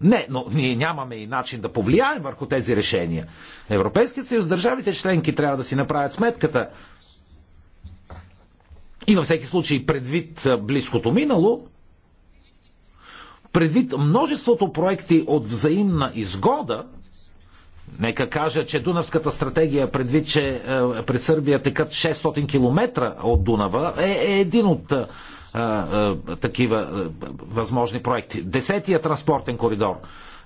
не, но ние нямаме и начин да повлияем върху тези решения. Европейският съюз, държавите членки трябва да си направят сметката. И във всеки случай, предвид близкото минало, предвид множеството проекти от взаимна изгода, Нека кажа, че Дунавската стратегия, предвид, че през Сърбия текат 600 км от Дунава, е, е един от такива възможни проекти. Десетия транспортен коридор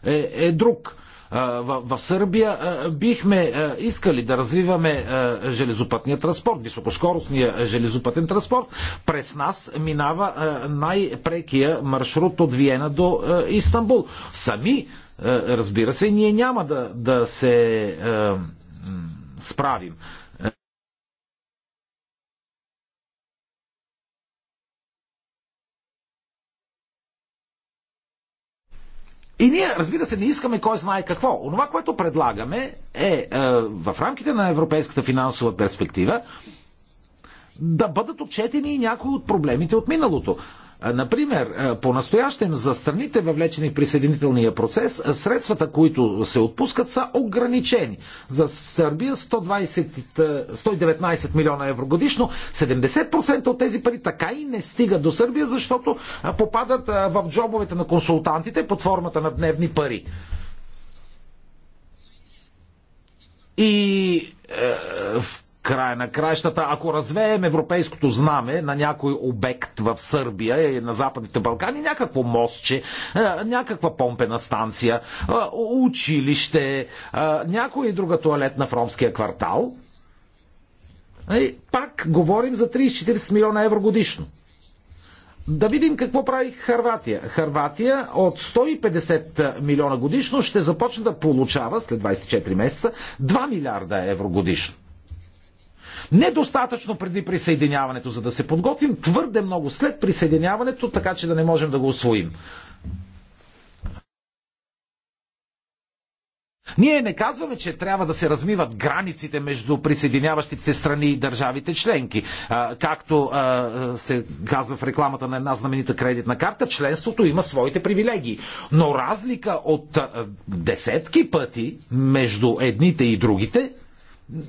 е, е друг. В, в Сърбия бихме искали да развиваме железопътния транспорт, високоскоростния железопътен транспорт. През нас минава най-прекия маршрут от Виена до Истанбул. Сами, разбира се, ние няма да, да се справим. И ние, разбира се, не искаме кой знае какво. Онова, което предлагаме е, е в рамките на европейската финансова перспектива да бъдат отчетени и някои от проблемите от миналото. Например, е, по-настоящем за страните, въвлечени в присъединителния процес, средствата, които се отпускат, са ограничени. За Сърбия 120, 119 е, милиона евро годишно, 70% от тези пари така и не стигат до Сърбия, защото е, попадат в джобовете на консултантите под формата на дневни пари. И е, в края на краищата, ако развеем европейското знаме на някой обект в Сърбия и на Западните Балкани, някакво мостче, някаква помпена станция, училище, някоя и друга туалетна в ромския квартал, и пак говорим за 30-40 милиона евро годишно. Да видим какво прави Харватия. Харватия от 150 милиона годишно ще започне да получава след 24 месеца 2 милиарда евро годишно. Недостатъчно преди присъединяването, за да се подготвим, твърде много след присъединяването, така че да не можем да го освоим. Ние не казваме, че трябва да се размиват границите между присъединяващите се страни и държавите членки. А, както а, се казва в рекламата на една знаменита кредитна карта, членството има своите привилегии. Но разлика от а, десетки пъти между едните и другите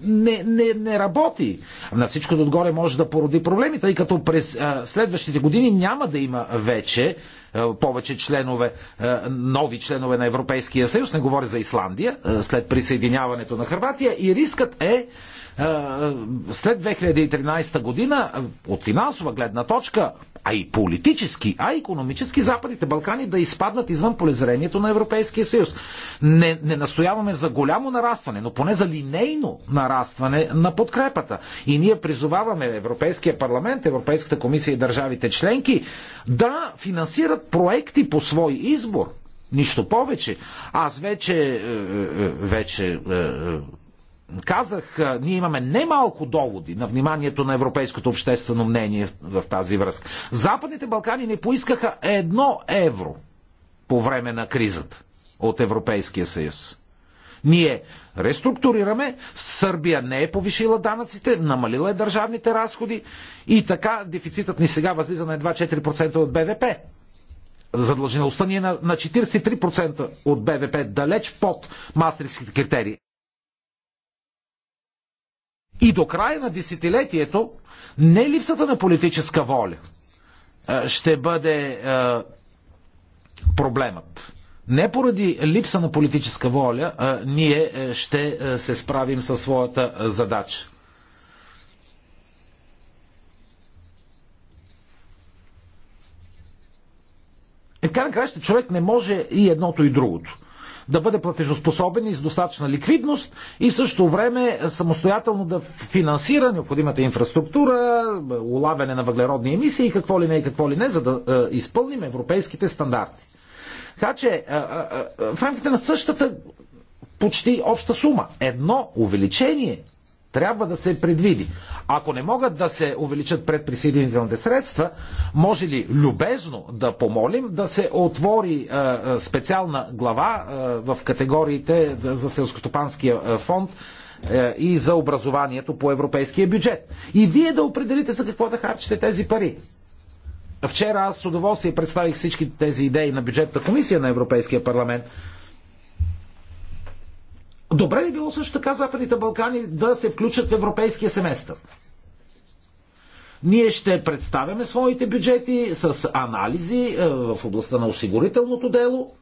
не, не, не работи. На всичкото отгоре може да породи проблеми, тъй като през а, следващите години няма да има вече а, повече членове, а, нови членове на Европейския съюз, не говоря за Исландия, а, след присъединяването на Харватия и рискът е е, е, след 2013 година е, от финансова гледна точка, а и политически, а и економически Западните Балкани да изпаднат извън полезрението на Европейския съюз. Не, не настояваме за голямо нарастване, но поне за линейно нарастване на подкрепата. И ние призоваваме Европейския парламент, Европейската комисия и държавите членки да финансират проекти по свой избор. Нищо повече. Аз вече, вече казах, ние имаме немалко доводи на вниманието на европейското обществено мнение в тази връзка. Западните Балкани не поискаха едно евро по време на кризата от Европейския съюз. Ние реструктурираме, Сърбия не е повишила данъците, намалила е държавните разходи и така дефицитът ни сега възлиза на едва 4% от БВП. задължеността ни е на, на 43% от БВП, далеч под мастрихските критерии. И до края на десетилетието не липсата на политическа воля ще бъде проблемът. Не поради липса на политическа воля ние ще се справим със своята задача. Е, край на човек не може и едното и другото да бъде платежоспособен и с достатъчна ликвидност и също същото време самостоятелно да финансира необходимата инфраструктура, улавяне на въглеродни емисии и какво ли не и какво ли не, за да е, изпълним европейските стандарти. Така че е, е, в рамките на същата почти обща сума. Едно увеличение трябва да се предвиди. Ако не могат да се увеличат предприсъединителните средства, може ли любезно да помолим да се отвори специална глава в категориите за селскотопанския фонд и за образованието по европейския бюджет. И вие да определите за какво да харчите тези пари. Вчера аз с удоволствие представих всички тези идеи на бюджетната комисия на Европейския парламент. Добре би било също така Западните Балкани да се включат в европейския семестър. Ние ще представяме своите бюджети с анализи е, в областта на осигурителното дело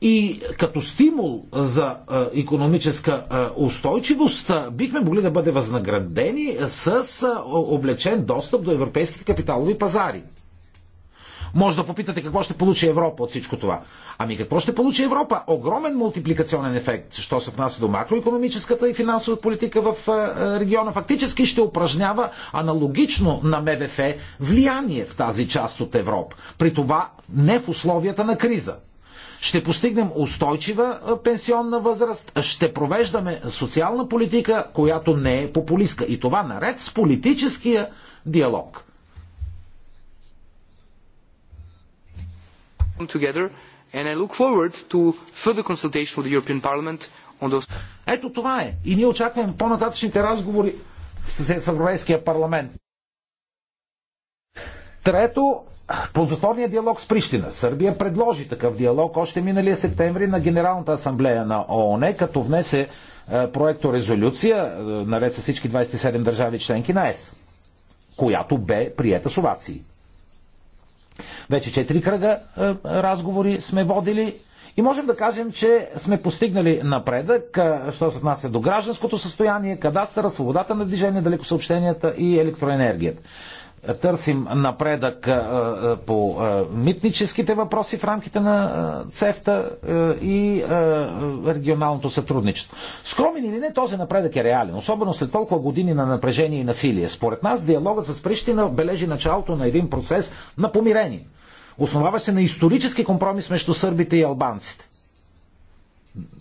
и като стимул за економическа е, устойчивост е, бихме могли да бъде възнаградени с облечен достъп до европейските капиталови пазари. Може да попитате какво ще получи Европа от всичко това. Ами какво ще получи Европа? Огромен мултипликационен ефект, що се отнася до макроекономическата и финансова политика в е, е, региона. Фактически ще упражнява аналогично на МВФ влияние в тази част от Европа. При това не в условията на криза ще постигнем устойчива е, пенсионна възраст, ще провеждаме социална политика, която не е популистка. И това наред с политическия диалог. Together, and I look forward to further consultation with the European Parliament on those... Ето това е. И ние очакваме по-нататъчните разговори с Европейския парламент. Трето, ползотворния диалог с Прищина. Сърбия предложи такъв диалог още миналия септември на Генералната асамблея на ООН, като внесе е, проекто резолюция, е, наред с всички 27 държави членки на ЕС, която бе приета с овации. Вече четири кръга е, разговори сме водили и можем да кажем, че сме постигнали напредък, е, що се отнася до гражданското състояние, кадастъра, свободата на движение, далекосъобщенията и електроенергията. Търсим напредък е, по митническите въпроси в рамките на ЦЕФТА и регионалното сътрудничество. Скромен или не, този напредък е реален, особено след толкова години на напрежение и насилие. Според нас диалогът с Прищина бележи началото на един процес на помирение основава се на исторически компромис между сърбите и албанците.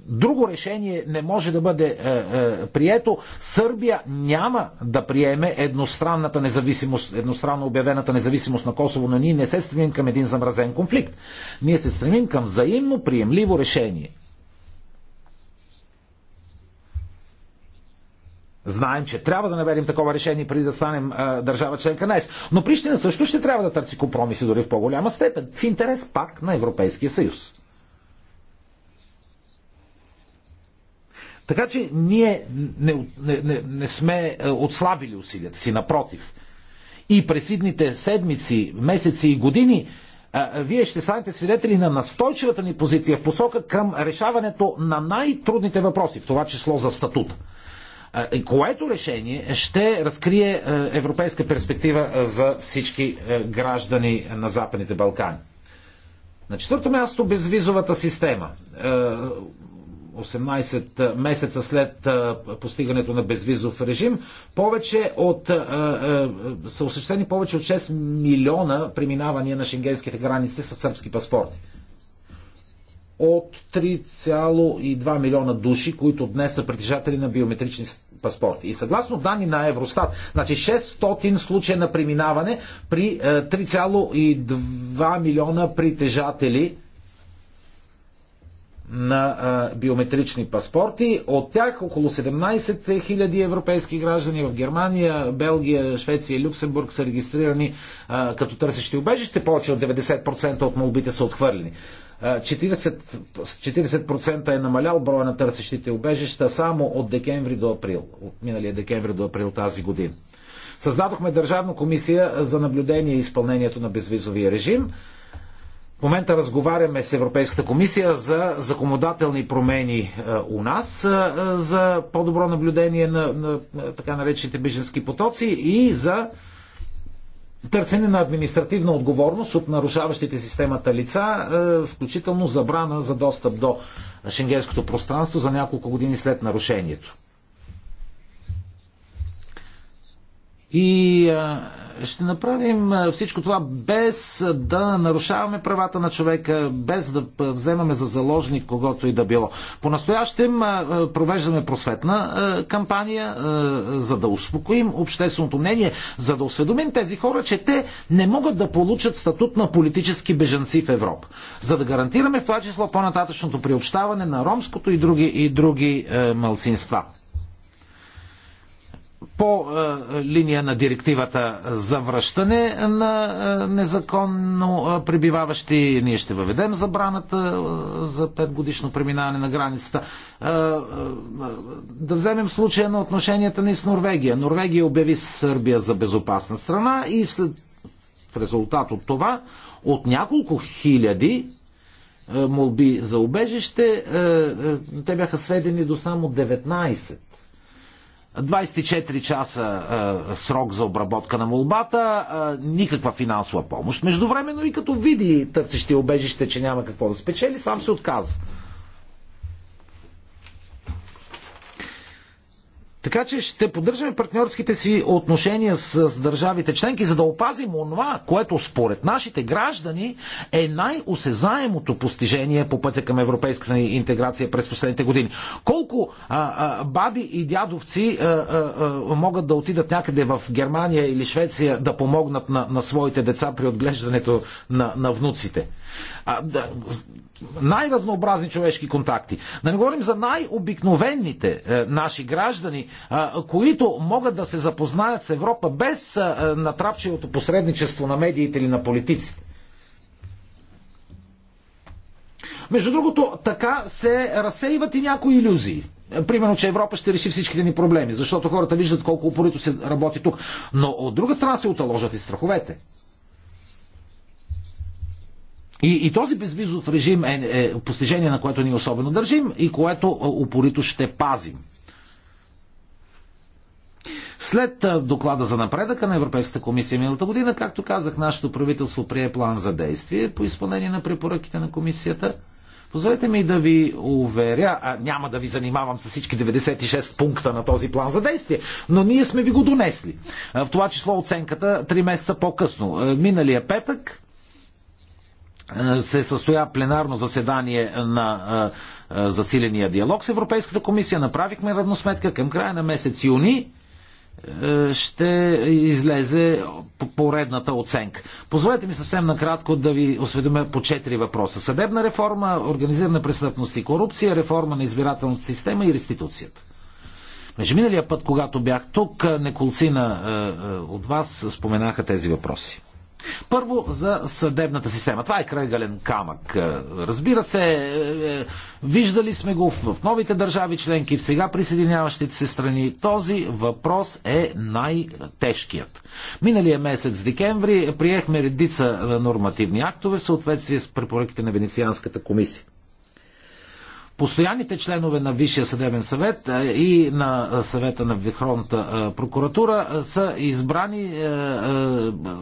Друго решение не може да бъде е, е, прието. Сърбия няма да приеме едностранната независимост, едностранно обявената независимост на Косово, но ние не се стремим към един замразен конфликт. Ние се стремим към взаимно приемливо решение. Знаем, че трябва да намерим такова решение преди да станем а, държава членка на ЕС. Но Прищина също ще трябва да търси компромиси дори в по-голяма степен. В интерес пак на Европейския съюз. Така че ние не, не, не, не сме отслабили усилията си, напротив. И през идните седмици, месеци и години вие ще станете свидетели на настойчивата ни позиция в посока към решаването на най-трудните въпроси, в това число за статута което решение ще разкрие е, европейска перспектива е, за всички е, граждани на Западните Балкани. На четвърто място безвизовата система. 18 месеца след постигането на безвизов режим, повече от, са осъществени повече от 6 милиона преминавания на шенгенските граници с сърбски паспорти от 3,2 милиона души, които днес са притежатели на биометрични паспорти. И съгласно данни на Евростат, значи 600 случая на преминаване при 3,2 е, милиона притежатели на а, е, биометрични паспорти. От тях около 17 000 европейски граждани в Германия, Белгия, Швеция и Люксембург са регистрирани а, е, като търсещи убежище. Повече от 90% от молбите са отхвърлени. 40%, 40% е намалял броя на търсещите убежища само от декември до април, от миналия декември до април тази година. Създадохме Държавна комисия за наблюдение и изпълнението на безвизовия режим. В момента разговаряме с Европейската комисия за законодателни промени е, у нас, е, за по-добро наблюдение на, на така наречените беженски потоци и за търсене на административна отговорност от нарушаващите системата лица, е, включително забрана за достъп до шенгенското пространство за няколко години след нарушението. И а, ще направим всичко това без да нарушаваме правата на човека, без да вземаме за заложник когото и да било. По-настоящем провеждаме просветна кампания, за да успокоим общественото мнение, за да осведомим тези хора, че те не могат да получат статут на политически бежанци в Европа. За да гарантираме в това число по-нататъчното приобщаване на ромското и други, и други е, малцинства по е, линия на директивата за връщане на е, незаконно е, пребиваващи. Ние ще въведем забраната за 5 годишно преминаване на границата. Да вземем случая на отношенията ни с Норвегия. Норвегия обяви Сърбия за безопасна страна и в резултат от това от няколко хиляди молби за убежище те бяха сведени до само 19 24 часа а, е, срок за обработка на молбата, а, е, никаква финансова помощ. Междувременно и като види търсещи обежище, че няма какво да спечели, сам се отказва. Така че ще поддържаме партньорските си отношения с държавите членки, за да опазим онова, което според нашите граждани е най-осезаемото постижение по пътя към европейската интеграция през последните години. Колко а, а, баби и дядовци а, а, а, могат да отидат някъде в Германия или Швеция да помогнат на, на своите деца при отглеждането на, на внуците? А, да, най-разнообразни човешки контакти. Да не говорим за най-обикновените е, наши граждани, е, които могат да се запознаят с Европа без е, натрапчивото посредничество на медиите или на политиците. Между другото, така се разсеиват и някои иллюзии. Примерно, че Европа ще реши всичките ни проблеми, защото хората виждат колко упорито се работи тук. Но от друга страна се оталожат и страховете. И, и този безвизов режим е, е постижение, на което ние особено държим и което е, упорито ще пазим. След е, доклада за напредъка на Европейската комисия миналата година, както казах, нашето правителство прие план за действие по изпълнение на препоръките на комисията. Позволете ми да ви уверя, а няма да ви занимавам с всички 96 пункта на този план за действие, но ние сме ви го донесли. Е, в това число оценката 3 месеца по-късно. Миналия петък е, се състоя пленарно заседание на е, е, засиления диалог с Европейската комисия. Направихме равносметка към края на месец юни ще излезе поредната оценка. Позволете ми съвсем накратко да ви осведомя по четири въпроса. Съдебна реформа, организирана престъпност и корупция, реформа на избирателната система и реституцията. Между миналия път, когато бях тук, неколцина от вас споменаха тези въпроси. Първо за съдебната система. Това е крайгален камък. Е, разбира се, е, е, виждали сме го в новите държави членки, в сега присъединяващите се страни. Този въпрос е най-тежкият. Миналия месец декември приехме редица нормативни актове в съответствие с препоръките на Венецианската комисия постоянните членове на Висшия съдебен съвет и на съвета на Вихронта прокуратура са избрани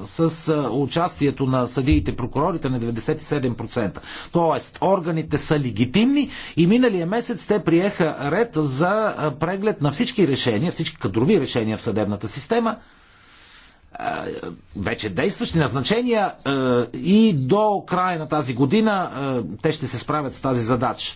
с участието на съдиите прокурорите на 97%. Тоест, органите са легитимни и миналия месец те приеха ред за преглед на всички решения, всички кадрови решения в съдебната система, вече действащи назначения и до края на тази година те ще се справят с тази задача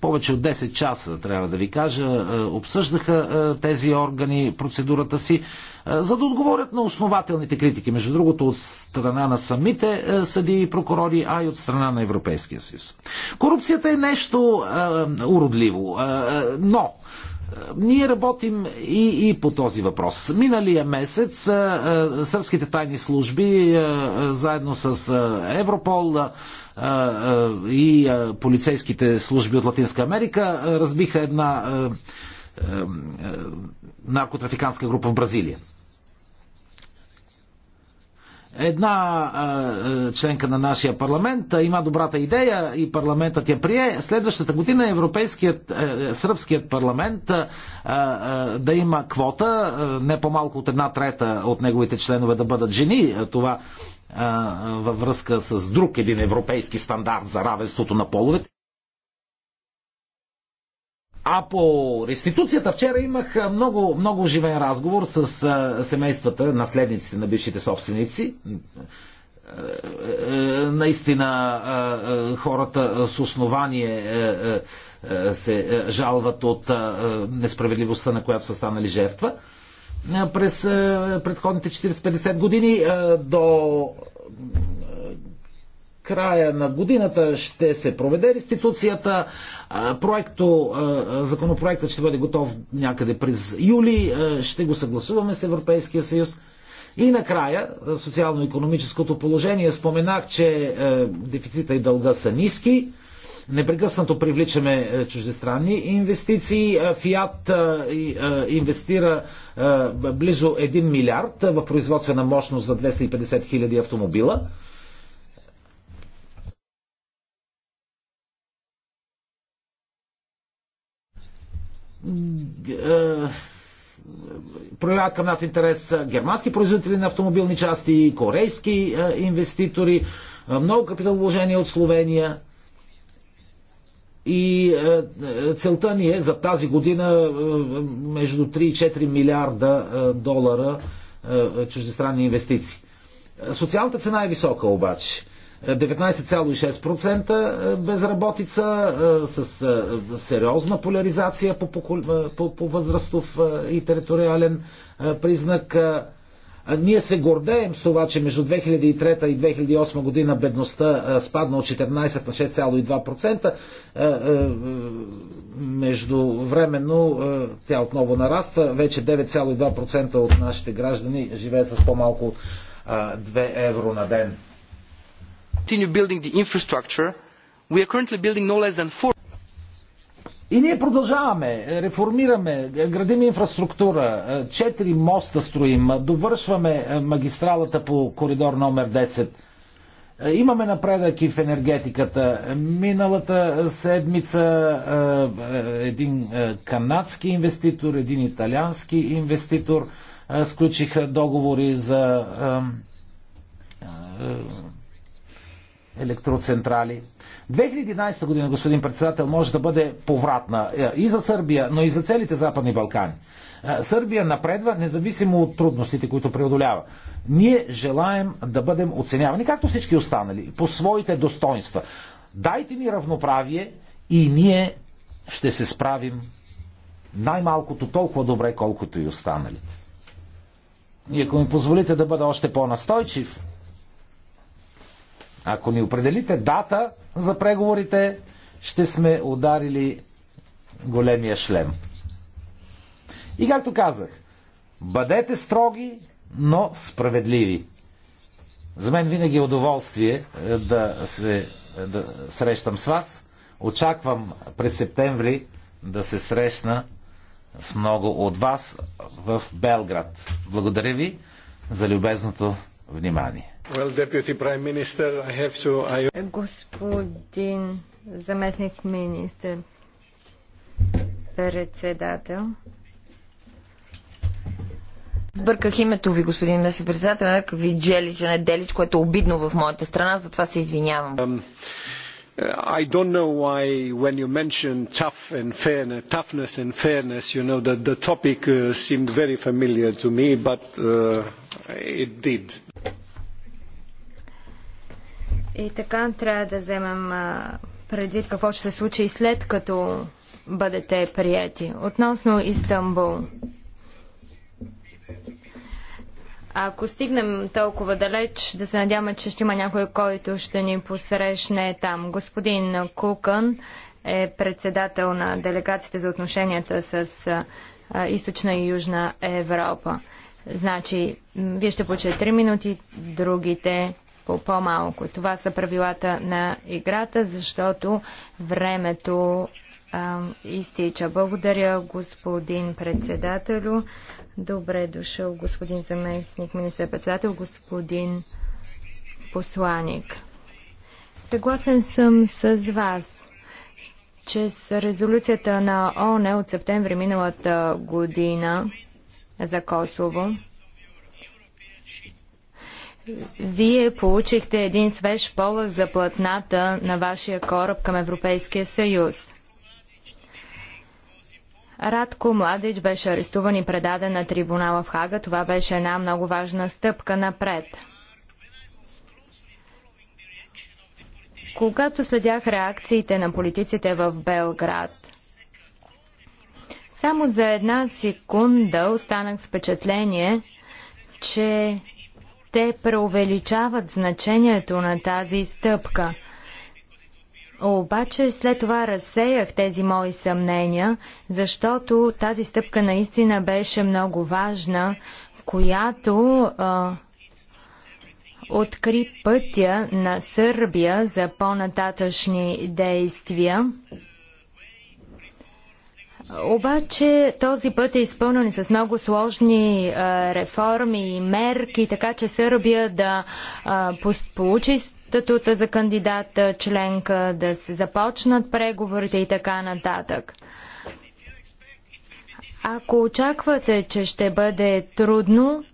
повече от 10 часа, трябва да ви кажа, обсъждаха тези органи процедурата си, за да отговорят на основателните критики, между другото от страна на самите съди и прокурори, а и от страна на Европейския съюз. Корупцията е нещо уродливо, но ние работим и, и по този въпрос. Миналия месец а, а, сръбските тайни служби а, заедно с Европол и полицейските служби от Латинска Америка разбиха една наркотрафиканска група в Бразилия. Една а, членка на нашия парламент а, има добрата идея и парламентът я прие. Следващата година Европейският а, е, е, сръбският парламент а, а, да има квота, а, не по-малко от една трета от неговите членове да бъдат жени. А, това а, във връзка с друг един европейски стандарт за равенството на половете. А по реституцията вчера имах много, много живен разговор с семействата, наследниците на бившите собственици. Наистина хората с основание се жалват от несправедливостта, на която са станали жертва през предходните 40-50 години до края на годината ще се проведе реституцията. Проекто, законопроектът ще бъде готов някъде през юли. Ще го съгласуваме с Европейския съюз. И накрая, социално-економическото положение. Споменах, че е, дефицита и дълга са ниски. Непрекъснато привличаме е, чуждестранни инвестиции. Е, Фиат инвестира близо 1 милиард в производствена мощност за 250 хиляди автомобила. Е, проявяват към нас интерес германски производители на автомобилни части, корейски е, инвеститори, е, много капитал вложения от Словения. И целта ни е за тази година между 3 и 4 милиарда долара чуждестранни инвестиции. Социалната цена е висока обаче. 19,6% е, безработица е, с е, сериозна поляризация по, по, по възрастов и териториален признак. Ние се гордеем с това, че между 2003 и 2008 година бедността спадна от 14 на 6,2%. Между времено тя отново нараства. Вече 9,2% от нашите граждани живеят с по-малко 2 евро на ден continue building the infrastructure, we are currently building no less than four. И ние продължаваме, реформираме, градим инфраструктура, е, четири моста строим, довършваме е, магистралата по коридор номер 10. Е, имаме напредък и в енергетиката. Миналата седмица един канадски инвеститор, един италиански инвеститор сключиха договори за електроцентрали. 2011 година, господин председател, може да бъде повратна е, и за Сърбия, но и за целите Западни Балкани. Е, Сърбия напредва, независимо от трудностите, които преодолява. Ние желаем да бъдем оценявани, както всички останали, по своите достоинства. Дайте ни равноправие и ние ще се справим най-малкото толкова добре, колкото и останалите. И ако ми позволите да бъда още по-настойчив, ако ни определите дата за преговорите, ще сме ударили големия шлем. И както казах, бъдете строги, но справедливи. За мен винаги е удоволствие е, да се е, да срещам с вас. Очаквам през септември да се срещна с много от вас в Белград. Благодаря ви за любезното внимание. Well, Deputy Prime Minister, I have to... I... Господин заместник министр, председател. Сбърках името ви, господин местник председател. Нареках ви Джелич, а не Делич, което е обидно в моята страна, затова се извинявам. Um... I don't know why when you mention tough and fairness, toughness and fairness, you know that the topic uh, seemed very familiar to me, but uh, it did. И така трябва да вземем предвид какво ще се случи и след като бъдете прияти. Относно Истанбул. Ако стигнем толкова далеч, да се надяваме, че ще има някой, който ще ни посрещне там. Господин Кукън е председател на делегацията за отношенията с източна и южна Европа. Значи, вие ще получите 3 минути, другите по по-малко. Това са правилата на играта, защото времето а, изтича. Благодаря, господин председателю. Добре дошъл, господин заместник, министър-председател, господин посланик. Съгласен съм с вас, че с резолюцията на ОНЕ от септември миналата година за Косово, вие получихте един свеж полъх за платната на вашия кораб към Европейския съюз. Радко Младич беше арестуван и предаден на трибунала в Хага. Това беше една много важна стъпка напред. Когато следях реакциите на политиците в Белград, само за една секунда останах с впечатление, че те преувеличават значението на тази стъпка. Обаче след това разсеях тези мои съмнения, защото тази стъпка наистина беше много важна, която а, откри пътя на Сърбия за по-нататъчни действия. Обаче този път е изпълнен с много сложни а, е, реформи и мерки, така че Сърбия да а, е, получи статута за кандидат е, членка, да се започнат преговорите и така нататък. Ако очаквате, че ще бъде трудно,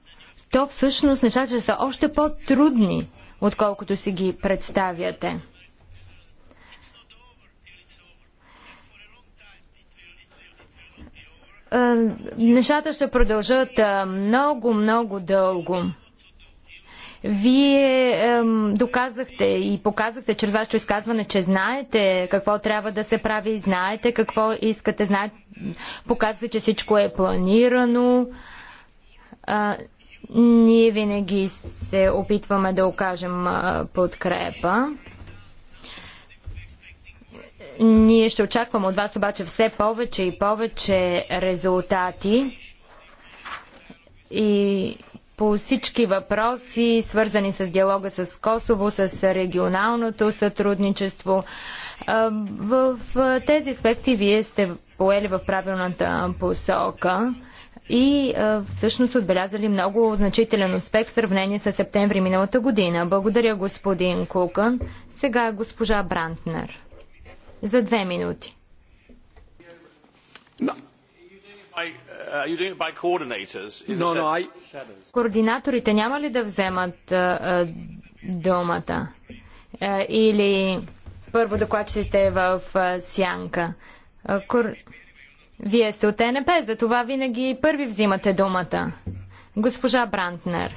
то всъщност нещата ще са още по-трудни, отколкото си ги представяте. нещата ще продължат много, много дълго. Вие ем, доказахте и показахте чрез вашето изказване, че знаете какво трябва да се прави, знаете какво искате, знаете, показвате, че всичко е планирано. А, ние винаги се опитваме да окажем подкрепа. Ние ще очакваме от вас обаче все повече и повече резултати и по всички въпроси, свързани с диалога с Косово, с регионалното сътрудничество. В тези аспекти вие сте поели в правилната посока и всъщност отбелязали много значителен успех в сравнение с септември миналата година. Благодаря господин Кукън. Сега е госпожа Брантнер за две минути. No. Uh, no, I... Координаторите няма ли да вземат думата? или първо докладчите в сянка? Кор... Вие сте от ТНП, затова винаги първи взимате думата. Госпожа Брантнер.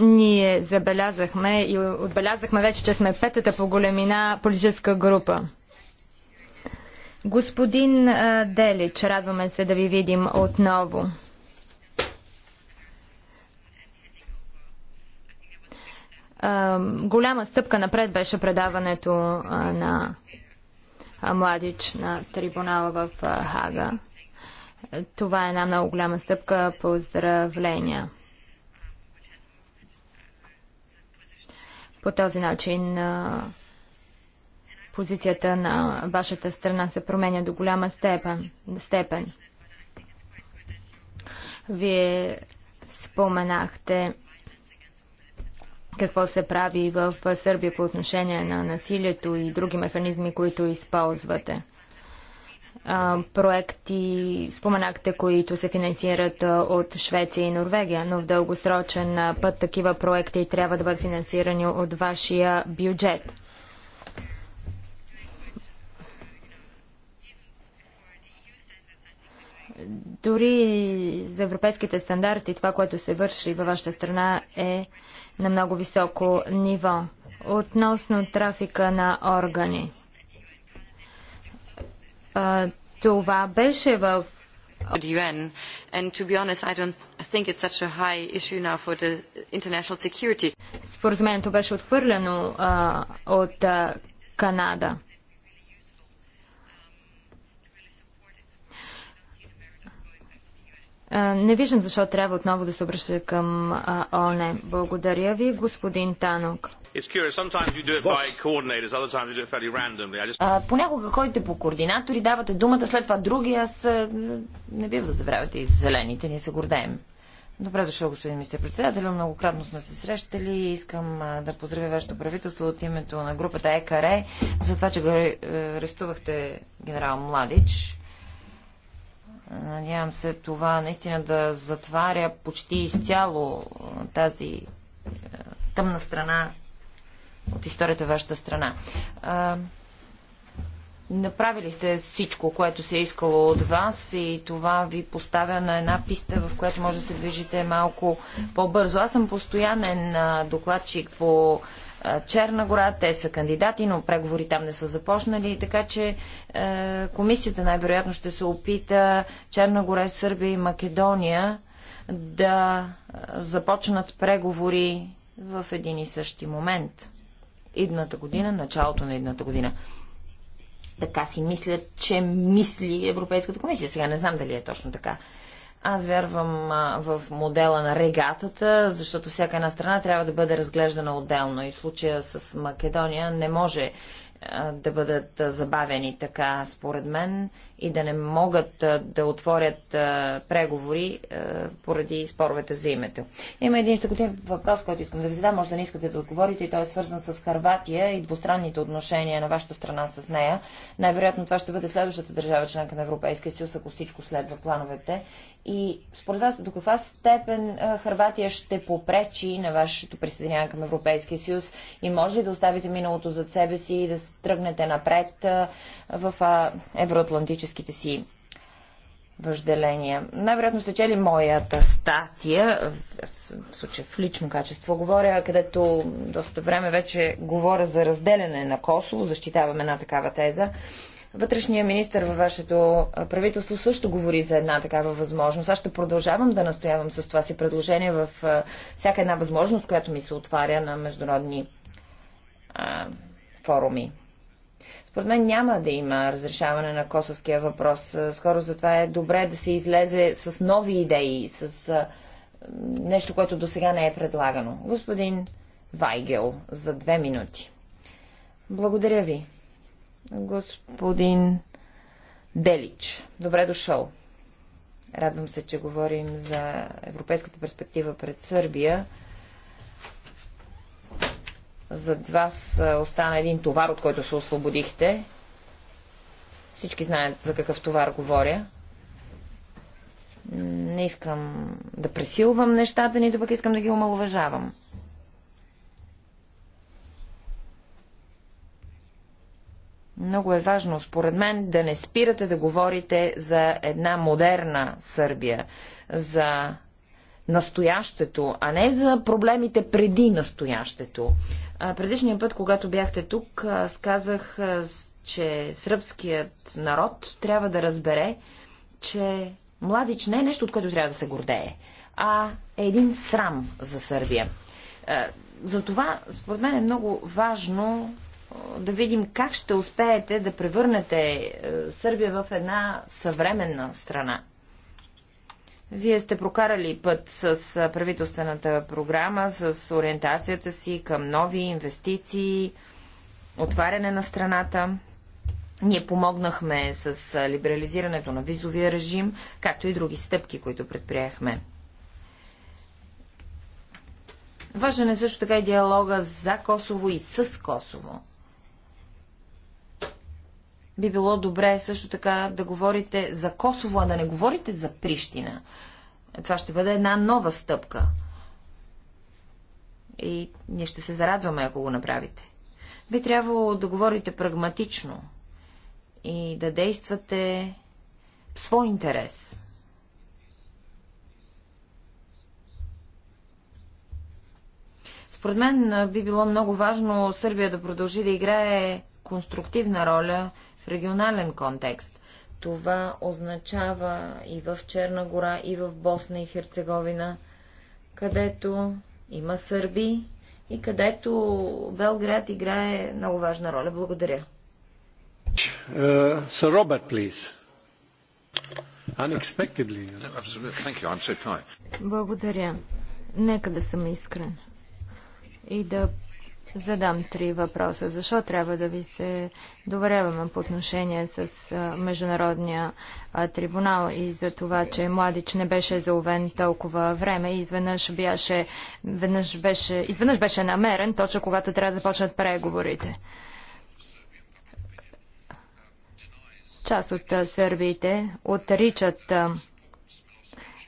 Ние забелязахме и отбелязахме вече, че сме петата по големина политическа група. Господин Делич, радваме се да ви видим отново. голяма стъпка напред беше предаването на Младич на трибунала в Хага. Това е една много голяма стъпка. Поздравления! По този начин позицията на вашата страна се променя до голяма степен. степен. Вие споменахте какво се прави в Сърбия по отношение на насилието и други механизми, които използвате проекти, споменахте, които се финансират от Швеция и Норвегия, но в дългосрочен път такива проекти трябва да бъдат финансирани от вашия бюджет. дори за европейските стандарти, това, което се върши във вашата страна е на много високо ниво. Относно трафика на органи това беше в UN. And to be honest, I don't think it's such a high issue now for the international security. Споразумението беше отхвърлено от Канада. не виждам защо трябва отново да се обръща към ОНЕ. Благодаря ви, господин Танок понякога ходите по координатори, давате думата, след това други. Аз не бива да забравяте и зелените, ние се гордеем. Добре дошъл, господин министър председател. Многократно сме се срещали. Искам да поздравя вашето правителство от името на групата ЕКАРЕ за това, че го е, арестувахте генерал Младич. Надявам се това наистина да затваря почти изцяло тази тъмна страна от историята в вашата страна. А, направили сте всичко, което се е искало от вас и това ви поставя на една писта, в която може да се движите малко по-бързо. Аз съм постоянен докладчик по Черна гора, те са кандидати, но преговори там не са започнали, така че е, комисията най-вероятно ще се опита Черна гора, Сърбия и Македония да започнат преговори в един и същи момент идната година, началото на идната година. Така си мисля, че мисли Европейската комисия. Сега не знам дали е точно така. Аз вярвам в модела на регатата, защото всяка една страна трябва да бъде разглеждана отделно. И в случая с Македония не може да бъдат забавени така, според мен и да не могат да отворят преговори поради споровете за името. Има един щекотин въпрос, който искам да ви задам, може да не искате да отговорите и той е свързан с Харватия и двустранните отношения на вашата страна с нея. Най-вероятно това ще бъде следващата държава членка на Европейския съюз, ако всичко следва плановете. И според вас до каква степен Харватия ще попречи на вашето присъединяване към Европейския съюз и може ли да оставите миналото зад себе си и да тръгнете напред в евроатлантически политическите си въжделения. Най-вероятно сте чели моята статия, в случай в лично качество говоря, където доста време вече говоря за разделяне на Косово, защитавам една такава теза. Вътрешния министр във вашето правителство също говори за една такава възможност. Аз ще продължавам да настоявам с това си предложение в всяка една възможност, която ми се отваря на международни а, форуми. Според мен няма да има разрешаване на косовския въпрос. Е, скоро затова е добре да се излезе с нови идеи, с е, нещо, което до сега не е предлагано. Господин Вайгел, за две минути. Благодаря ви. Господин Делич, добре дошъл. Радвам се, че говорим за европейската перспектива пред Сърбия зад вас остана един товар, от който се освободихте. Всички знаят за какъв товар говоря. Не искам да пресилвам нещата, нито пък искам да ги омалуважавам. Много е важно, според мен, да не спирате да говорите за една модерна Сърбия, за настоящето, а не за проблемите преди настоящето. Предишния път, когато бяхте тук, аз казах, че сръбският народ трябва да разбере, че младич не е нещо, от което трябва да се гордее, а е един срам за Сърбия. Затова, според мен е много важно да видим как ще успеете да превърнете Сърбия в една съвременна страна. Вие сте прокарали път с правителствената програма, с ориентацията си към нови инвестиции, отваряне на страната. Ние помогнахме с либерализирането на визовия режим, както и други стъпки, които предприехме. Важен е също така и диалога за Косово и с Косово би било добре също така да говорите за Косово, а да не говорите за Прищина. Това ще бъде една нова стъпка. И ние ще се зарадваме, ако го направите. Би трябвало да говорите прагматично и да действате в свой интерес. Според мен би било много важно Сърбия да продължи да играе конструктивна роля регионален контекст. Това означава и в Черна гора, и в Босна и Херцеговина, където има сърби и където Белград играе много важна роля. Благодаря. Сър uh, Робърт, Unexpectedly. Благодаря. Нека да съм искрен и да задам три въпроса. Защо трябва да ви се доверяваме по отношение с Международния трибунал и за това, че Младич не беше заловен толкова време и изведнъж беше, веднъж беше, изведнъж беше намерен, точно когато трябва да започнат преговорите? Част от сърбите отричат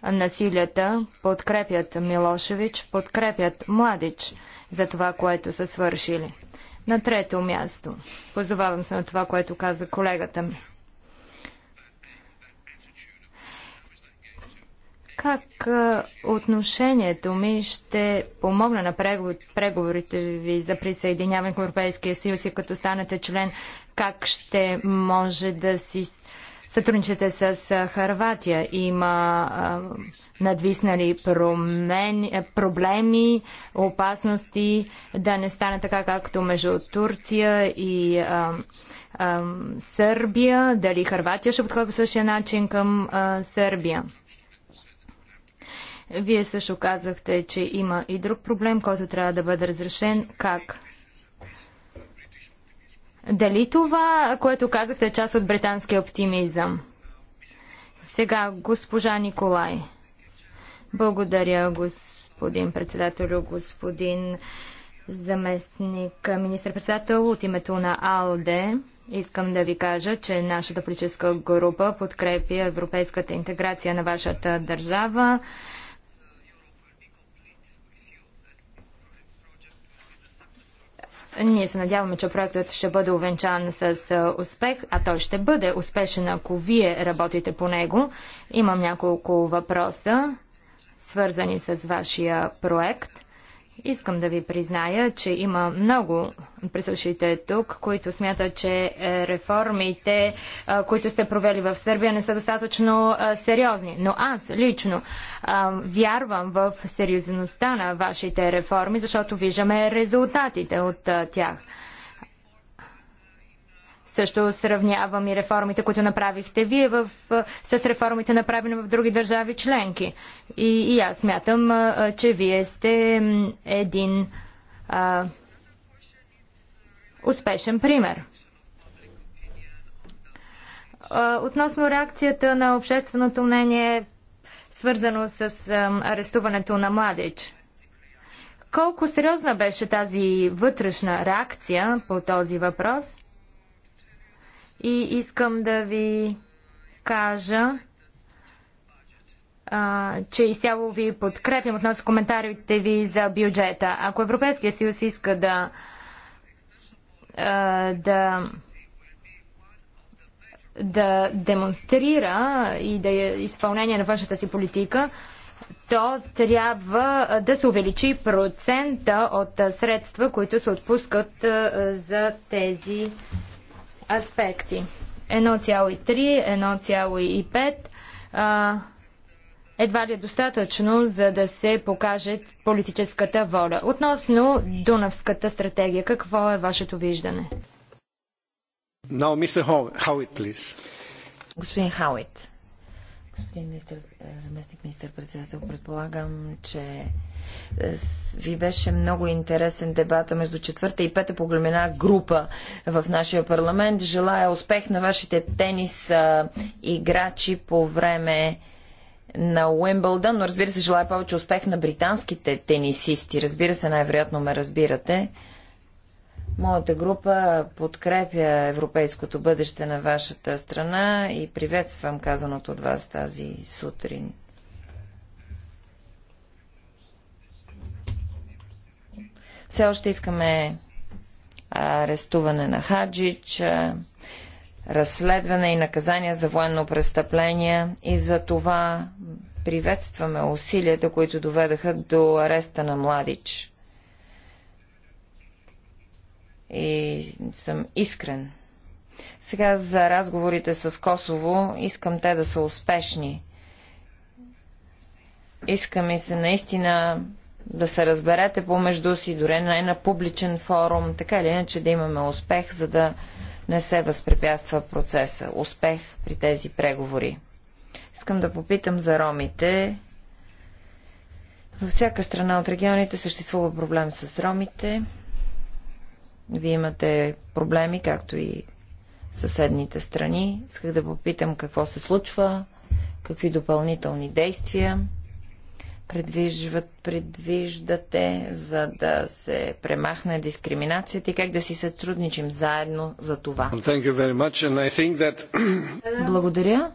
насилията, подкрепят Милошевич, подкрепят Младич – за това, което са свършили. На трето място, позовавам се на това, което каза колегата ми. Как отношението ми ще помогна на преговорите ви за присъединяване към Европейския съюз и като станете член, как ще може да си Сътрудничате с Харватия. Има а, надвиснали промен, проблеми, опасности да не стане така, както между Турция и а, а, Сърбия. Дали Харватия ще подходи по същия начин към а, Сърбия? Вие също казахте, че има и друг проблем, който трябва да бъде разрешен. Как? Дали това, което казахте, е част от британския оптимизъм? Сега госпожа Николай. Благодаря, господин председател, господин заместник министр-председател от името на АЛДЕ. Искам да ви кажа, че нашата политическа група подкрепи европейската интеграция на вашата държава. Ние се надяваме, че проектът ще бъде увенчан с успех, а той ще бъде успешен, ако вие работите по него. Имам няколко въпроса, свързани с вашия проект – Искам да ви призная, че има много присъщите тук, които смятат, че е, реформите, е, които сте провели в Сърбия, не са достатъчно е, сериозни. Но аз лично вярвам в сериозността на вашите реформи, защото виждаме резултатите от тях. Също сравнявам и реформите, които направихте вие в, с реформите направени в други държави членки. И, и аз смятам, че вие сте един а, успешен пример. Относно реакцията на общественото мнение, свързано с арестуването на младеж. Колко сериозна беше тази вътрешна реакция по този въпрос – и искам да ви кажа, а, че изцяло ви подкрепям относно коментарите ви за бюджета. Ако Европейския съюз иска да, а, да да демонстрира и да е изпълнение на външната си политика, то трябва да се увеличи процента от средства, които се отпускат за тези аспекти. 1,3, 1,5 едва ли е достатъчно, за да се покаже политическата воля. Относно Дунавската стратегия, какво е вашето виждане? Now, Mr. Howitt, please. Господин Хауит, господин министр, е, заместник министър председател предполагам, че ви беше много интересен дебата между четвърта и пета по големина група в нашия парламент. Желая успех на вашите тенис играчи по време на Уимбълдън, но разбира се, желая повече успех на британските тенисисти. Разбира се, най-вероятно ме разбирате. Моята група подкрепя европейското бъдеще на вашата страна и приветствам казаното от вас тази сутрин. Все още искаме арестуване на Хаджич, разследване и наказание за военно престъпление и за това приветстваме усилията, които доведаха до ареста на Младич. И съм искрен. Сега за разговорите с Косово искам те да са успешни. Искаме се наистина да се разберете помежду си, дори не на публичен форум, така или иначе да имаме успех, за да не се възпрепятства процеса. Успех при тези преговори. Искам да попитам за ромите. Във всяка страна от регионите съществува проблем с ромите. Вие имате проблеми, както и съседните страни. Исках да попитам какво се случва, какви допълнителни действия предвижват, предвиждате, за да се премахне дискриминацията и как да си сътрудничим заедно за това? That... Благодаря.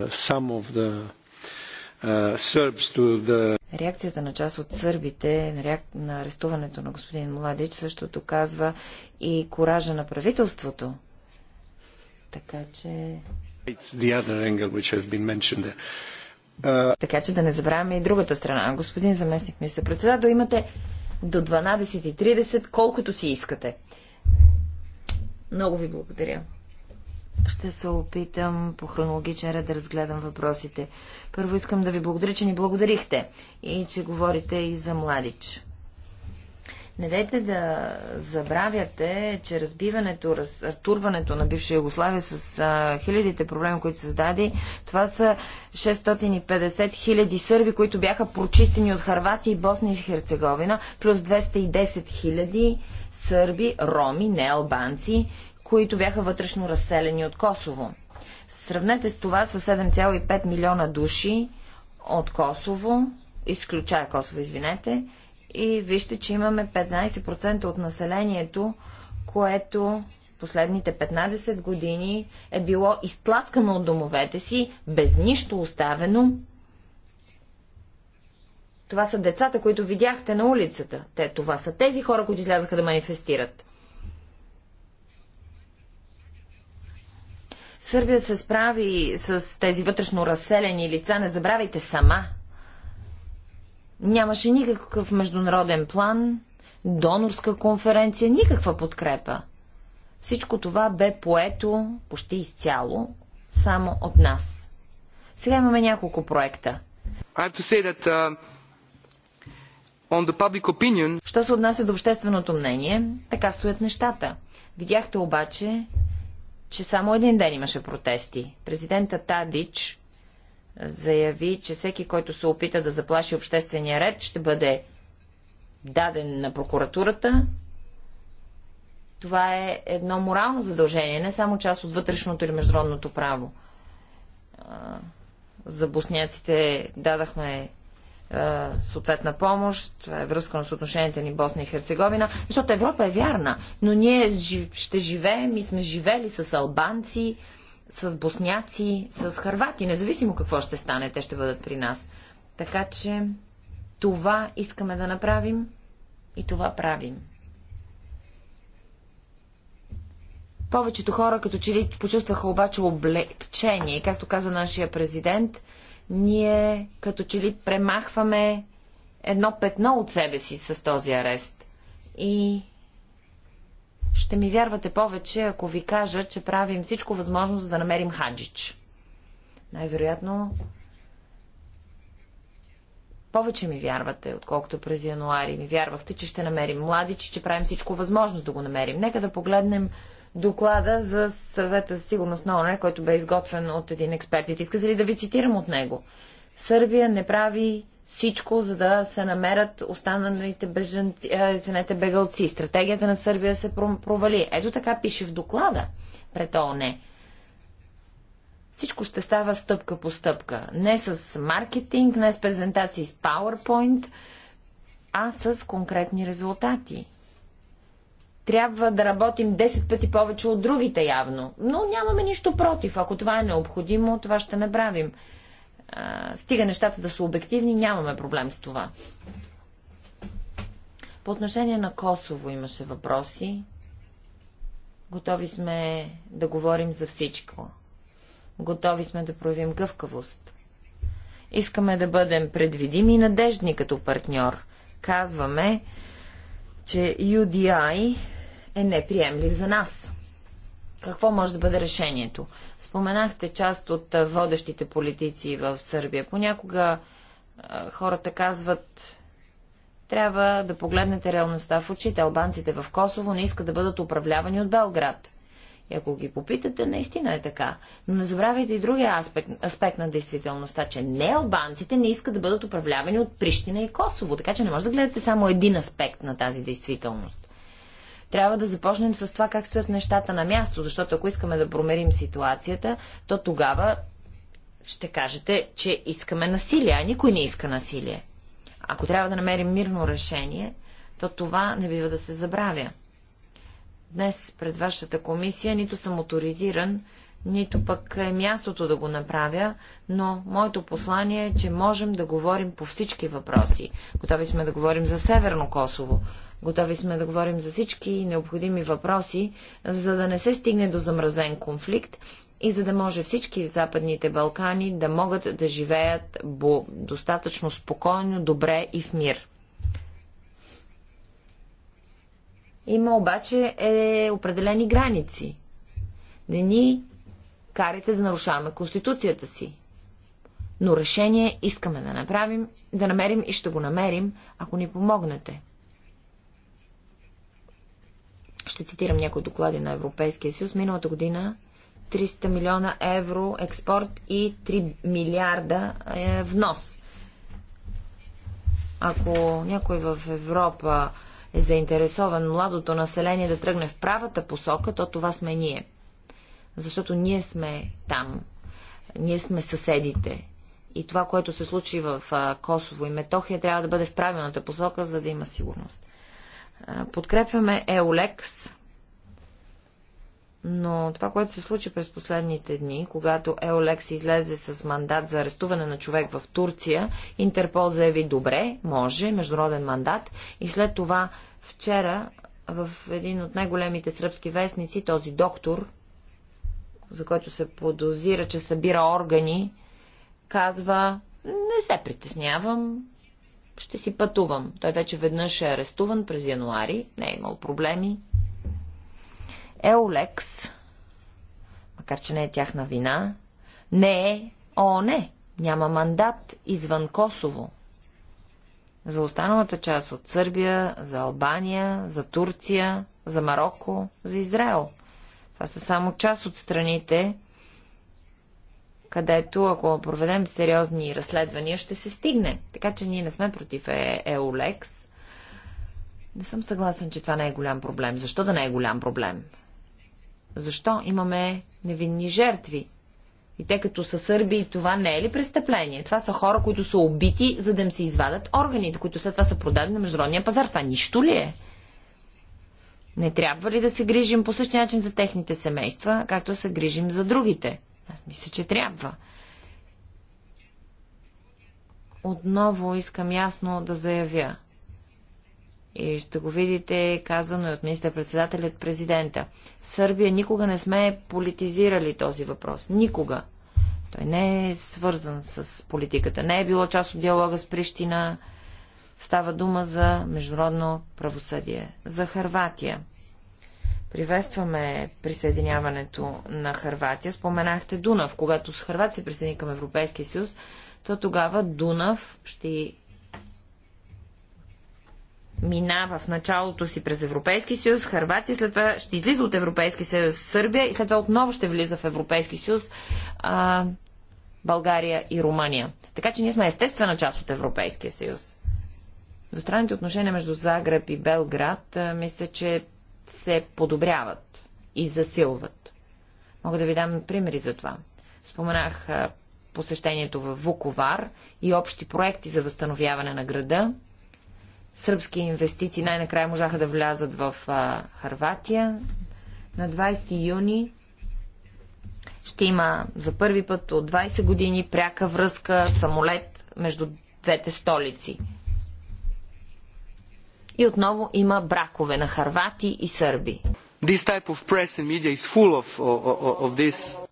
The, uh, the... Реакцията на част от сърбите на, на арестуването на господин Младич също доказва и коража на правителството. Така че... It's the other angle which has been mentioned there. Така че да не забравяме и другата страна. Господин заместник министър председател, имате до 12.30, колкото си искате. Много ви благодаря. Ще се опитам по хронологичен ред да разгледам въпросите. Първо искам да ви благодаря, че ни благодарихте и че говорите и за младич. Не дайте да забравяте, че разбиването, разтурването на бивша Югославия с а, хилядите проблеми, които създаде, това са 650 хиляди сърби, които бяха прочистени от Харватия и Босния и Херцеговина, плюс 210 хиляди сърби, роми, не албанци, които бяха вътрешно разселени от Косово. Сравнете с това с 7,5 милиона души от Косово, изключая Косово, извинете, и вижте, че имаме 15% от населението, което последните 15 години е било изтласкано от домовете си, без нищо оставено. Това са децата, които видяхте на улицата. Те, това са тези хора, които излязаха да манифестират. Сърбия се справи с тези вътрешно разселени лица, не забравяйте сама – Нямаше никакъв международен план, донорска конференция, никаква подкрепа. Всичко това бе поето почти изцяло само от нас. Сега имаме няколко проекта. Uh, Що се отнася до общественото мнение, така стоят нещата. Видяхте обаче, че само един ден имаше протести. Президента Тадич заяви, че всеки, който се опита да заплаши обществения ред, ще бъде даден на прокуратурата. Това е едно морално задължение, не само част от вътрешното или международното право. За босняците дадахме съответна помощ, това е връзка на съотношенията ни Босна и Херцеговина, защото Европа е вярна, но ние ще живеем и сме живели с албанци, с босняци, с хървати, независимо какво ще стане, те ще бъдат при нас. Така че това искаме да направим и това правим. Повечето хора като че ли почувстваха обаче облегчение. както каза нашия президент, ние като че ли премахваме едно петно от себе си с този арест. И ще ми вярвате повече, ако ви кажа, че правим всичко възможно, за да намерим Хаджич. Най-вероятно повече ми вярвате, отколкото през януари ми вярвахте, че ще намерим младич че правим всичко възможно да го намерим. Нека да погледнем доклада за съвета за сигурност на ОНЕ, който бе изготвен от един експерт. Искате ли да ви цитирам от него? Сърбия не прави всичко, за да се намерят останалите бежанци, извинете, бегалци. Стратегията на Сърбия се провали. Ето така пише в доклада пред ООН. Всичко ще става стъпка по стъпка. Не с маркетинг, не с презентации с PowerPoint, а с конкретни резултати. Трябва да работим 10 пъти повече от другите явно, но нямаме нищо против. Ако това е необходимо, това ще направим. Не а, стига нещата да са обективни, нямаме проблем с това. По отношение на Косово имаше въпроси. Готови сме да говорим за всичко. Готови сме да проявим гъвкавост. Искаме да бъдем предвидими и надеждни като партньор. Казваме, че UDI е неприемлив за нас. Какво може да бъде решението? Споменахте част от водещите политици в Сърбия. Понякога хората казват, трябва да погледнете реалността в очите. Албанците в Косово не искат да бъдат управлявани от Белград. И ако ги попитате, наистина е така. Но не забравяйте и другия аспект, аспект на действителността, че не албанците не искат да бъдат управлявани от Прищина и Косово. Така че не може да гледате само един аспект на тази действителност. Трябва да започнем с това как стоят нещата на място, защото ако искаме да промерим ситуацията, то тогава ще кажете, че искаме насилие, а никой не иска насилие. Ако трябва да намерим мирно решение, то това не бива да се забравя. Днес пред вашата комисия нито съм авторизиран, нито пък е мястото да го направя, но моето послание е, че можем да говорим по всички въпроси. Готови сме да говорим за Северно Косово, Готови сме да говорим за всички необходими въпроси, за да не се стигне до замразен конфликт и за да може всички в Западните Балкани да могат да живеят бо, достатъчно спокойно, добре и в мир. Има обаче е, определени граници. Не ни карите да нарушаваме Конституцията си. Но решение искаме да направим, да намерим и ще го намерим, ако ни помогнете. Ще цитирам някои доклади на Европейския съюз. Миналата година 300 милиона евро експорт и 3 милиарда е, внос. Ако някой в Европа е заинтересован младото население да тръгне в правата посока, то това сме ние. Защото ние сме там. Ние сме съседите. И това, което се случи в Косово и Метохия, трябва да бъде в правилната посока, за да има сигурност. Подкрепяме Еолекс, но това, което се случи през последните дни, когато Еолекс излезе с мандат за арестуване на човек в Турция, Интерпол заяви добре, може, международен мандат и след това вчера в един от най-големите сръбски вестници този доктор, за който се подозира, че събира органи, казва не се притеснявам, ще си пътувам. Той вече веднъж е арестуван през януари, не е имал проблеми. Еолекс, макар че не е тяхна вина, не е ООН, няма мандат извън Косово. За останалата част от Сърбия, за Албания, за Турция, за Марокко, за Израел. Това са само част от страните, където ако проведем сериозни разследвания, ще се стигне. Така че ние не сме против е, Еолекс. Не съм съгласен, че това не е голям проблем. Защо да не е голям проблем? Защо имаме невинни жертви? И те като са сърби, това не е ли престъпление? Това са хора, които са убити, за да им се извадат органите, които след това са продадени на международния пазар. Това нищо ли е? Не трябва ли да се грижим по същия начин за техните семейства, както се грижим за другите? Аз мисля, че трябва. Отново искам ясно да заявя. И ще го видите казано и от министър-председателя, от президента. В Сърбия никога не сме политизирали този въпрос. Никога. Той не е свързан с политиката. Не е било част от диалога с Прищина. Става дума за международно правосъдие. За Харватия. Приветстваме присъединяването на Харватия. Споменахте Дунав. Когато с Харватия се присъедини към Европейския съюз, то тогава Дунав ще минава в началото си през Европейски съюз, Харватия, след това ще излиза от Европейски съюз Сърбия и след това отново ще влиза в Европейски съюз а, България и Румъния. Така че ние сме естествена част от Европейския съюз. Двустранните отношения между Загреб и Белград, мисля, че се подобряват и засилват. Мога да ви дам примери за това. Споменах посещението в Вуковар и общи проекти за възстановяване на града. Сръбски инвестиции най-накрая можаха да влязат в Харватия. На 20 юни ще има за първи път от 20 години пряка връзка самолет между двете столици и отново има бракове на харвати и сърби.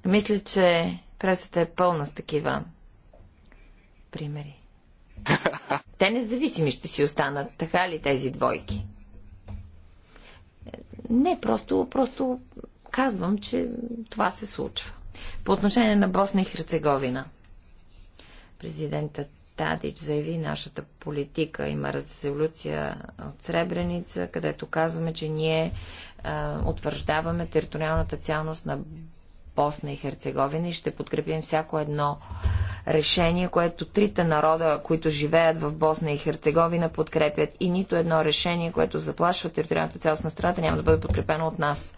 Мисля, че пресата е пълна с такива примери. Те независими ще си останат, така ли тези двойки? Не, просто, просто казвам, че това се случва. По отношение на Босна и Херцеговина, президентът Тадич заяви нашата политика. Има резолюция от Сребреница, където казваме, че ние а, е, утвърждаваме териториалната цялност на Босна и Херцеговина и ще подкрепим всяко едно решение, което трите народа, които живеят в Босна и Херцеговина, подкрепят. И нито едно решение, което заплашва териториалната цялост на страната, няма да бъде подкрепено от нас.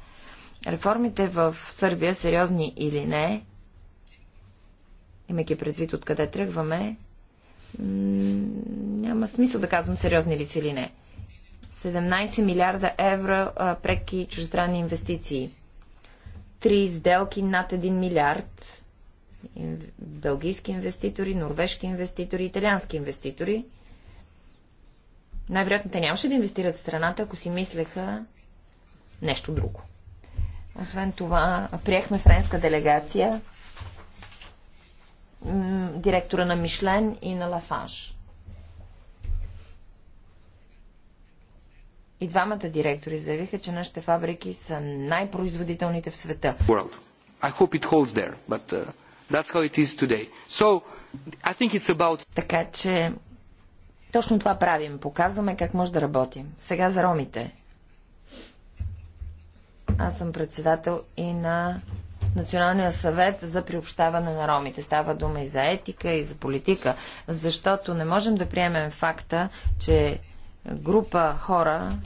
Реформите в Сърбия, сериозни или не, имайки предвид откъде тръгваме, няма смисъл да казвам сериозни ли са или не. 17 милиарда евро а, преки чуждестранни инвестиции. Три сделки над 1 милиард. Белгийски инвеститори, норвежки инвеститори, италиански инвеститори. Най-вероятно те нямаше да инвестират в страната, ако си мислеха нещо друго. Освен това, приехме френска делегация директора на Мишлен и на Лафанш. И двамата директори заявиха, че нашите фабрики са най-производителните в света. World. I hope it holds there, but uh, that's how it is today. So, I think it's about... Така че точно това правим. Показваме как може да работим. Сега за ромите. Аз съм председател и на Националния съвет за приобщаване на ромите. Става дума и за етика, и за политика, защото не можем да приемем факта, че група хора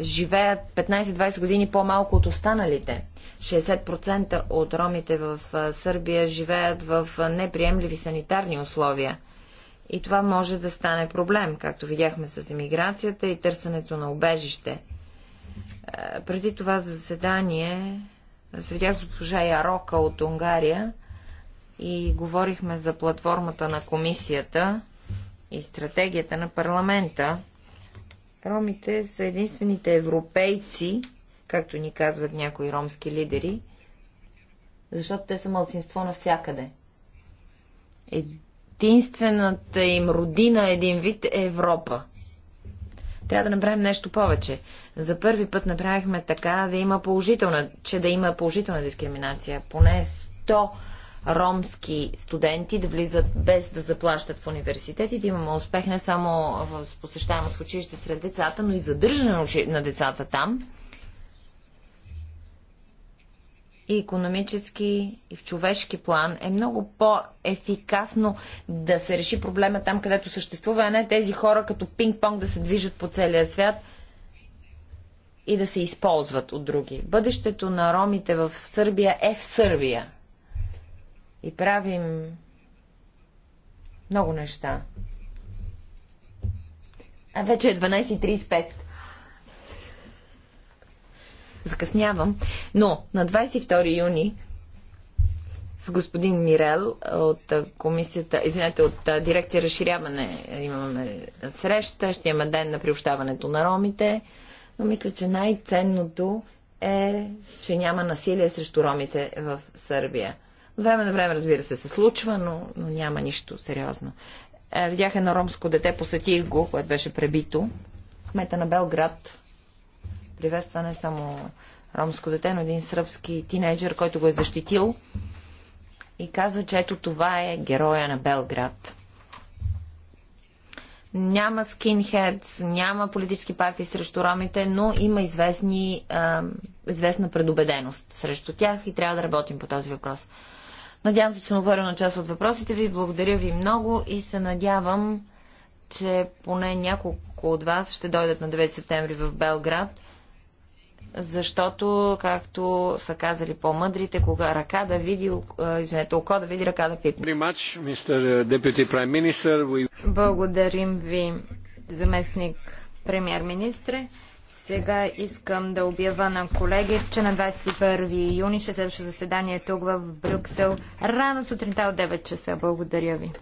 живеят 15-20 години по-малко от останалите. 60% от ромите в Сърбия живеят в неприемливи санитарни условия. И това може да стане проблем, както видяхме с емиграцията и търсенето на убежище. Преди това заседание Видях с госпожа Ярока от Унгария и говорихме за платформата на комисията и стратегията на парламента. Ромите са единствените европейци, както ни казват някои ромски лидери, защото те са мълцинство навсякъде. Единствената им родина, един вид е Европа. Трябва да направим нещо повече. За първи път направихме така да има положителна, че да има положителна дискриминация. Поне 100 ромски студенти да влизат без да заплащат в университетите. Имаме успех не само в посещаемост в училище сред децата, но и задържане на децата там. И економически, и в човешки план е много по-ефикасно да се реши проблема там, където съществува, а не тези хора като пинг-понг да се движат по целия свят – и да се използват от други. Бъдещето на ромите в Сърбия е в Сърбия. И правим много неща. А вече е 12.35. Закъснявам. Но на 22 юни с господин Мирел от комисията, извинете, от дирекция разширяване имаме среща, ще имаме ден на приобщаването на ромите но мисля, че най-ценното е, че няма насилие срещу ромите в Сърбия. От време на време, разбира се, се случва, но, но няма нищо сериозно. Е, видях едно ромско дете, посетих го, което беше пребито. Кмета на Белград приветства не само ромско дете, но един сръбски тинейджър, който го е защитил и казва, че ето това е героя на Белград. Няма скинхедс, няма политически партии срещу ромите, но има известни, а, известна предубеденост срещу тях и трябва да работим по този въпрос. Надявам се, че съм отговорила на част от въпросите ви. Благодаря ви много и се надявам, че поне няколко от вас ще дойдат на 9 септември в Белград – защото, както са казали по-мъдрите, кога ръка да види, извинете, око да види, ръка да пипне. Uh, Благодарим ви, заместник премьер-министре. Сега искам да обява на колеги, че на 21 юни ще следваше заседание тук в Брюксел рано сутринта от 9 часа. Благодаря ви.